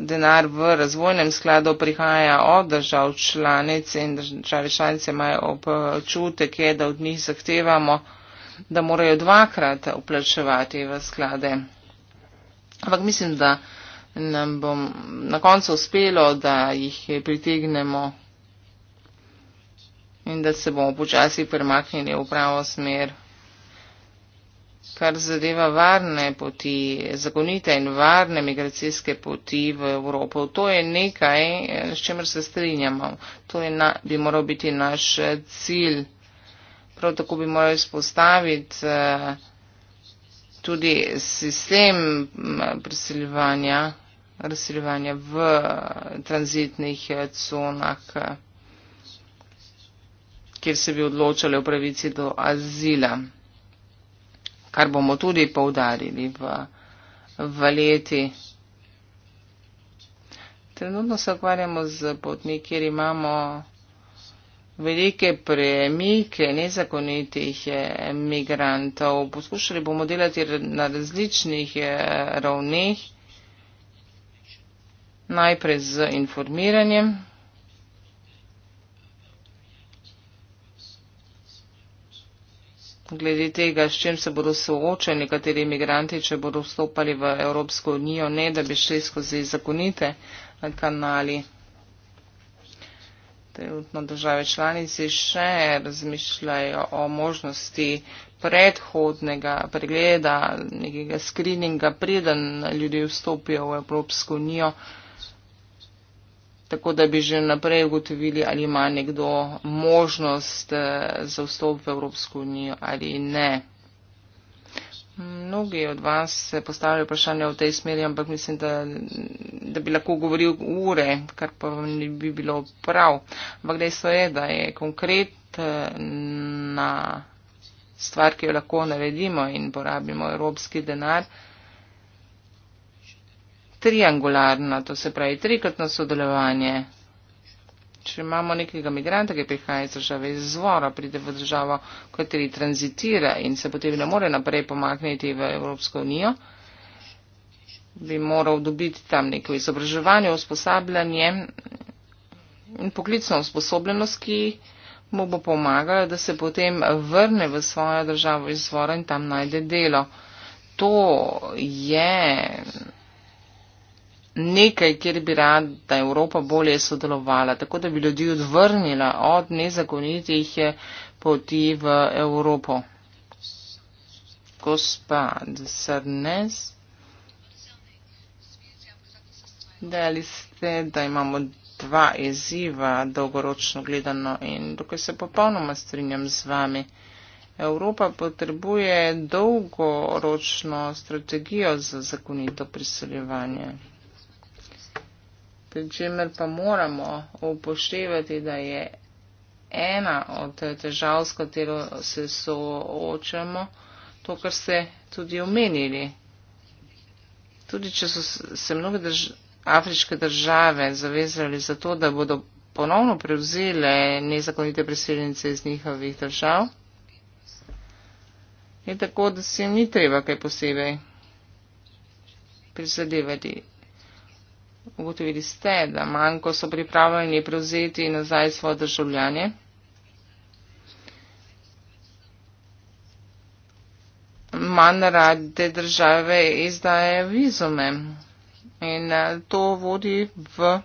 denar v razvojnem skladu prihaja od držav članice in države članice imajo občutek, da od njih zahtevamo, da morajo dvakrat uplačevati v sklade. Ampak mislim, da nam bo na koncu uspelo, da jih pritegnemo in da se bomo počasi premaknili v pravo smer kar zadeva varne poti, zakonite in varne migracijske poti v Evropo. To je nekaj, s čemer se strinjamo. To na, bi moral biti naš eh, cilj. Prav tako bi moral izpostaviti eh, tudi sistem mm, preseljevanja, razseljevanja v eh, tranzitnih conah, kjer se bi odločali o pravici do azila kar bomo tudi poudarili v, v leti. Trenutno se ukvarjamo z potmi, kjer imamo velike premike nezakonitih emigrantov. Eh, Poskušali bomo delati na različnih eh, ravneh, najprej z informiranjem. glede tega, s čim se bodo soočali nekateri imigranti, če bodo vstopali v Evropsko unijo, ne da bi šli skozi zakonite kanali. Trenutno države članice še razmišljajo o možnosti predhodnega pregleda, nekega skrininga, preden ljudje vstopijo v Evropsko unijo tako da bi že naprej ugotovili, ali ima nekdo možnost eh, za vstop v Evropsko unijo ali ne. Mnogi od vas se postavljajo vprašanje v tej smeri, ampak mislim, da, da bi lahko govoril ure, kar pa vam ne bi bilo prav. Ampak dejstvo je, da je konkretna eh, stvar, ki jo lahko naredimo in porabimo evropski denar triangularno, to se pravi trikratno sodelovanje. Če imamo nekega migranta, ki prihaja iz države izvora, pride v državo, v kateri tranzitira in se potem ne more naprej pomakniti v Evropsko unijo, bi moral dobiti tam neko izobraževanje, usposabljanje in poklicno usposobljenost, ki mu bo pomagala, da se potem vrne v svojo državo izvora in tam najde delo. To je nekaj, kjer bi rad, da Evropa bolje sodelovala, tako da bi ljudi odvrnila od nezakonitih eh, poti v Evropo. Gospa Desarnes, dali ste, da imamo dva izziva dolgoročno gledano in tukaj se popolnoma strinjam z vami. Evropa potrebuje dolgoročno strategijo za zakonito priseljevanje pri čemer pa moramo upoštevati, da je ena od težav, s katero se soočamo, to, kar ste tudi omenili. Tudi če so se mnoge drž afriške države zavezali za to, da bodo ponovno prevzele nezakonite priseljence iz njihovih držav, je tako, da se jim ni treba kaj posebej prizadevati. Ugotovili ste, da manjko so pripravljeni prevzeti nazaj svoje državljanje. Manj rade države izdaje vizume in eh, to vodi v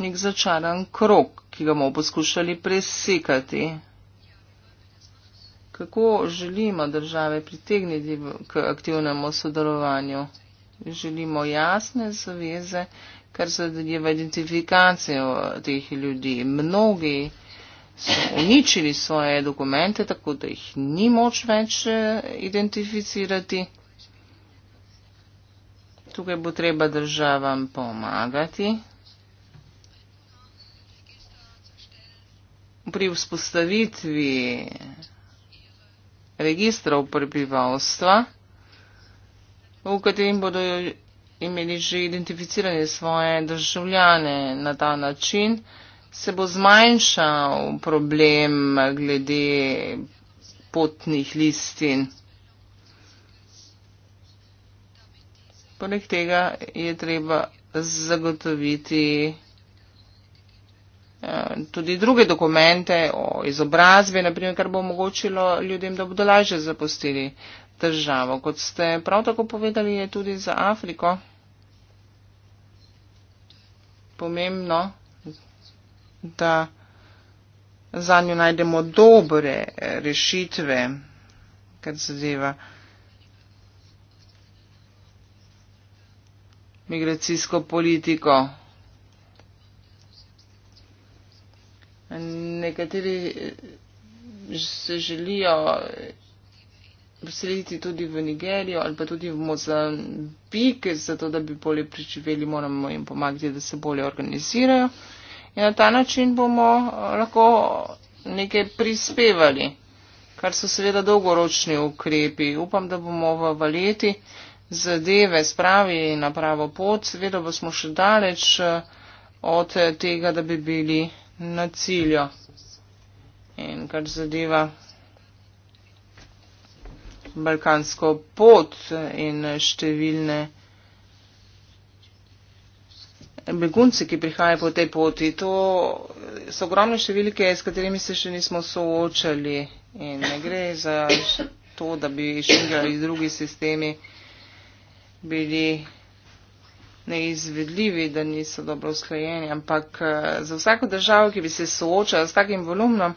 nek začaran krok, ki ga bomo poskušali presekati kako želimo države pritegniti k aktivnemu sodelovanju. Želimo jasne zaveze, kar zadeva identifikacijo teh ljudi. Mnogi so uničili svoje dokumente, tako da jih ni moč več eh, identificirati. Tukaj bo treba državam pomagati. Pri vzpostavitvi registrov prebivalstva, v katerem bodo imeli že identificirane svoje državljane na ta način, se bo zmanjšal problem glede potnih listin. Poleg tega je treba zagotoviti Eh, tudi druge dokumente o izobrazbi, naprimer, kar bo omogočilo ljudem, da bodo lažje zapustili državo. Kot ste prav tako povedali, je tudi za Afriko pomembno, da za njo najdemo dobre rešitve, kar se zadeva migracijsko politiko. Nekateri eh, se želijo preseliti tudi v Nigerijo ali pa tudi v Mozambik, zato da bi bolje preživeli, moramo jim pomagati, da se bolje organizirajo. In na ta način bomo eh, lahko nekaj prispevali, kar so seveda dolgoročni ukrepi. Upam, da bomo v valeti zadeve spravili na pravo pot. Seveda pa smo še daleč eh, od tega, da bi bili na cilju. In kar zadeva balkansko pot in številne begunce, ki prihajajo po tej poti, to so ogromne številke, s katerimi se še nismo soočali. In ne gre za to, da bi šengali drugi sistemi bili neizvedljivi, da niso dobro usklajeni, ampak eh, za vsako državo, ki bi se soočala s takim volumnom,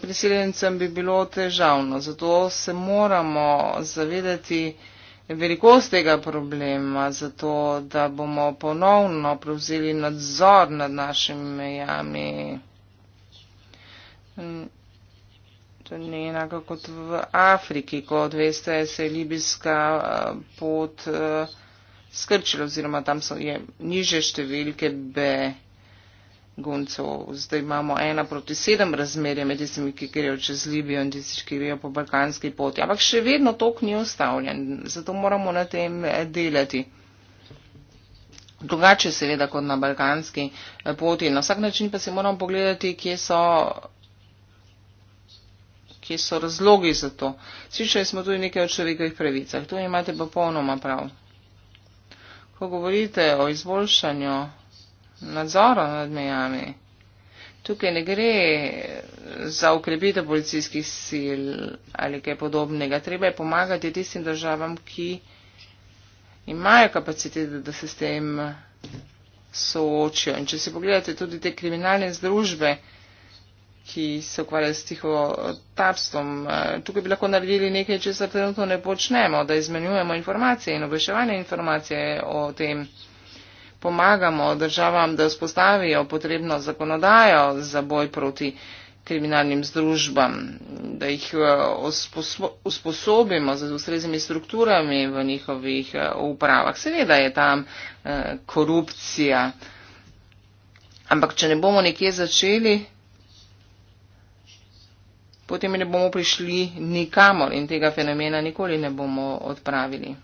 priseljencem bi bilo težavno. Zato se moramo zavedati velikost tega problema, zato da bomo ponovno prevzeli nadzor nad našimi mejami. Mm, to ni enako kot v Afriki, kot veste, se je libijska eh, pot. Uh, skrčila oziroma tam so je niže številke beguncev. Zdaj imamo ena proti sedem razmerje med tistimi, ki grejo čez Libijo in tistimi, ki grejo po balkanski poti. Ampak še vedno tok ni ustavljen, zato moramo na tem eh, delati. Drugače seveda kot na balkanski eh, poti. Na vsak način pa si moramo pogledati, kje so, kje so razlogi za to. Slišali smo tudi nekaj o človekovih pravicah. To imate popolnoma prav ko govorite o izboljšanju nadzora nad mejami, tukaj ne gre za ukrepitev policijskih sil ali kaj podobnega. Treba je pomagati tistim državam, ki imajo kapacitete, da se s tem soočijo. In če si pogledate tudi te kriminalne združbe, ki se ukvarja s tihotapstvom. Tukaj bi lahko naredili nekaj, če se trenutno ne počnemo, da izmenjujemo informacije in obveševanje informacije o tem. Pomagamo državam, da spostavijo potrebno zakonodajo za boj proti kriminalnim združbam, da jih eh, usposobimo z ustreznimi strukturami v njihovih eh, upravah. Seveda je tam eh, korupcija, ampak če ne bomo nekje začeli, potem ne bomo prišli nikamor in tega fenomena nikoli ne bomo odpravili.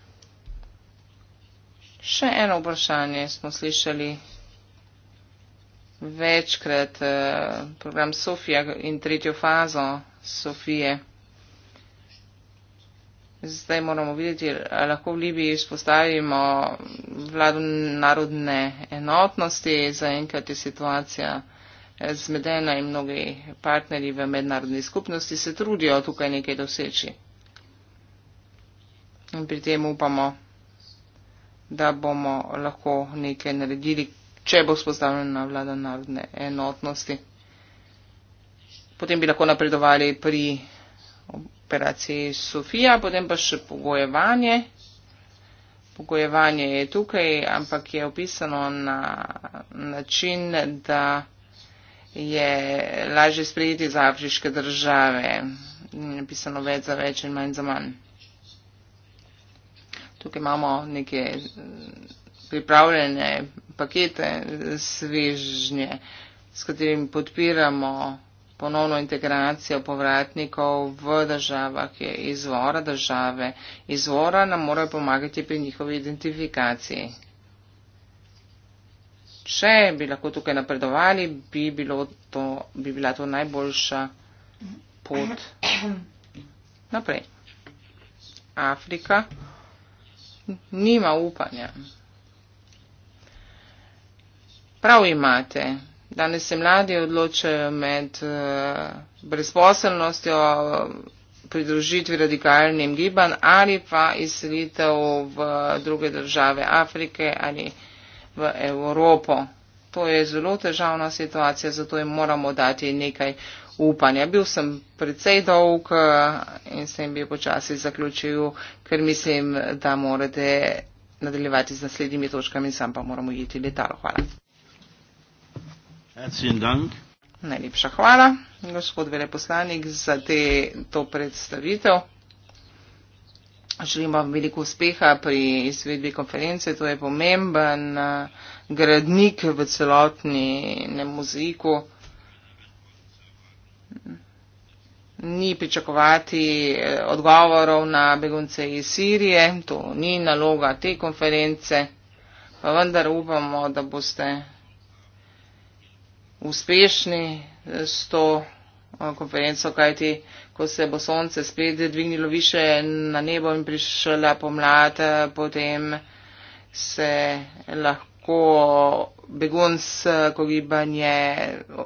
Še eno vprašanje smo slišali večkrat, eh, program Sofija in tretjo fazo Sofije. Zdaj moramo videti, ali lahko v Libiji vzpostavimo vladu narodne enotnosti, zaenkrat je situacija zmedena in mnogi partnerji v mednarodni skupnosti se trudijo tukaj nekaj doseči. In pri tem upamo, da bomo lahko nekaj naredili, če bo spostavljena vlada narodne enotnosti. Potem bi lahko napredovali pri operaciji Sofija, potem pa še pogojevanje. Pogojevanje je tukaj, ampak je opisano na način, da je lažje sprejeti za afriške države. Napisano več za več in manj za manj. Tukaj imamo neke eh, pripravljene pakete svežnje, s katerimi podpiramo ponovno integracijo povratnikov v državah izvora države. Izvora nam morajo pomagati pri njihovi identifikaciji če bi lahko tukaj napredovali, bi, bilo to, bi bila to najboljša pot naprej. Afrika nima upanja. Prav imate. Danes se mladi odločajo med eh, brezposelnostjo, pridružitvi radikalnim gibanj ali pa izselitev v druge države Afrike ali Afrike v Evropo. To je zelo težavna situacija, zato jim moramo dati nekaj upanja. Bil sem precej dolg eh, in sem bi počasi zaključil, ker mislim, da morate nadaljevati z naslednjimi točkami, sam pa moramo iti letalo. Hvala. Najlepša hvala, gospod veleposlanik, za te, to predstavitev. Želimo veliko uspeha pri izvedbi konference. To je pomemben eh, gradnik v celotni muziku. Ni pričakovati eh, odgovorov na begunce iz Sirije. To ni naloga te konference. Pa vendar upamo, da boste uspešni s to eh, konferenco, kajti ko se bo sonce spet dvignilo više na nebo in prišla pomlad, potem se lahko begunsko gibanje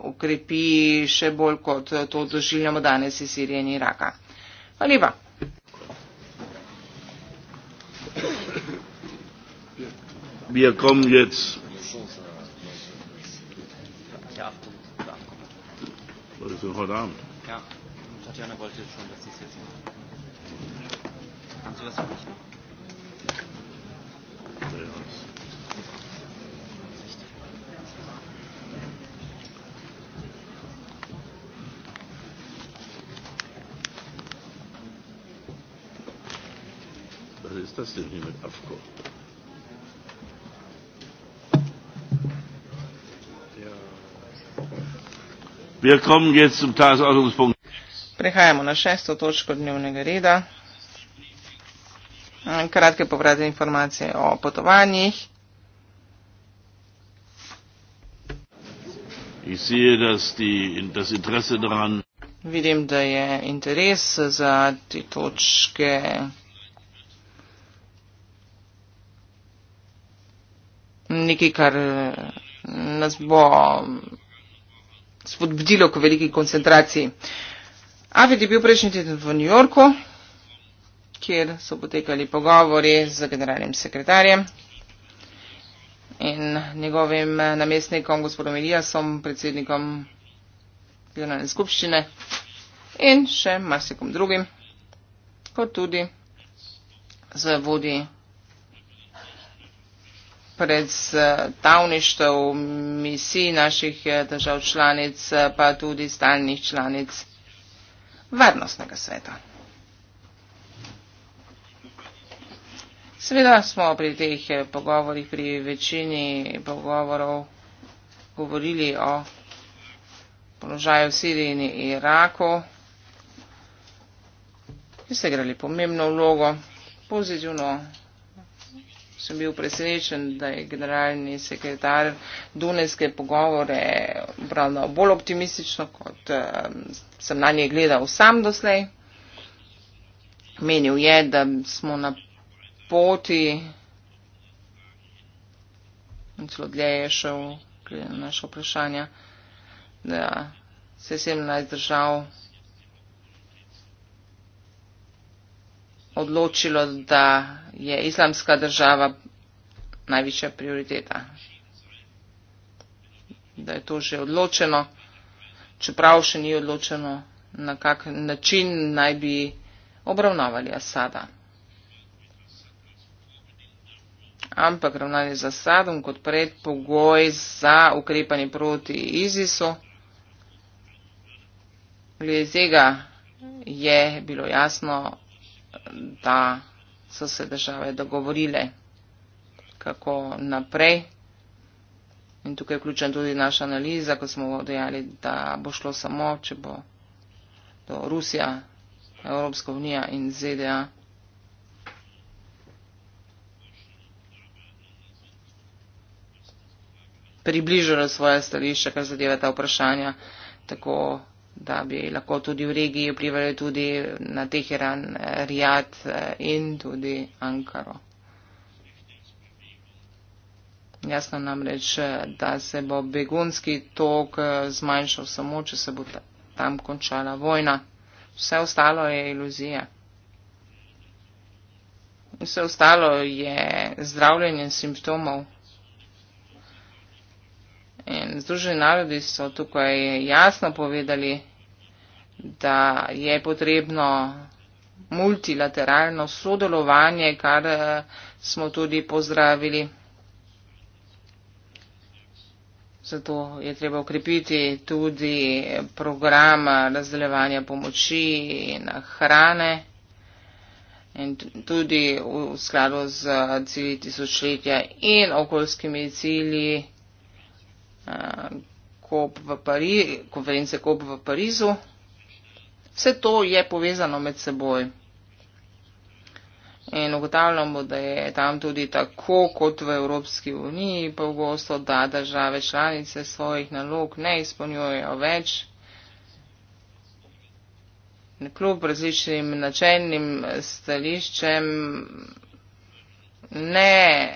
ukrepi še bolj, kot to doživljamo danes iz Sirije in Iraka. Hvala lepa. Wir kommen jetzt. Was ist denn heute Abend? Ja. Tatjana wollte jetzt schon, dass Sie es jetzt machen. Haben Sie was für mich noch? Was ist das denn hier mit Afko? Wir kommen jetzt zum Tagesordnungspunkt. Prehajamo na šesto točko dnevnega reda. Kratke povratne informacije o potovanjih. Sehe, das die, das daran. Vidim, da je interes za te točke nekaj, kar nas bo spodbudilo k veliki koncentraciji. Uh, Afid je bil prejšnji teden v New Yorku, kjer so potekali pogovori z generalnim sekretarjem in njegovim namestnikom, gospodom Elijasom, predsednikom generalne skupščine in še marsikom drugim, kot tudi z vodi predstavništev misij naših eh, držav članic, eh, pa tudi stalnih članic varnostnega sveta. Seveda smo pri teh eh, pogovorih, pri večini pogovorov govorili o položaju v Siriji in Iraku, ki ste igrali pomembno vlogo, pozitivno sem bil presenečen, da je generalni sekretar Dunajske pogovore obravnal bolj optimistično, kot uh, sem na nje gledal sam doslej. Menil je, da smo na poti, in celo dlje je šel, glede na naše vprašanja, da se 17 držav odločilo, da je islamska država največja prioriteta. Da je to že odločeno, čeprav še ni odločeno, na kak način naj bi obravnavali Asada. Ampak ravnanje z Asadom kot predpogoj za ukrepanje proti ISIS-u, glede tega je bilo jasno, da so se države dogovorile, kako naprej. In tukaj je vključena tudi naša analiza, ko smo dejali, da bo šlo samo, če bo do Rusija, Evropska unija in ZDA. približali svoje stališče, kar zadeva ta vprašanja, tako da bi lahko tudi v regiji vplivali tudi na Teheran, Rijad eh, in tudi Ankaro. Jasno namreč, eh, da se bo begunski tok eh, zmanjšal samo, če se bo tam končala vojna. Vse ostalo je iluzija. Vse ostalo je zdravljenje simptomov. In Združeni narodi so tukaj jasno povedali, da je potrebno multilateralno sodelovanje, kar eh, smo tudi pozdravili. Zato je treba ukrepiti tudi program razdeljevanja pomoči in hrane in tudi v skladu z cilji tisočletja in okoljskimi cilji. Eh, COP v Pari, konference COP v Parizu. Vse to je povezano med seboj. In ugotavljamo, da je tam tudi tako kot v Evropski uniji, pa pogosto, da države članice svojih nalog ne izpolnjujejo več. Kljub različnim načelnim stališčem ne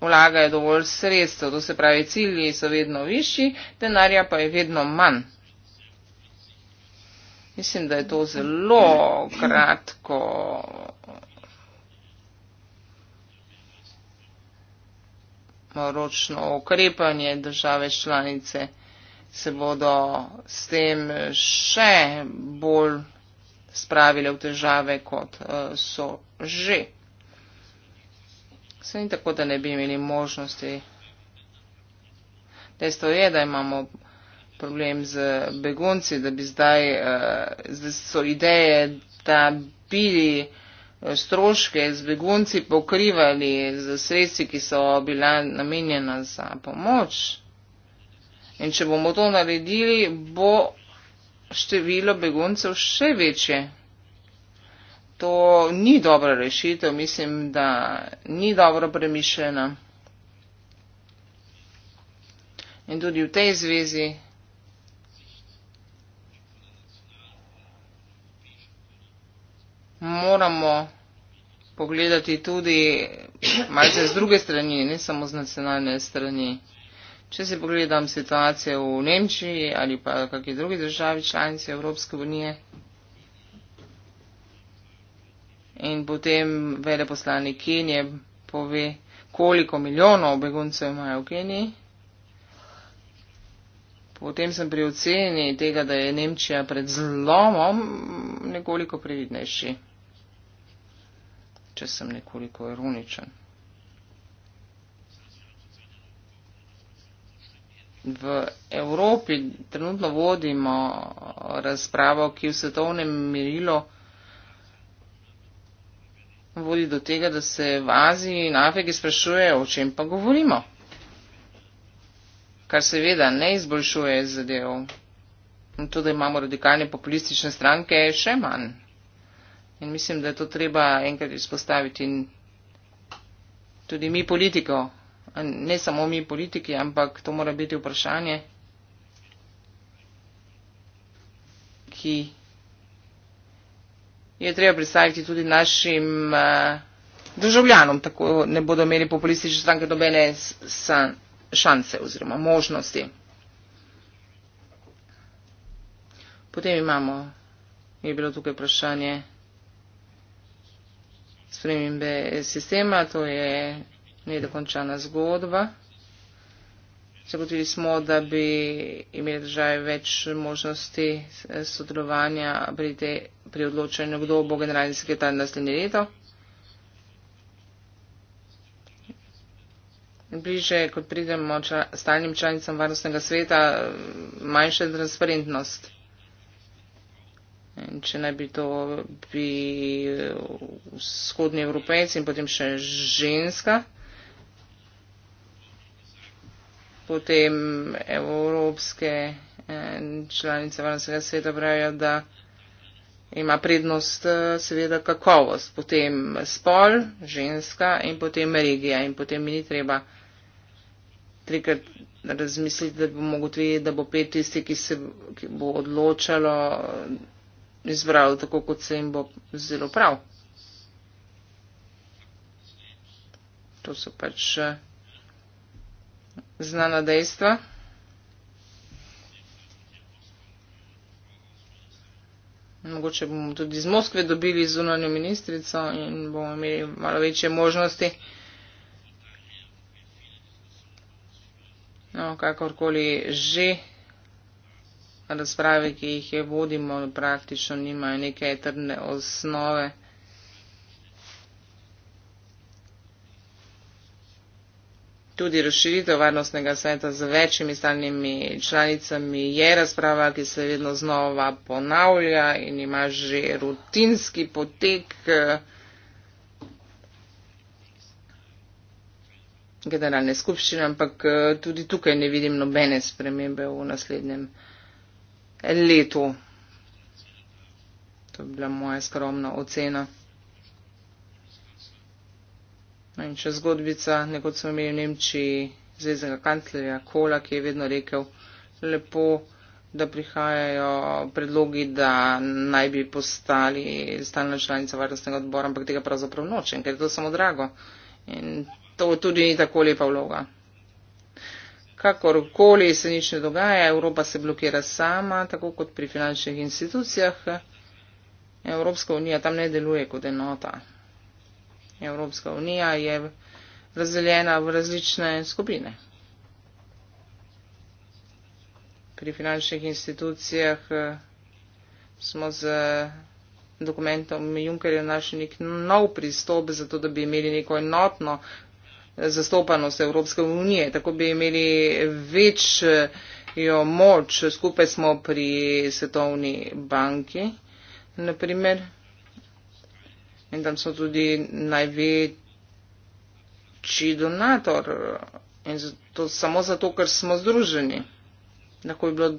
vlagajo dovolj sredstev, to se pravi, cilji so vedno višji, denarja pa je vedno manj. Mislim, da je to zelo kratko. ročno okrepanje države članice se bodo s tem še bolj spravile v težave, kot eh, so že. Se ni tako, da ne bi imeli možnosti. Dejstvo je, da imamo problem z begunci, da bi zdaj, uh, zdaj so ideje, da bi eh, stroške z begunci pokrivali z sredstvi, ki so bila namenjena za pomoč. In če bomo to naredili, bo število beguncev še večje. To ni dobra rešitev, mislim, da ni dobro premišljena. In tudi v tej zvezi moramo pogledati tudi malce z druge strani, ne samo z nacionalne strani. Če si pogledam situacijo v Nemčiji ali pa kakšni drugi državi članici Evropske unije in potem veleposlanik Kenije pove, koliko milijonov beguncev imajo v Keniji. Potem sem pri oceni tega, da je Nemčija pred zlomom nekoliko previdnejši, če sem nekoliko ironičen. V Evropi trenutno vodimo razpravo, ki v svetovnem mirilu vodi do tega, da se v Aziji in Afriki sprašujejo, o čem pa govorimo. Kar seveda ne izboljšuje zadev. In to, da imamo radikalne populistične stranke, je še manj. In mislim, da je to treba enkrat izpostaviti in tudi mi politiko, ne samo mi politiki, ampak to mora biti vprašanje, ki je treba predstaviti tudi našim uh, državljanom, tako ne bodo imeli populistične stranke dobene šanse oziroma možnosti. Potem imamo, je bilo tukaj vprašanje spremembe sistema, to je nedokončana zgodba. Zagotovili smo, da bi imeli države več možnosti sodelovanja pri, te, pri odločanju, kdo bo generalni sekretar naslednje leto. Bliže, kot pridemo ča, stalnim članicam varnostnega sveta, manjša transparentnost. In če naj bi to bi vzhodni evropejci in potem še ženska. potem evropske eh, članice varnostnega sveta pravijo, da ima prednost eh, seveda kakovost, potem spol, ženska in potem regija in potem mi ni treba trikrat razmisliti, da bomo ugotovili, da bo pet tisti, ki se ki bo odločalo, izbralo tako, kot se jim bo zelo prav. To so pač. Eh, znana dejstva. Mogoče bomo tudi iz Moskve dobili zunanjo ministrico in bomo imeli malo večje možnosti. No, kakorkoli že razprave, ki jih je vodimo, praktično nimajo neke trdne osnove. Tudi razširitev varnostnega sveta z večjimi stalnimi članicami je razprava, ki se vedno znova ponavlja in ima že rutinski potek. Eh, generalne skupščine, ampak eh, tudi tukaj ne vidim nobene spremembe v naslednjem letu. To bi bila moja skromna ocena. No in če zgodbica, nekot smo imeli v Nemčiji zveznega kanclerja Kola, ki je vedno rekel, lepo, da prihajajo predlogi, da naj bi postali stalna članica varnostnega odbora, ampak tega pravzaprav nočem, ker je to samo drago. In to tudi ni tako lepa vloga. Kakorkoli se nič ne dogaja, Evropa se blokira sama, tako kot pri finančnih institucijah. Evropska unija tam ne deluje kot enota. Evropska unija je razdeljena v različne skupine. Pri finančnih institucijah eh, smo z dokumentom Junckerja našli nek nov pristop, zato da bi imeli neko enotno eh, zastopanost Evropske unije. Tako bi imeli večjo moč. Skupaj smo pri Svetovni banki, na primer in tam so tudi največji donator in zato, samo zato, ker smo združeni. Lahko je bilo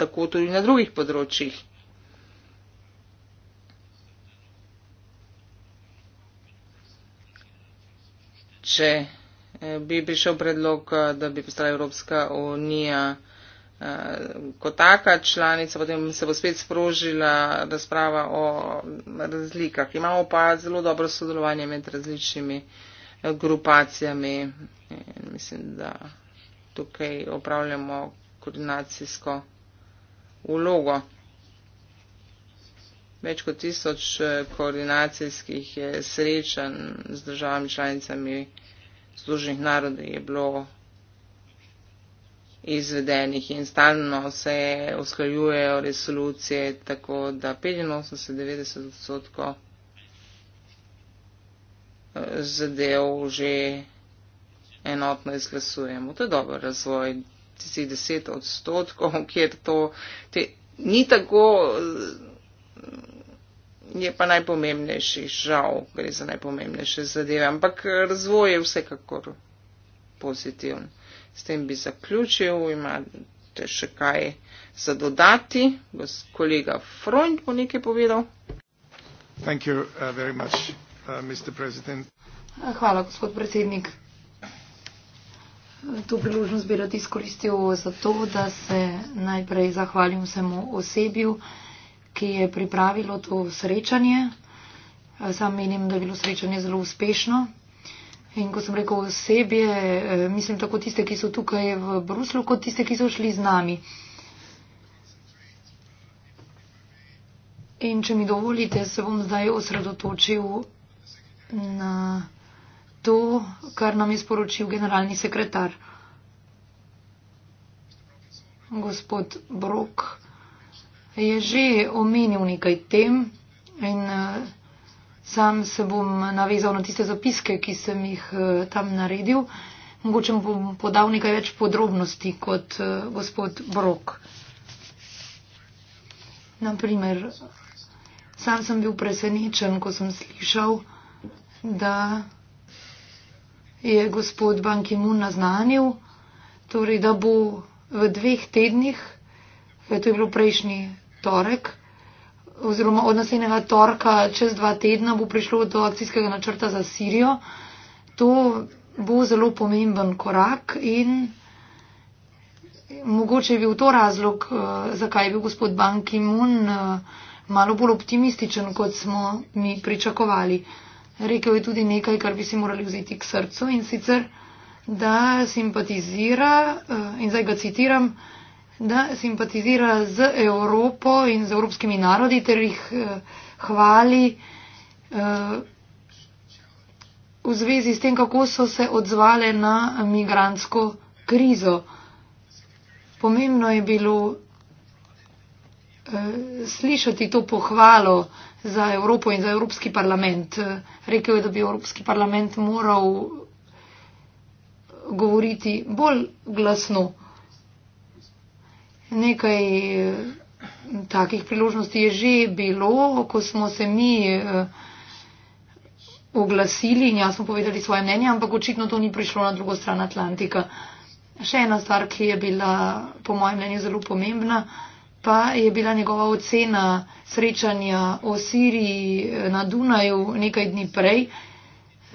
tako tudi na drugih področjih. Če eh, bi prišel predlog, eh, da bi postala Evropska unija, Eh, kot taka članica, potem se bo spet sprožila razprava o razlikah. Imamo pa zelo dobro sodelovanje med različnimi eh, grupacijami. In mislim, da tukaj opravljamo koordinacijsko ulogo. Več kot tisoč eh, koordinacijskih srečanj z državami članicami Združenih narodov je bilo izvedenih in stalno se usklajujejo resolucije, tako da 85-90 odstotkov eh, zadev že enotno izglasujemo. To je dober razvoj, tistih 10 odstotkov, kjer to te, ni tako, eh, je pa najpomembnejši, žal gre za najpomembnejše zadeve, ampak razvoj je vsekakor pozitiven. S tem bi zaključil, imate še kaj za dodati. Gos kolega Freund bo nekaj povedal. Thank you, uh, very much, uh, Mr. Hvala, gospod predsednik. To priložnost bi rad izkoristil za to, da se najprej zahvalim vsemu osebju, ki je pripravilo to srečanje. Sam menim, da je bilo srečanje zelo uspešno. In ko sem rekel osebje, eh, mislim tako tiste, ki so tukaj v Bruslu, kot tiste, ki so šli z nami. In če mi dovolite, se bom zdaj osredotočil na to, kar nam je sporočil generalni sekretar. Gospod Brok je že omenil nekaj tem in eh, Sam se bom navezal na tiste zapiske, ki sem jih eh, tam naredil. Mogoče bom podal nekaj več podrobnosti kot eh, gospod Brok. Naprimer, sam sem bil presenečen, ko sem slišal, da je gospod Bankimun naznanil, torej da bo v dveh tednih, eh, to je bilo prejšnji torek, oziroma od naslednjega torka čez dva tedna bo prišlo do akcijskega načrta za Sirijo. To bo zelo pomemben korak in mogoče je bil to razlog, eh, zakaj je bil gospod Ban Ki-moon eh, malo bolj optimističen, kot smo mi pričakovali. Rekel je tudi nekaj, kar bi si morali vzeti k srcu in sicer, da simpatizira eh, in zdaj ga citiram da simpatizira z Evropo in z evropskimi narodi ter jih eh, hvali eh, v zvezi s tem, kako so se odzvale na migransko krizo. Pomembno je bilo eh, slišati to pohvalo za Evropo in za Evropski parlament. Rekel je, da bi Evropski parlament moral govoriti bolj glasno nekaj eh, takih priložnosti je že bilo, ko smo se mi eh, oglasili in jasno povedali svoje mnenje, ampak očitno to ni prišlo na drugo stran Atlantika. Še ena stvar, ki je bila po mojem mnenju zelo pomembna, pa je bila njegova ocena srečanja o Siriji eh, na Dunaju nekaj dni prej.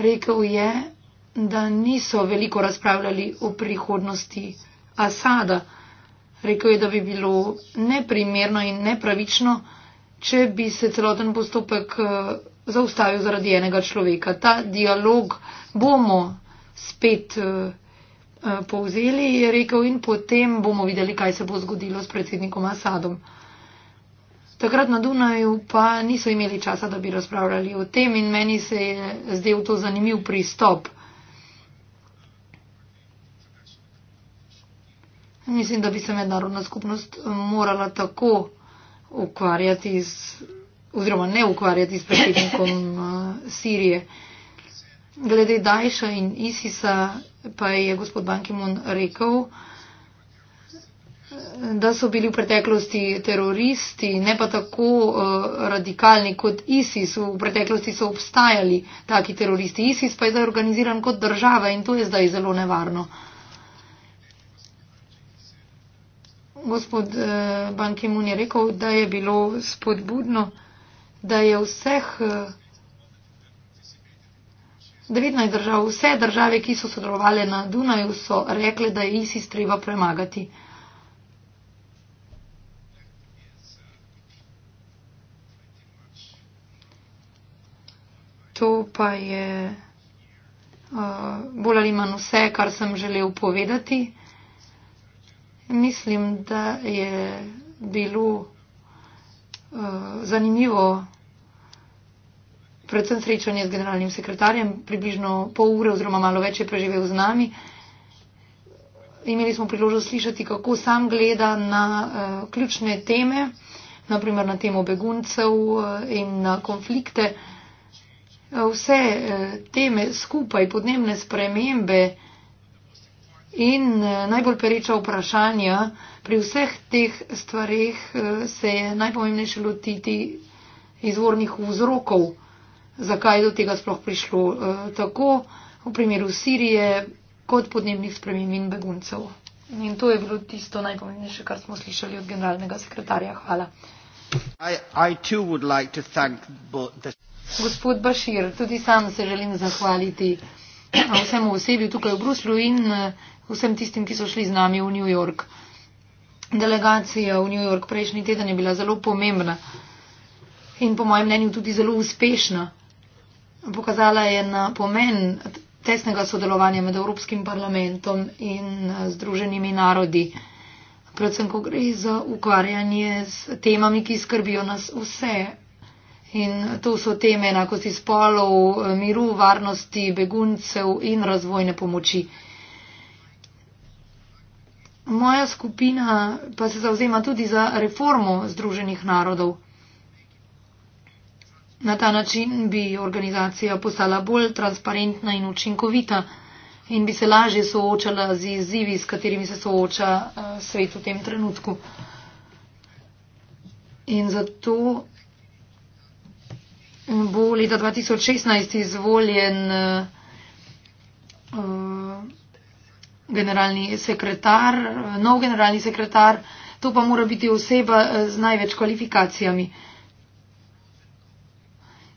Rekel je, da niso veliko razpravljali o prihodnosti Asada. Rekel je, da bi bilo neprimerno in nepravično, če bi se celoten postopek eh, zaustavil zaradi enega človeka. Ta dialog bomo spet eh, eh, povzeli, je rekel, in potem bomo videli, kaj se bo zgodilo s predsednikom Asadom. Takrat na Dunaju pa niso imeli časa, da bi razpravljali o tem in meni se je zdel to zanimiv pristop. Mislim, da bi se mednarodna skupnost eh, morala tako ukvarjati z, oziroma ne ukvarjati s predsednikom eh, Sirije. Glede Dajša in ISISA pa je gospod Bankimon rekel, eh, da so bili v preteklosti teroristi, ne pa tako uh, radikalni kot ISIS. V preteklosti so obstajali taki teroristi. ISIS pa je zdaj organiziran kot država in to je zdaj zelo nevarno. Uh, gospod eh, Ban Ki-moon je rekel, da je bilo spodbudno, da je vseh 19 eh, držav, vse države, ki so sodelovali na Dunaju, so rekle, da je ISIS treba premagati. To pa je uh, bolj ali manj vse, kar sem želel povedati mislim, da je bilo uh, zanimivo predvsem srečanje z generalnim sekretarjem, približno pol ure oziroma malo več je preživel z nami. Imeli smo priložnost slišati, kako sam gleda na uh, ključne teme, naprimer na temo beguncev uh, in na konflikte. Uh, vse uh, teme skupaj, podnebne spremembe, uh, In eh, najbolj pereča vprašanja pri vseh teh stvarih eh, se je najpomembnejše lotiti izvornih vzrokov, zakaj je do tega sploh prišlo, eh, tako v primeru Sirije kot podnebnih sprememb in beguncev. In to je bilo tisto najpomembnejše, kar smo slišali od generalnega sekretarja. Hvala. I, I like the... Gospod Bašir, tudi sam se želim zahvaliti vsemu osebju tukaj v Bruslju in vsem tistim, ki so šli z nami v New York. Delegacija v New York prejšnji teden je bila zelo pomembna in po mojem mnenju tudi zelo uspešna. Pokazala je na pomen tesnega sodelovanja med Evropskim parlamentom in eh, Združenimi narodi, predvsem, ko gre za ukvarjanje s temami, ki skrbijo nas vse. In to so teme enakosti spolov, miru, varnosti, beguncev in razvojne pomoči. Moja skupina pa se zauzema tudi za reformo Združenih narodov. Na ta način bi organizacija postala bolj transparentna in učinkovita in bi se lažje soočala z izzivi, s katerimi se sooča eh, svet v tem trenutku. In zato bo leta 2016 izvoljen. Uh, generalni sekretar, nov generalni sekretar, to pa mora biti oseba eh, z največ kvalifikacijami.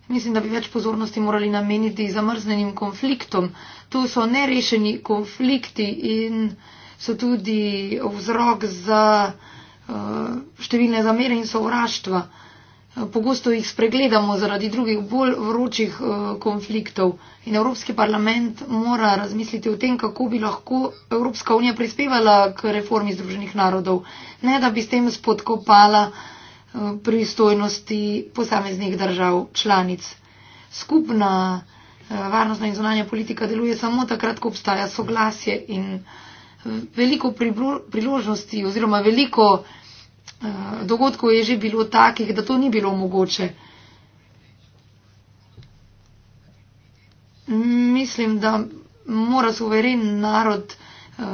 Mislim, da bi več pozornosti morali nameniti zamrznenim konfliktom. To so nerešeni konflikti in so tudi vzrok za uh, številne zamere in sovraštva. Uh, Pogosto jih spregledamo zaradi drugih bolj vročih eh, konfliktov in Evropski parlament mora razmisliti o tem, kako bi lahko Evropska unija prispevala k reformi Združenih narodov, ne da bi s tem spodkopala eh, pristojnosti posameznih držav članic. Skupna eh, varnostna in zunanja politika deluje samo takrat, ko obstaja soglasje in veliko priložnosti oziroma veliko Eh, dogodkov je že bilo takih, da to ni bilo mogoče. Mislim, da mora suveren narod eh,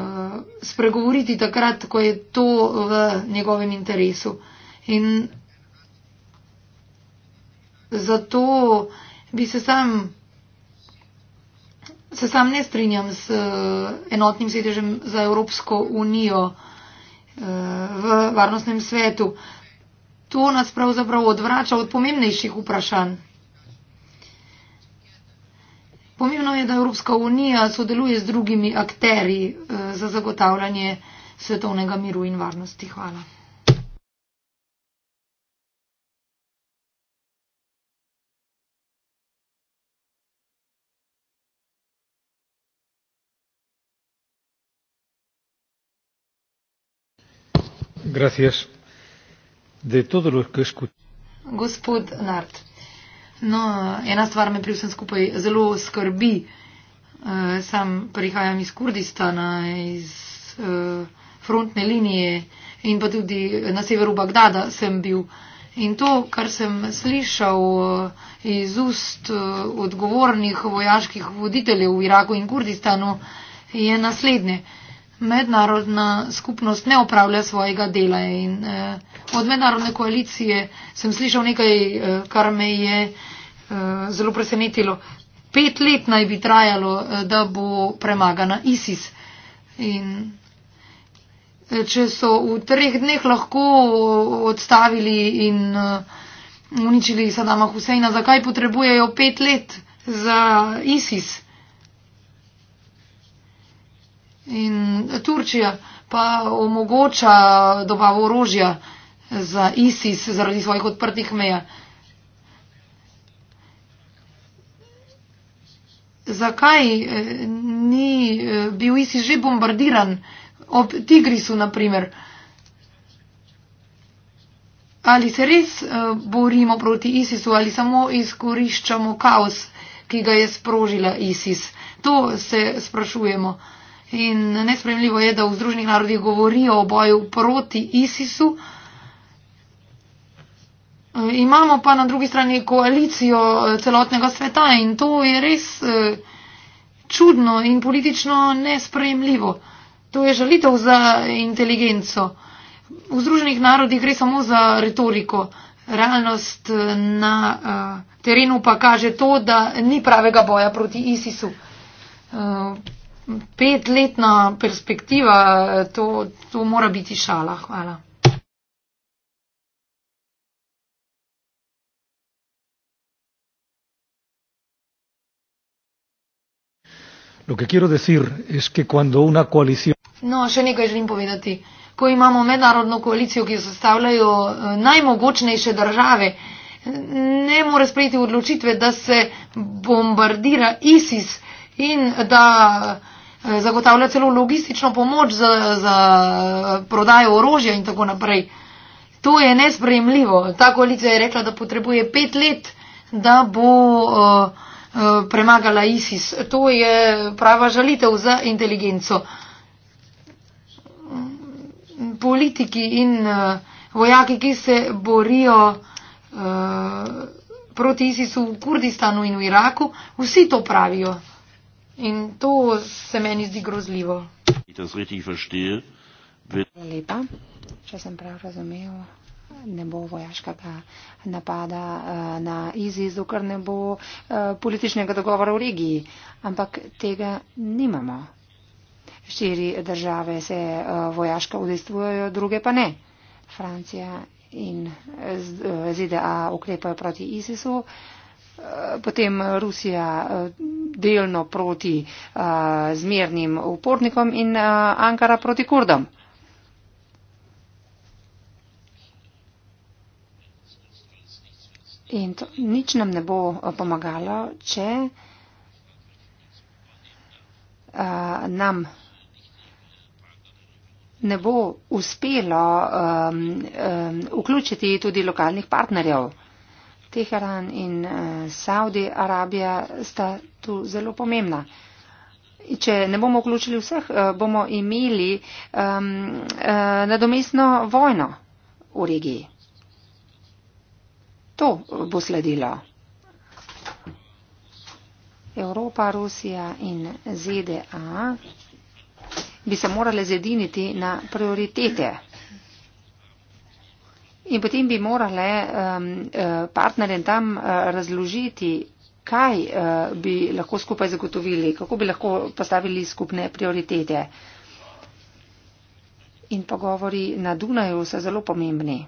spregovoriti takrat, ko je to v njegovem interesu. In zato bi se sam, se sam ne strinjam s eh, enotnim sedežem za Evropsko unijo v varnostnem svetu. To nas pravzaprav odvrača od pomembnejših vprašanj. Pomembno je, da Evropska unija sodeluje z drugimi akteri eh, za zagotavljanje svetovnega miru in varnosti. Hvala. Gospod Nart, no, ena stvar me pri vsem skupaj zelo skrbi. Eh, sam prihajam iz Kurdistana, iz eh, frontne linije in pa tudi na severu Bagdada sem bil. In to, kar sem slišal eh, iz ust odgovornih vojaških voditeljev v Iraku in Kurdistanu, je naslednje mednarodna skupnost ne opravlja svojega dela. In, eh, od mednarodne koalicije sem slišal nekaj, eh, kar me je eh, zelo presenetilo. Pet let naj bi trajalo, eh, da bo premagana ISIS. In, eh, če so v treh dneh lahko eh, odstavili in eh, uničili Sadama Huseina, zakaj potrebujejo pet let za ISIS? In Turčija pa omogoča dobavo orožja za ISIS zaradi svojih odprtih meja. Zakaj eh, ni eh, bil ISIS že bombardiran ob Tigrisu, na primer? Ali se res eh, borimo proti ISISu ali samo izkoriščamo kaos, ki ga je sprožila ISIS? To se sprašujemo. In nespremljivo je, da v Združenih narodih govorijo o boju proti ISIS-u. E, imamo pa na drugi strani koalicijo e, celotnega sveta in to je res e, čudno in politično nespremljivo. To je žalitev za inteligenco. V Združenih narodih gre samo za retoriko. Realnost na terenu pa kaže to, da ni pravega boja proti ISIS-u petletna perspektiva, to, to mora biti šala. Hvala. No, še nekaj želim povedati. Ko imamo mednarodno koalicijo, ki jo sestavljajo eh, najmogočnejše države, ne more sprejeti odločitve, da se bombardira ISIS in da. Eh, zagotavlja celo logistično pomoč za, za eh, prodajo orožja in tako naprej. To je nespremljivo. Ta koalicija je rekla, da potrebuje pet let, da bo uh, uh, premagala ISIS. To je prava žalitev za inteligenco. Politiki in uh, vojaki, ki se borijo uh, proti ISIS-u v Kurdistanu in v Iraku, vsi to pravijo. In to se meni zdi grozljivo. Hvala lepa. Če sem prav razumel, ne bo vojaškega napada eh, na IZIS, dokler ne bo eh, političnega dogovora v regiji. Ampak tega nimamo. Štiri države se eh, vojaško udejstvujejo, druge pa ne. Francija in ZDA ukrepajo proti ISIS-u potem Rusija eh, delno proti eh, zmernim upornikom in eh, Ankara proti Kurdom. In to, nič nam ne bo pomagalo, če uh, nam ne bo uspelo um, um, vključiti tudi lokalnih partnerjev. Teheran in uh, Saudi Arabija sta tu zelo pomembna. Če ne bomo vključili vseh, uh, bomo imeli um, uh, nadomestno vojno v regiji. To bo sledilo. Evropa, Rusija in ZDA bi se morali zediniti na prioritete. In potem bi morale um, eh, partnerjem tam uh, razložiti, kaj uh, bi lahko skupaj zagotovili, kako bi lahko postavili skupne prioritete. In pogovori na Dunaju so zelo pomembni,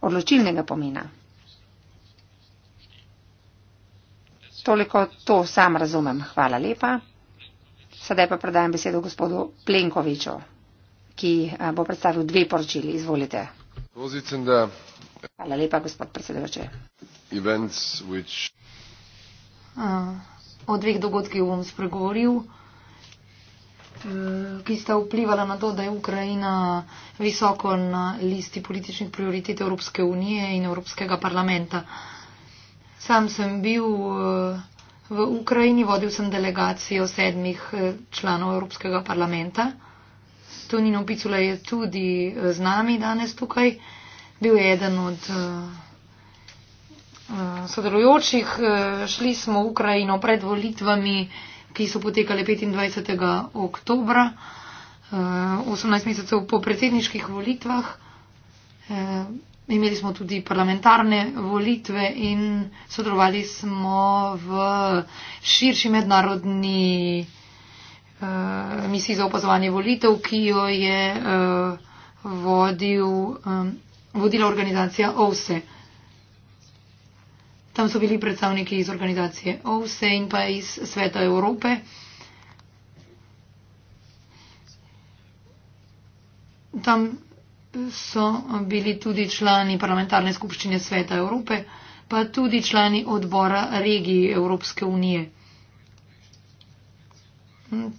odločilnega pomena. Toliko to sam razumem. Hvala lepa. Sedaj pa predajam besedo gospodu Plenkoviču, ki bo predstavil dve poročili. Izvolite. Hvala lepa, gospod predsedujoči. Which... Uh, o dveh dogodkih bom spregovoril, e, ki sta vplivala na to, da je Ukrajina visoko na listi političnih prioritet Evropske unije in Evropskega parlamenta. Sam sem bil e, v Ukrajini, vodil sem delegacijo sedmih e, članov Evropskega parlamenta. Tonino Picula je tudi eh, z nami danes tukaj. Bil je eden od eh, eh, sodelujočih. Šli smo v Ukrajino pred volitvami, ki so potekale 25. oktobra, 18 mesecev po predsedniških volitvah. Imeli smo tudi parlamentarne volitve in sodelovali smo v širši mednarodni. Eh, misiji za opazovanje volitev, ki jo je uh, vodil, um, vodila organizacija OVSE. Tam so bili predstavniki iz organizacije OVSE in pa iz Sveta Evrope. Tam so bili tudi člani parlamentarne skupščine Sveta Evrope, pa tudi člani odbora regij Evropske unije.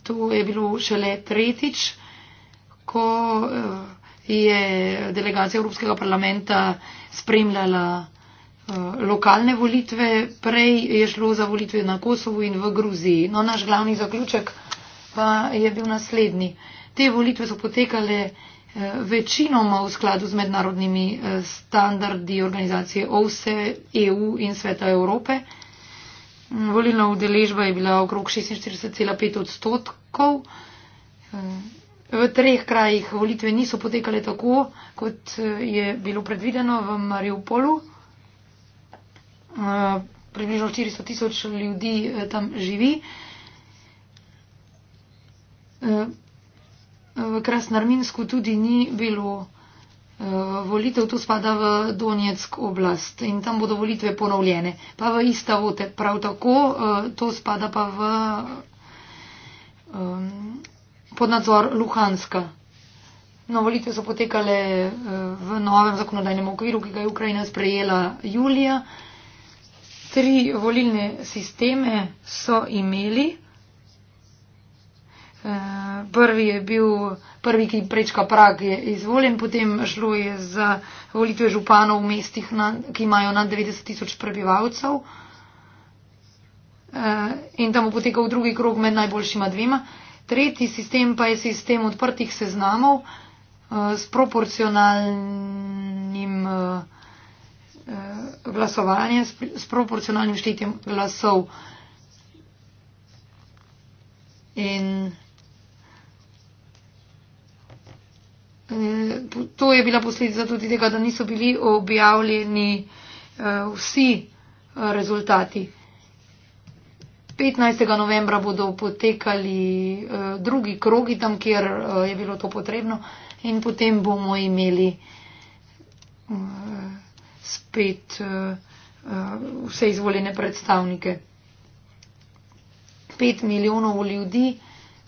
To je bilo šele tretjič, ko eh, je delegacija Evropskega parlamenta spremljala eh, lokalne volitve. Prej je šlo za volitve na Kosovu in v Gruziji. No, naš glavni zaključek pa je bil naslednji. Te volitve so potekale eh, večinoma v skladu z mednarodnimi standardi organizacije OVSE, EU in Sveta Evrope. Volilna udeležba je bila okrog 46,5 odstotkov. V treh krajih volitve niso potekale tako, kot je bilo predvideno v Mariupolu. Približno 400 tisoč ljudi tam živi. V Krasnarminsku tudi ni bilo. Eh, volitev, to spada v Donetsk oblast in tam bodo volitve ponovljene. Pa v ista vote, prav tako, eh, to spada pa v pod nadzor Luhanska. No, volitve so potekale eh, v novem zakonodajnem okviru, ki ga je Ukrajina sprejela julija. Tri volilne sisteme so imeli. Prvi je bil prvi, ki prečka prag, je izvoljen, potem šlo je za volitve županov v mestih, na, ki imajo nad 90 tisoč prebivalcev eh, in tam bo potekal drugi krog med najboljšima dvema. Tretji sistem pa je sistem odprtih seznamov eh, s proporcionalnim eh, glasovanjem, s proporcionalnim štetjem glasov. In Eh, to je bila posledica tudi tega, da niso bili objavljeni eh, vsi eh, rezultati. 15. novembra bodo potekali drugi krogi tam, kjer je bilo to potrebno in potem bomo imeli spet vse izvoljene predstavnike. 5 milijonov ljudi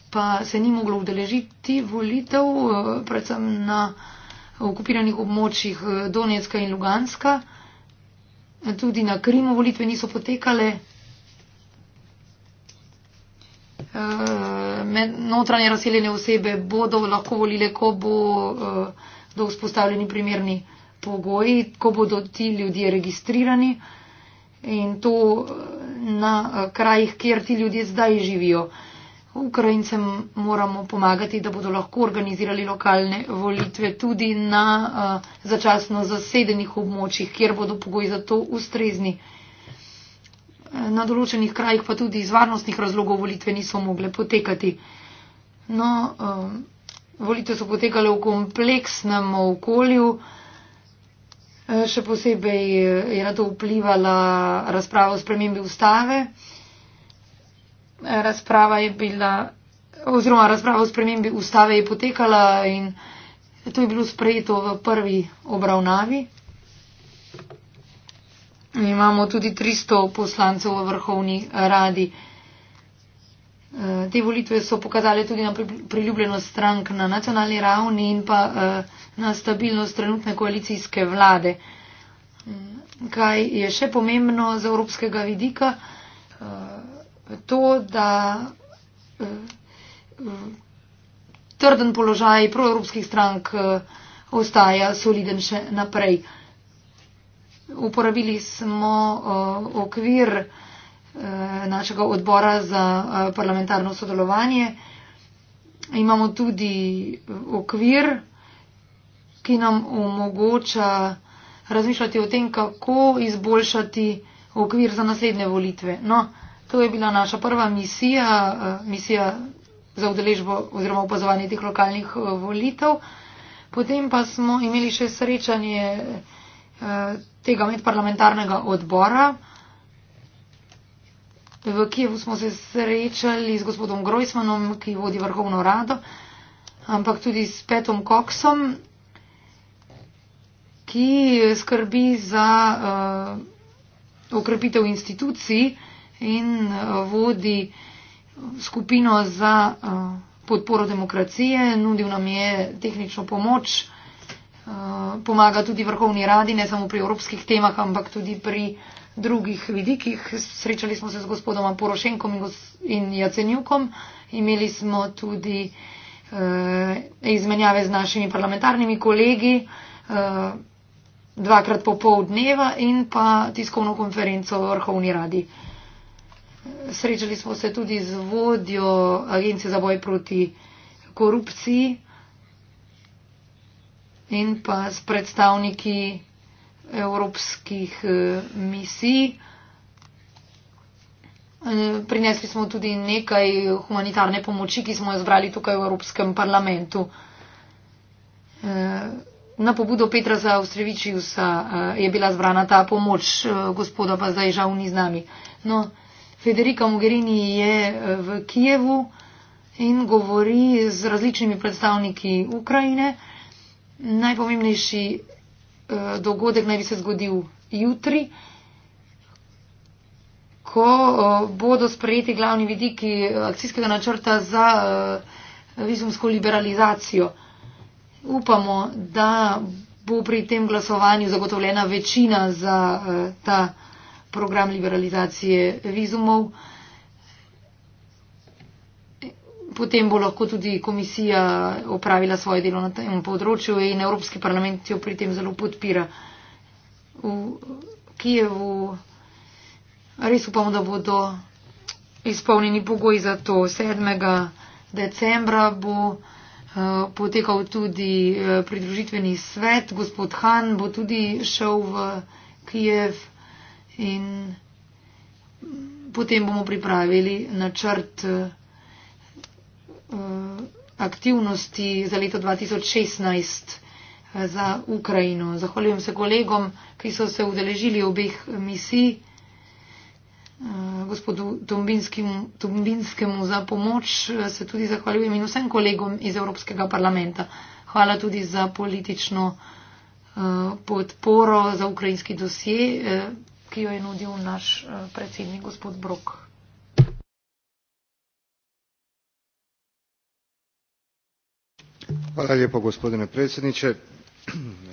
pa se ni moglo udeležiti volitev, eh, predvsem na okupiranih območjih eh, Donetska in Luganska. Tudi na Krimu volitve niso potekale. Eh, notranje razseljene osebe bodo lahko volile, ko bodo vzpostavljeni primerni pogoji, ko bodo ti ljudje registrirani in to na krajih, kjer ti ljudje zdaj živijo. Ukrajincem moramo pomagati, da bodo lahko organizirali lokalne volitve tudi na uh, začasno zasedenih območjih, kjer bodo pogoji za to ustrezni. Eh, na določenih krajih pa tudi iz varnostnih razlogov volitve niso mogle potekati. No, uh, volitve so potekale v kompleksnem okolju. Še posebej je na to vplivala razprava o spremembi ustave. Uh, razprava je bila, oziroma razprava o spremembi ustave je potekala in to je bilo sprejeto v prvi obravnavi. Imamo tudi 300 poslancev v vrhovni radi. Eh, te volitve so pokazale tudi na priljubljenost strank na nacionalni ravni in pa eh, na stabilnost trenutne koalicijske vlade. Mm, kaj je še pomembno za evropskega vidika? Eh, to, da eh, mm, trden položaj proevropskih strank eh, ostaja soliden še naprej. Uporabili smo eh, okvir našega odbora za parlamentarno sodelovanje. Imamo tudi okvir, ki nam omogoča razmišljati o tem, kako izboljšati okvir za naslednje volitve. No, To je bila naša prva misija, eh, misija za udeležbo oziroma opazovanje teh lokalnih eh, volitev. Potem pa smo imeli še srečanje eh, tega medparlamentarnega odbora. V Kijevu smo se srečali z gospodom Grojsmanom, ki vodi vrhovno rado, ampak tudi s Petom Koksom, ki skrbi za uh, okrepitev institucij in eh, vodi skupino za eh, podporo demokracije, nudil nam je tehnično pomoč, eh, pomaga tudi vrhovni radi, ne samo pri evropskih temah, ampak tudi pri drugih vidikih. Srečali smo se z gospodom Porošenkom in Jacenjukom, imeli smo tudi izmenjave z našimi parlamentarnimi kolegi dvakrat po pol dneva in pa tiskovno konferenco v vrhovni radi. Srečali smo se tudi z vodjo Agencije za boj proti korupciji in pa s predstavniki evropskih eh, misij. Eh, prinesli smo tudi nekaj humanitarne pomoči, ki smo jo zbrali tukaj v Evropskem parlamentu. Eh, na pobudo Petra Zaustrevičiusa je bila zbrana ta pomoč, gospoda pa zdaj žal ni z nami. No, Federica Mogherini je eh, v Kijevu in govori z različnimi predstavniki Ukrajine. Najpomembnejši eh, dogodek naj bi se zgodil jutri, ko eh, bodo sprejeti glavni vidiki akcijskega načrta za vizumsko liberalizacijo. Upamo, da bo pri tem glasovanju zagotovljena večina za ta program liberalizacije vizumov. Potem bo lahko tudi komisija opravila svoje delo na tem področju in Evropski parlament jo pri tem zelo podpira. V Kijevu res upamo, da bodo izpolnjeni pogoji za to. 7. decembra bo uh, potekal tudi uh, pridružitveni svet. Gospod Han bo tudi šel v Kijev. Uh, in potem bomo pripravili načrt eh, aktivnosti za leto 2016 eh, za Ukrajino. Zahvaljujem se kolegom, ki so se udeležili obeh misij, eh, gospodu Tumbinskemu za pomoč, se tudi zahvaljujem in vsem kolegom iz Evropskega parlamenta. Hvala tudi za politično podporo za ukrajinski dosje ki jo je nudil naš eh, predsednik gospod Brok. Hvala lijepo gospodine predsjedniče.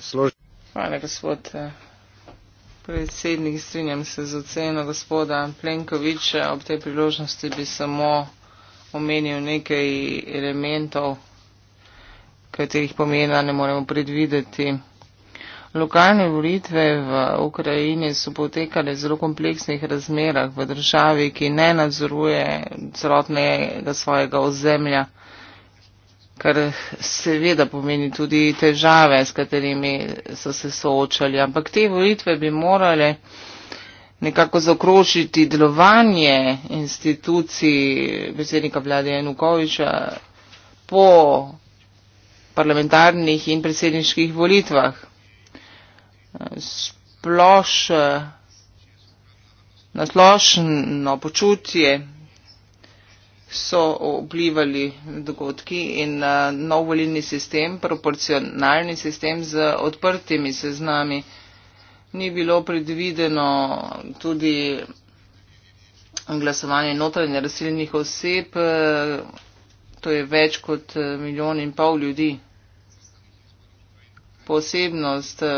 Složi... Hvala gospod eh, predsednik. Strinjam se z oceno gospoda Plenkoviča. Ob tej priložnosti bi samo omenil nekaj elementov, katerih pomena ne moremo predvideti. Lokalne volitve v Ukrajini so potekale v zelo kompleksnih razmerah v državi, ki ne nadzoruje celotnega svojega ozemlja, kar seveda pomeni tudi težave, s katerimi so se soočali. Ampak te volitve bi morale nekako zakrošiti delovanje institucij predsednika vlade Janukoviča po parlamentarnih in predsedniških volitvah sploš, eh, nasplošno počutje so oblivali dogodki in eh, nov volilni sistem, proporcionalni sistem z odprtimi seznami. Ni bilo predvideno tudi glasovanje notranje razseljenih oseb, eh, to je več kot milijon in pol ljudi posebnost eh,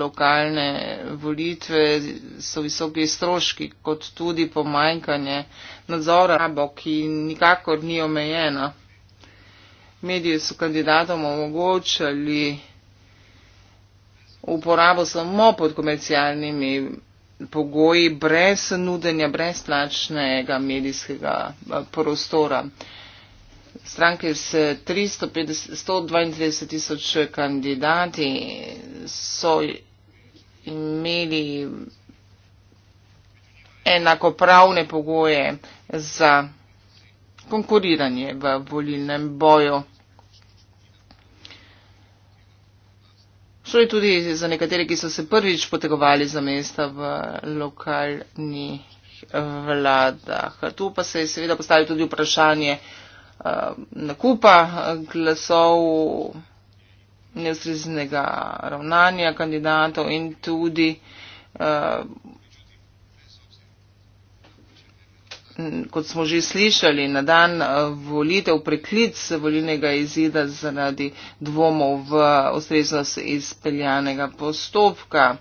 lokalne volitve so visoki stroški, kot tudi pomanjkanje nadzora, rabo, ki nikakor ni omejena. Mediji so kandidatom omogočali uporabo samo pod komercialnimi pogoji, brez nudenja brezplačnega medijskega eh, prostora stranke s 132 tisoč kandidati so imeli enakopravne pogoje za konkuriranje v volilnem boju. Šlo je tudi za nekatere, ki so se prvič potegovali za mesta v lokalnih vladah. Tu pa se je seveda postavilo tudi vprašanje, Eh, nakupa eh, glasov nezreznega ravnanja kandidatov in tudi eh, kot smo že slišali, na dan volitev preklic volilnega izida zaradi dvomov v ustreznost izpeljanega postopka.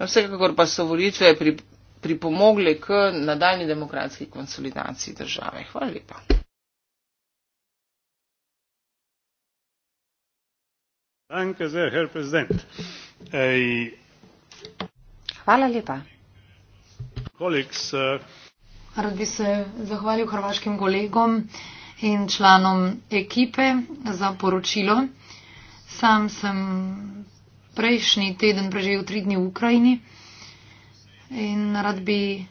Vsekakor pa so volitve pripravljene pripomogle k nadaljni demokratski konsolidaciji države. Hvala lepa. Hvala lepa. Äh, Rad bi se zahvalil hrvaškim kolegom in članom ekipe za poročilo. Sam sem prejšnji teden preživel tri dni v Ukrajini in rad bi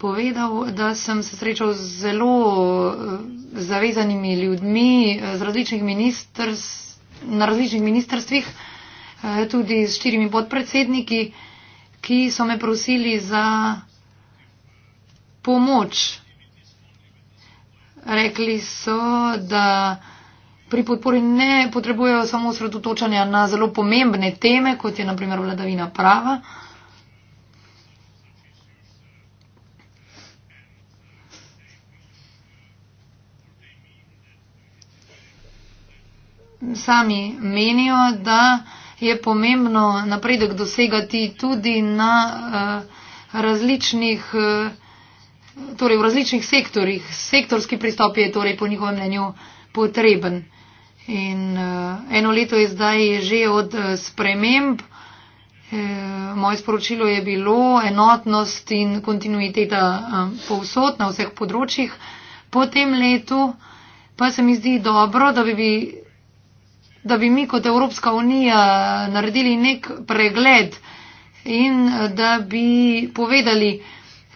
povedal, da sem se srečal z zelo eh, zavezanimi ljudmi eh, z različnih na različnih ministrstvih, eh, tudi s štirimi podpredsedniki, ki so me prosili za pomoč. Rekli so, da pri podpori ne potrebujejo samo osredotočanja na zelo pomembne teme, kot je naprimer vladavina prava. sami menijo, da je pomembno napredek dosegati tudi na eh, različnih, eh, torej v različnih sektorjih. Sektorski pristop je torej po njihovem mnenju potreben. In eh, eno leto je zdaj že od sprememb. Moje sporočilo je bilo enotnost in kontinuiteta povsod na vseh področjih. Po tem letu pa se mi zdi dobro, da bi da bi mi kot Evropska unija naredili nek pregled in eh, da bi povedali,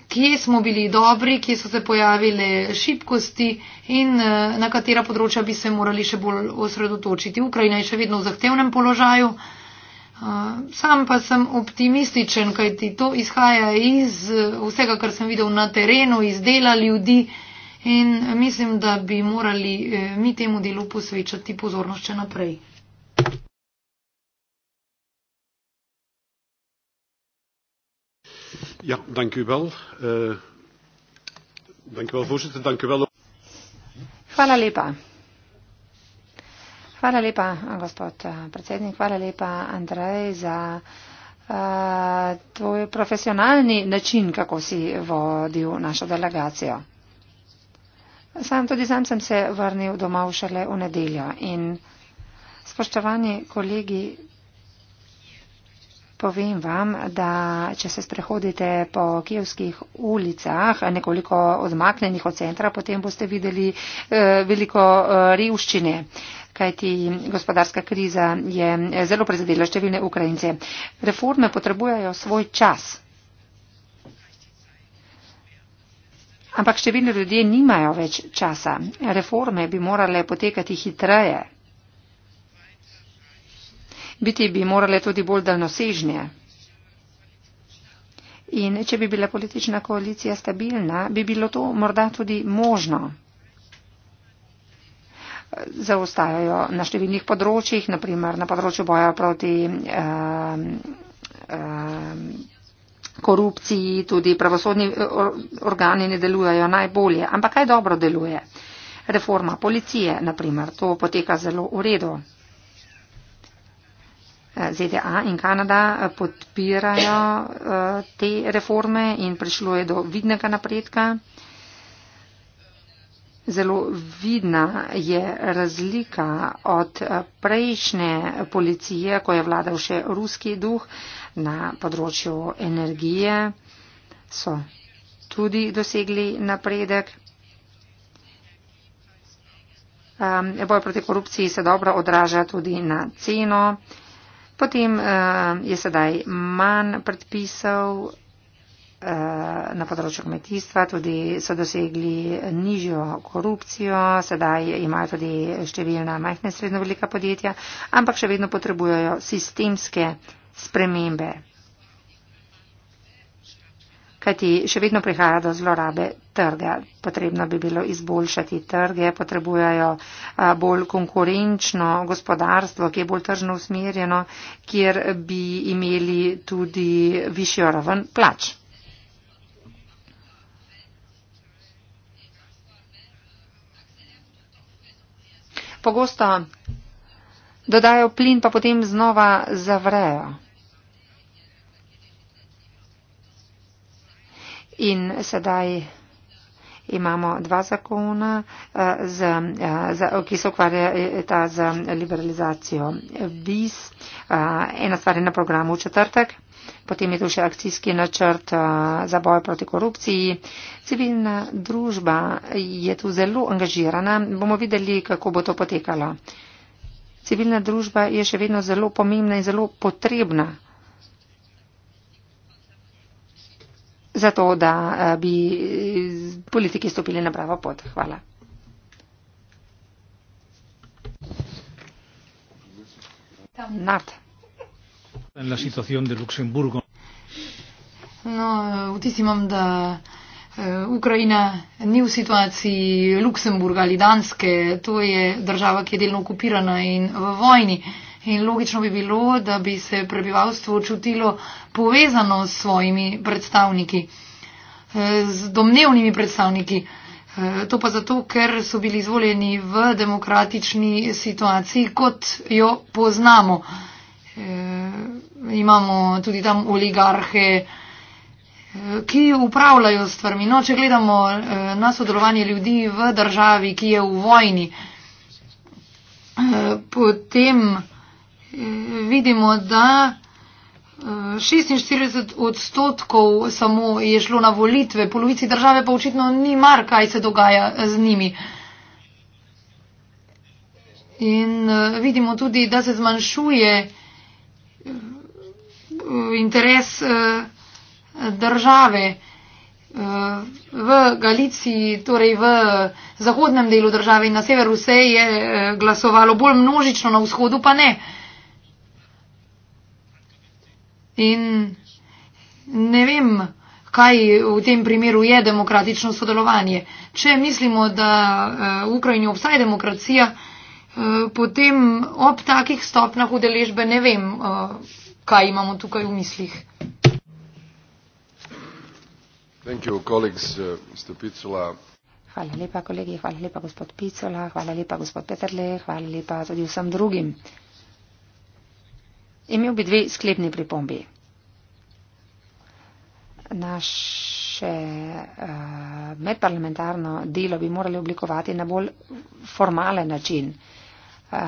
kje smo bili dobri, kje so se pojavile šibkosti in eh, na katera področja bi se morali še bolj osredotočiti. Ukrajina je še vedno v zahtevnem položaju. Eh, sam pa sem optimističen, kajti to izhaja iz vsega, kar sem videl na terenu, iz dela ljudi in mislim, da bi morali eh, mi temu delu posvečati pozornost še naprej. Ja, dank u wel. Uh, dank u wel, voorzitter. Dank u wel. Hvala lepa. Hvala lepa, gospod eh, predsednik. Hvala lepa, Andrej, za uh, tvoj profesionalni način, kako si vodil našo delegacijo. Sam tudi sam sem se vrnil domov šele v nedeljo in spoštovani kolegi, povem vam, da če se sprehodite po kijevskih ulicah, nekoliko odmaknenih od centra, potem boste videli eh, veliko eh, revščine kajti gospodarska kriza je eh, zelo prizadela številne Ukrajince. Reforme potrebujejo svoj čas. Ampak številni ljudje nimajo več časa. Reforme bi morale potekati hitreje. Biti bi morale tudi bolj daljnosežnje. In če bi bila politična koalicija stabilna, bi bilo to morda tudi možno. Zaostajajo na številnih področjih, naprimer na področju boja proti. Uh, uh, korupciji, tudi pravosodni eh, organi ne delujejo najbolje. Ampak kaj dobro deluje? Reforma policije, na primer, to poteka zelo v redu. Eh, ZDA in Kanada eh, podpirajo te reforme in prišlo je do vidnega napredka. Zelo vidna je razlika od prejšnje policije, ko je vladal še ruski duh na področju energije so tudi dosegli napredek. Um, boj proti korupciji se dobro odraža tudi na ceno. Potem uh, je sedaj manj predpisov uh, na področju kmetijstva, tudi so dosegli nižjo korupcijo, sedaj imajo tudi številna majhna in srednjo velika podjetja, ampak še vedno potrebujejo sistemske spremembe. Kajti še vedno prihaja do zlorabe trga. Potrebno bi bilo izboljšati trge, potrebujejo bolj konkurenčno gospodarstvo, ki je bolj tržno usmerjeno, kjer bi imeli tudi višjo raven plač. Pogosto dodajo plin, pa potem znova zavrejo. In sedaj imamo dva zakona, eh, z, eh, z, ki se ukvarjata z liberalizacijo viz. Eh, ena stvar je na programu v četrtek, potem je tu še akcijski načrt za boj proti korupciji. Civilna družba je tu zelo angažirana, bomo videli, kako bo to potekalo. Civilna družba je še vedno zelo pomembna in zelo potrebna zato, da eh, bi eh, politiki stopili na pravo pot. Hvala. No, eh, vtis imam, da Ukrajina ni v situaciji Luksemburga ali Danske. To je država, ki je delno okupirana in v vojni. Uh, In logično bi bilo, da bi se prebivalstvo čutilo povezano s svojimi predstavniki, eh, z domnevnimi predstavniki. Eh, to pa zato, ker so bili izvoljeni v demokratični situaciji, kot jo poznamo. Eh, imamo tudi tam oligarhe, ki upravljajo stvarmi. No, če gledamo na sodelovanje ljudi v državi, ki je v vojni, potem vidimo, da 46 eh, odstotkov samo je šlo na volitve, polovici države pa očitno ni mar, kaj se dogaja z njimi. In eh, vidimo tudi, da se zmanjšuje eh, interes države. V Galiciji, torej v zahodnem delu države in na severu se je glasovalo bolj množično, na vzhodu pa ne. In ne vem, kaj v tem primeru je demokratično sodelovanje. Če mislimo, da eh, v Ukrajini obstaja demokracija, eh, potem ob takih stopnah udeležbe ne vem, eh, kaj imamo tukaj v mislih. Uh, hvala lepa, kolegi, hvala lepa, gospod Picola, hvala lepa, gospod Peterle, hvala lepa tudi vsem drugim. Imel bi dve sklepni pripombi. Naše uh, medparlamentarno delo bi morali oblikovati na bolj formalen način, uh,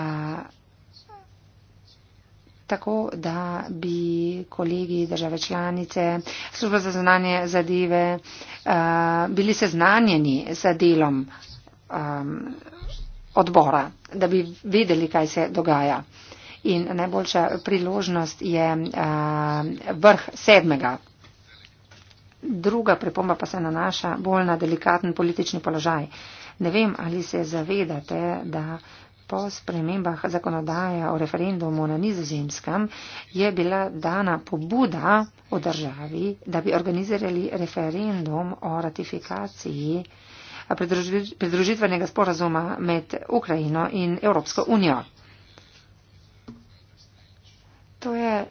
tako da bi kolegi države članice, služba za znanje zadeve uh, bili seznanjeni z delom um, odbora, da bi vedeli, kaj se dogaja in najboljša priložnost je uh, vrh sedmega. Druga pripomba pa se nanaša bolj na delikaten politični položaj. Ne vem, ali se zavedate, da po spremembah zakonodaje o referendumu na nizozemskem je bila dana pobuda v državi, da bi organizirali referendum o ratifikaciji pridružitvenega sporazuma med Ukrajino in Evropsko unijo. To je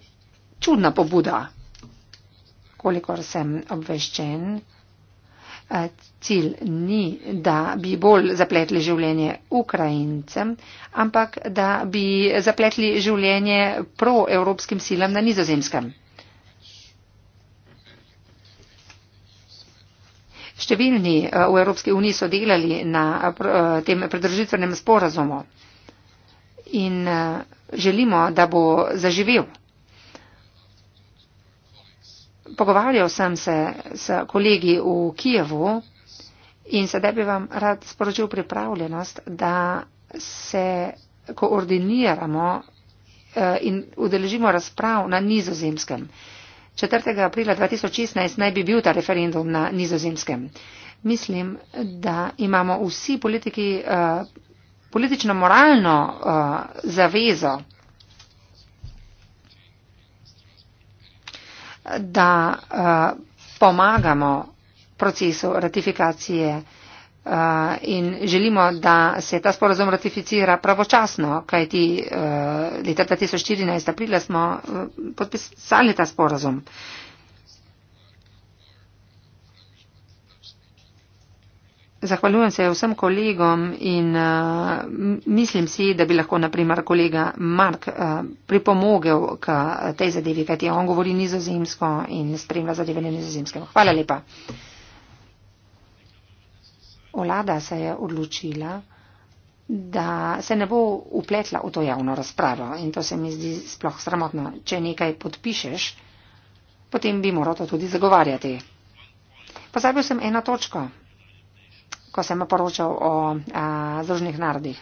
čudna pobuda. Kolikor sem obveščen, eh, cilj ni, da bi bolj zapletli življenje Ukrajincem, ampak da bi zapletli življenje proevropskim silam na nizozemskem. Številni eh, v Evropski uniji so delali na eh, tem predržitvenem sporazumu in eh, želimo, da bo zaživel. Pogovarjal sem se s kolegi v Kijevu in sedaj bi vam rad sporočil pripravljenost, da se koordiniramo eh, in udeležimo razprav na nizozemskem. 4. aprila 2016 naj bi bil ta referendum na nizozemskem. Mislim, da imamo vsi politiki uh, politično-moralno uh, zavezo, da uh, pomagamo procesu ratifikacije uh, in želimo, da se ta sporozum ratificira pravočasno, kajti uh, leta 2014 aprila smo uh, podpisali ta sporozum. Zahvaljujem se vsem kolegom in uh, mislim si, da bi lahko, naprimer, kolega Mark uh, pripomogel k eh, tej zadevi, kajti on govori nizozemsko in spremlja zadeve na nizozemskem. Hvala lepa. Olada se je odločila, da se ne bo upletla v to javno razpravo in to se mi zdi sploh sramotno. Če nekaj podpišeš, potem bi moral to tudi zagovarjati. Pozabil sem eno točko ko sem poročal o Združenih narodih.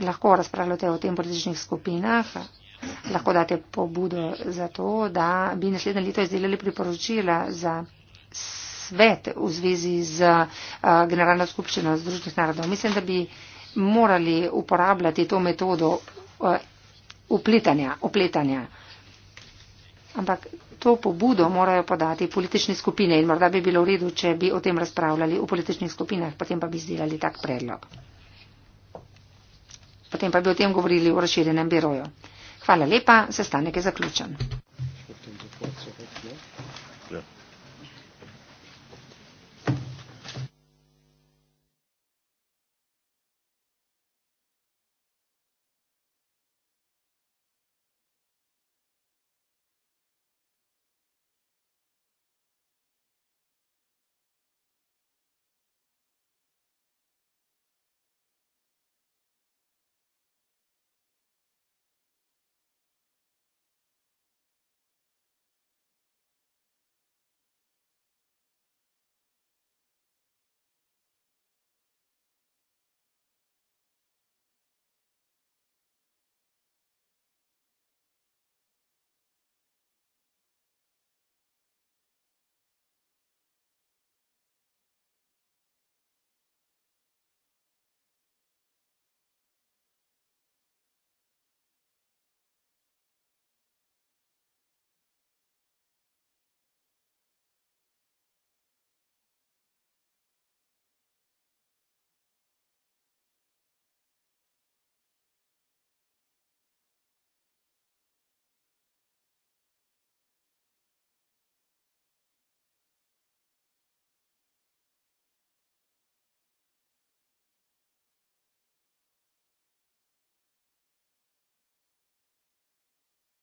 Lahko razpravljate o tem političnih skupinah, lahko date pobudo za to, da bi naslednje leto izdelali priporočila za svet v zvezi z Generalno skupščino Združenih narodov. Mislim, da bi morali uporabljati to metodo upletanja. upletanja. Ampak to pobudo morajo podati politične skupine in morda bi bilo v redu, če bi o tem razpravljali v političnih skupinah, potem pa bi izdelali tak predlog. Potem pa bi o tem govorili v razširjenem biroju. Hvala lepa, sestanek je zaključen.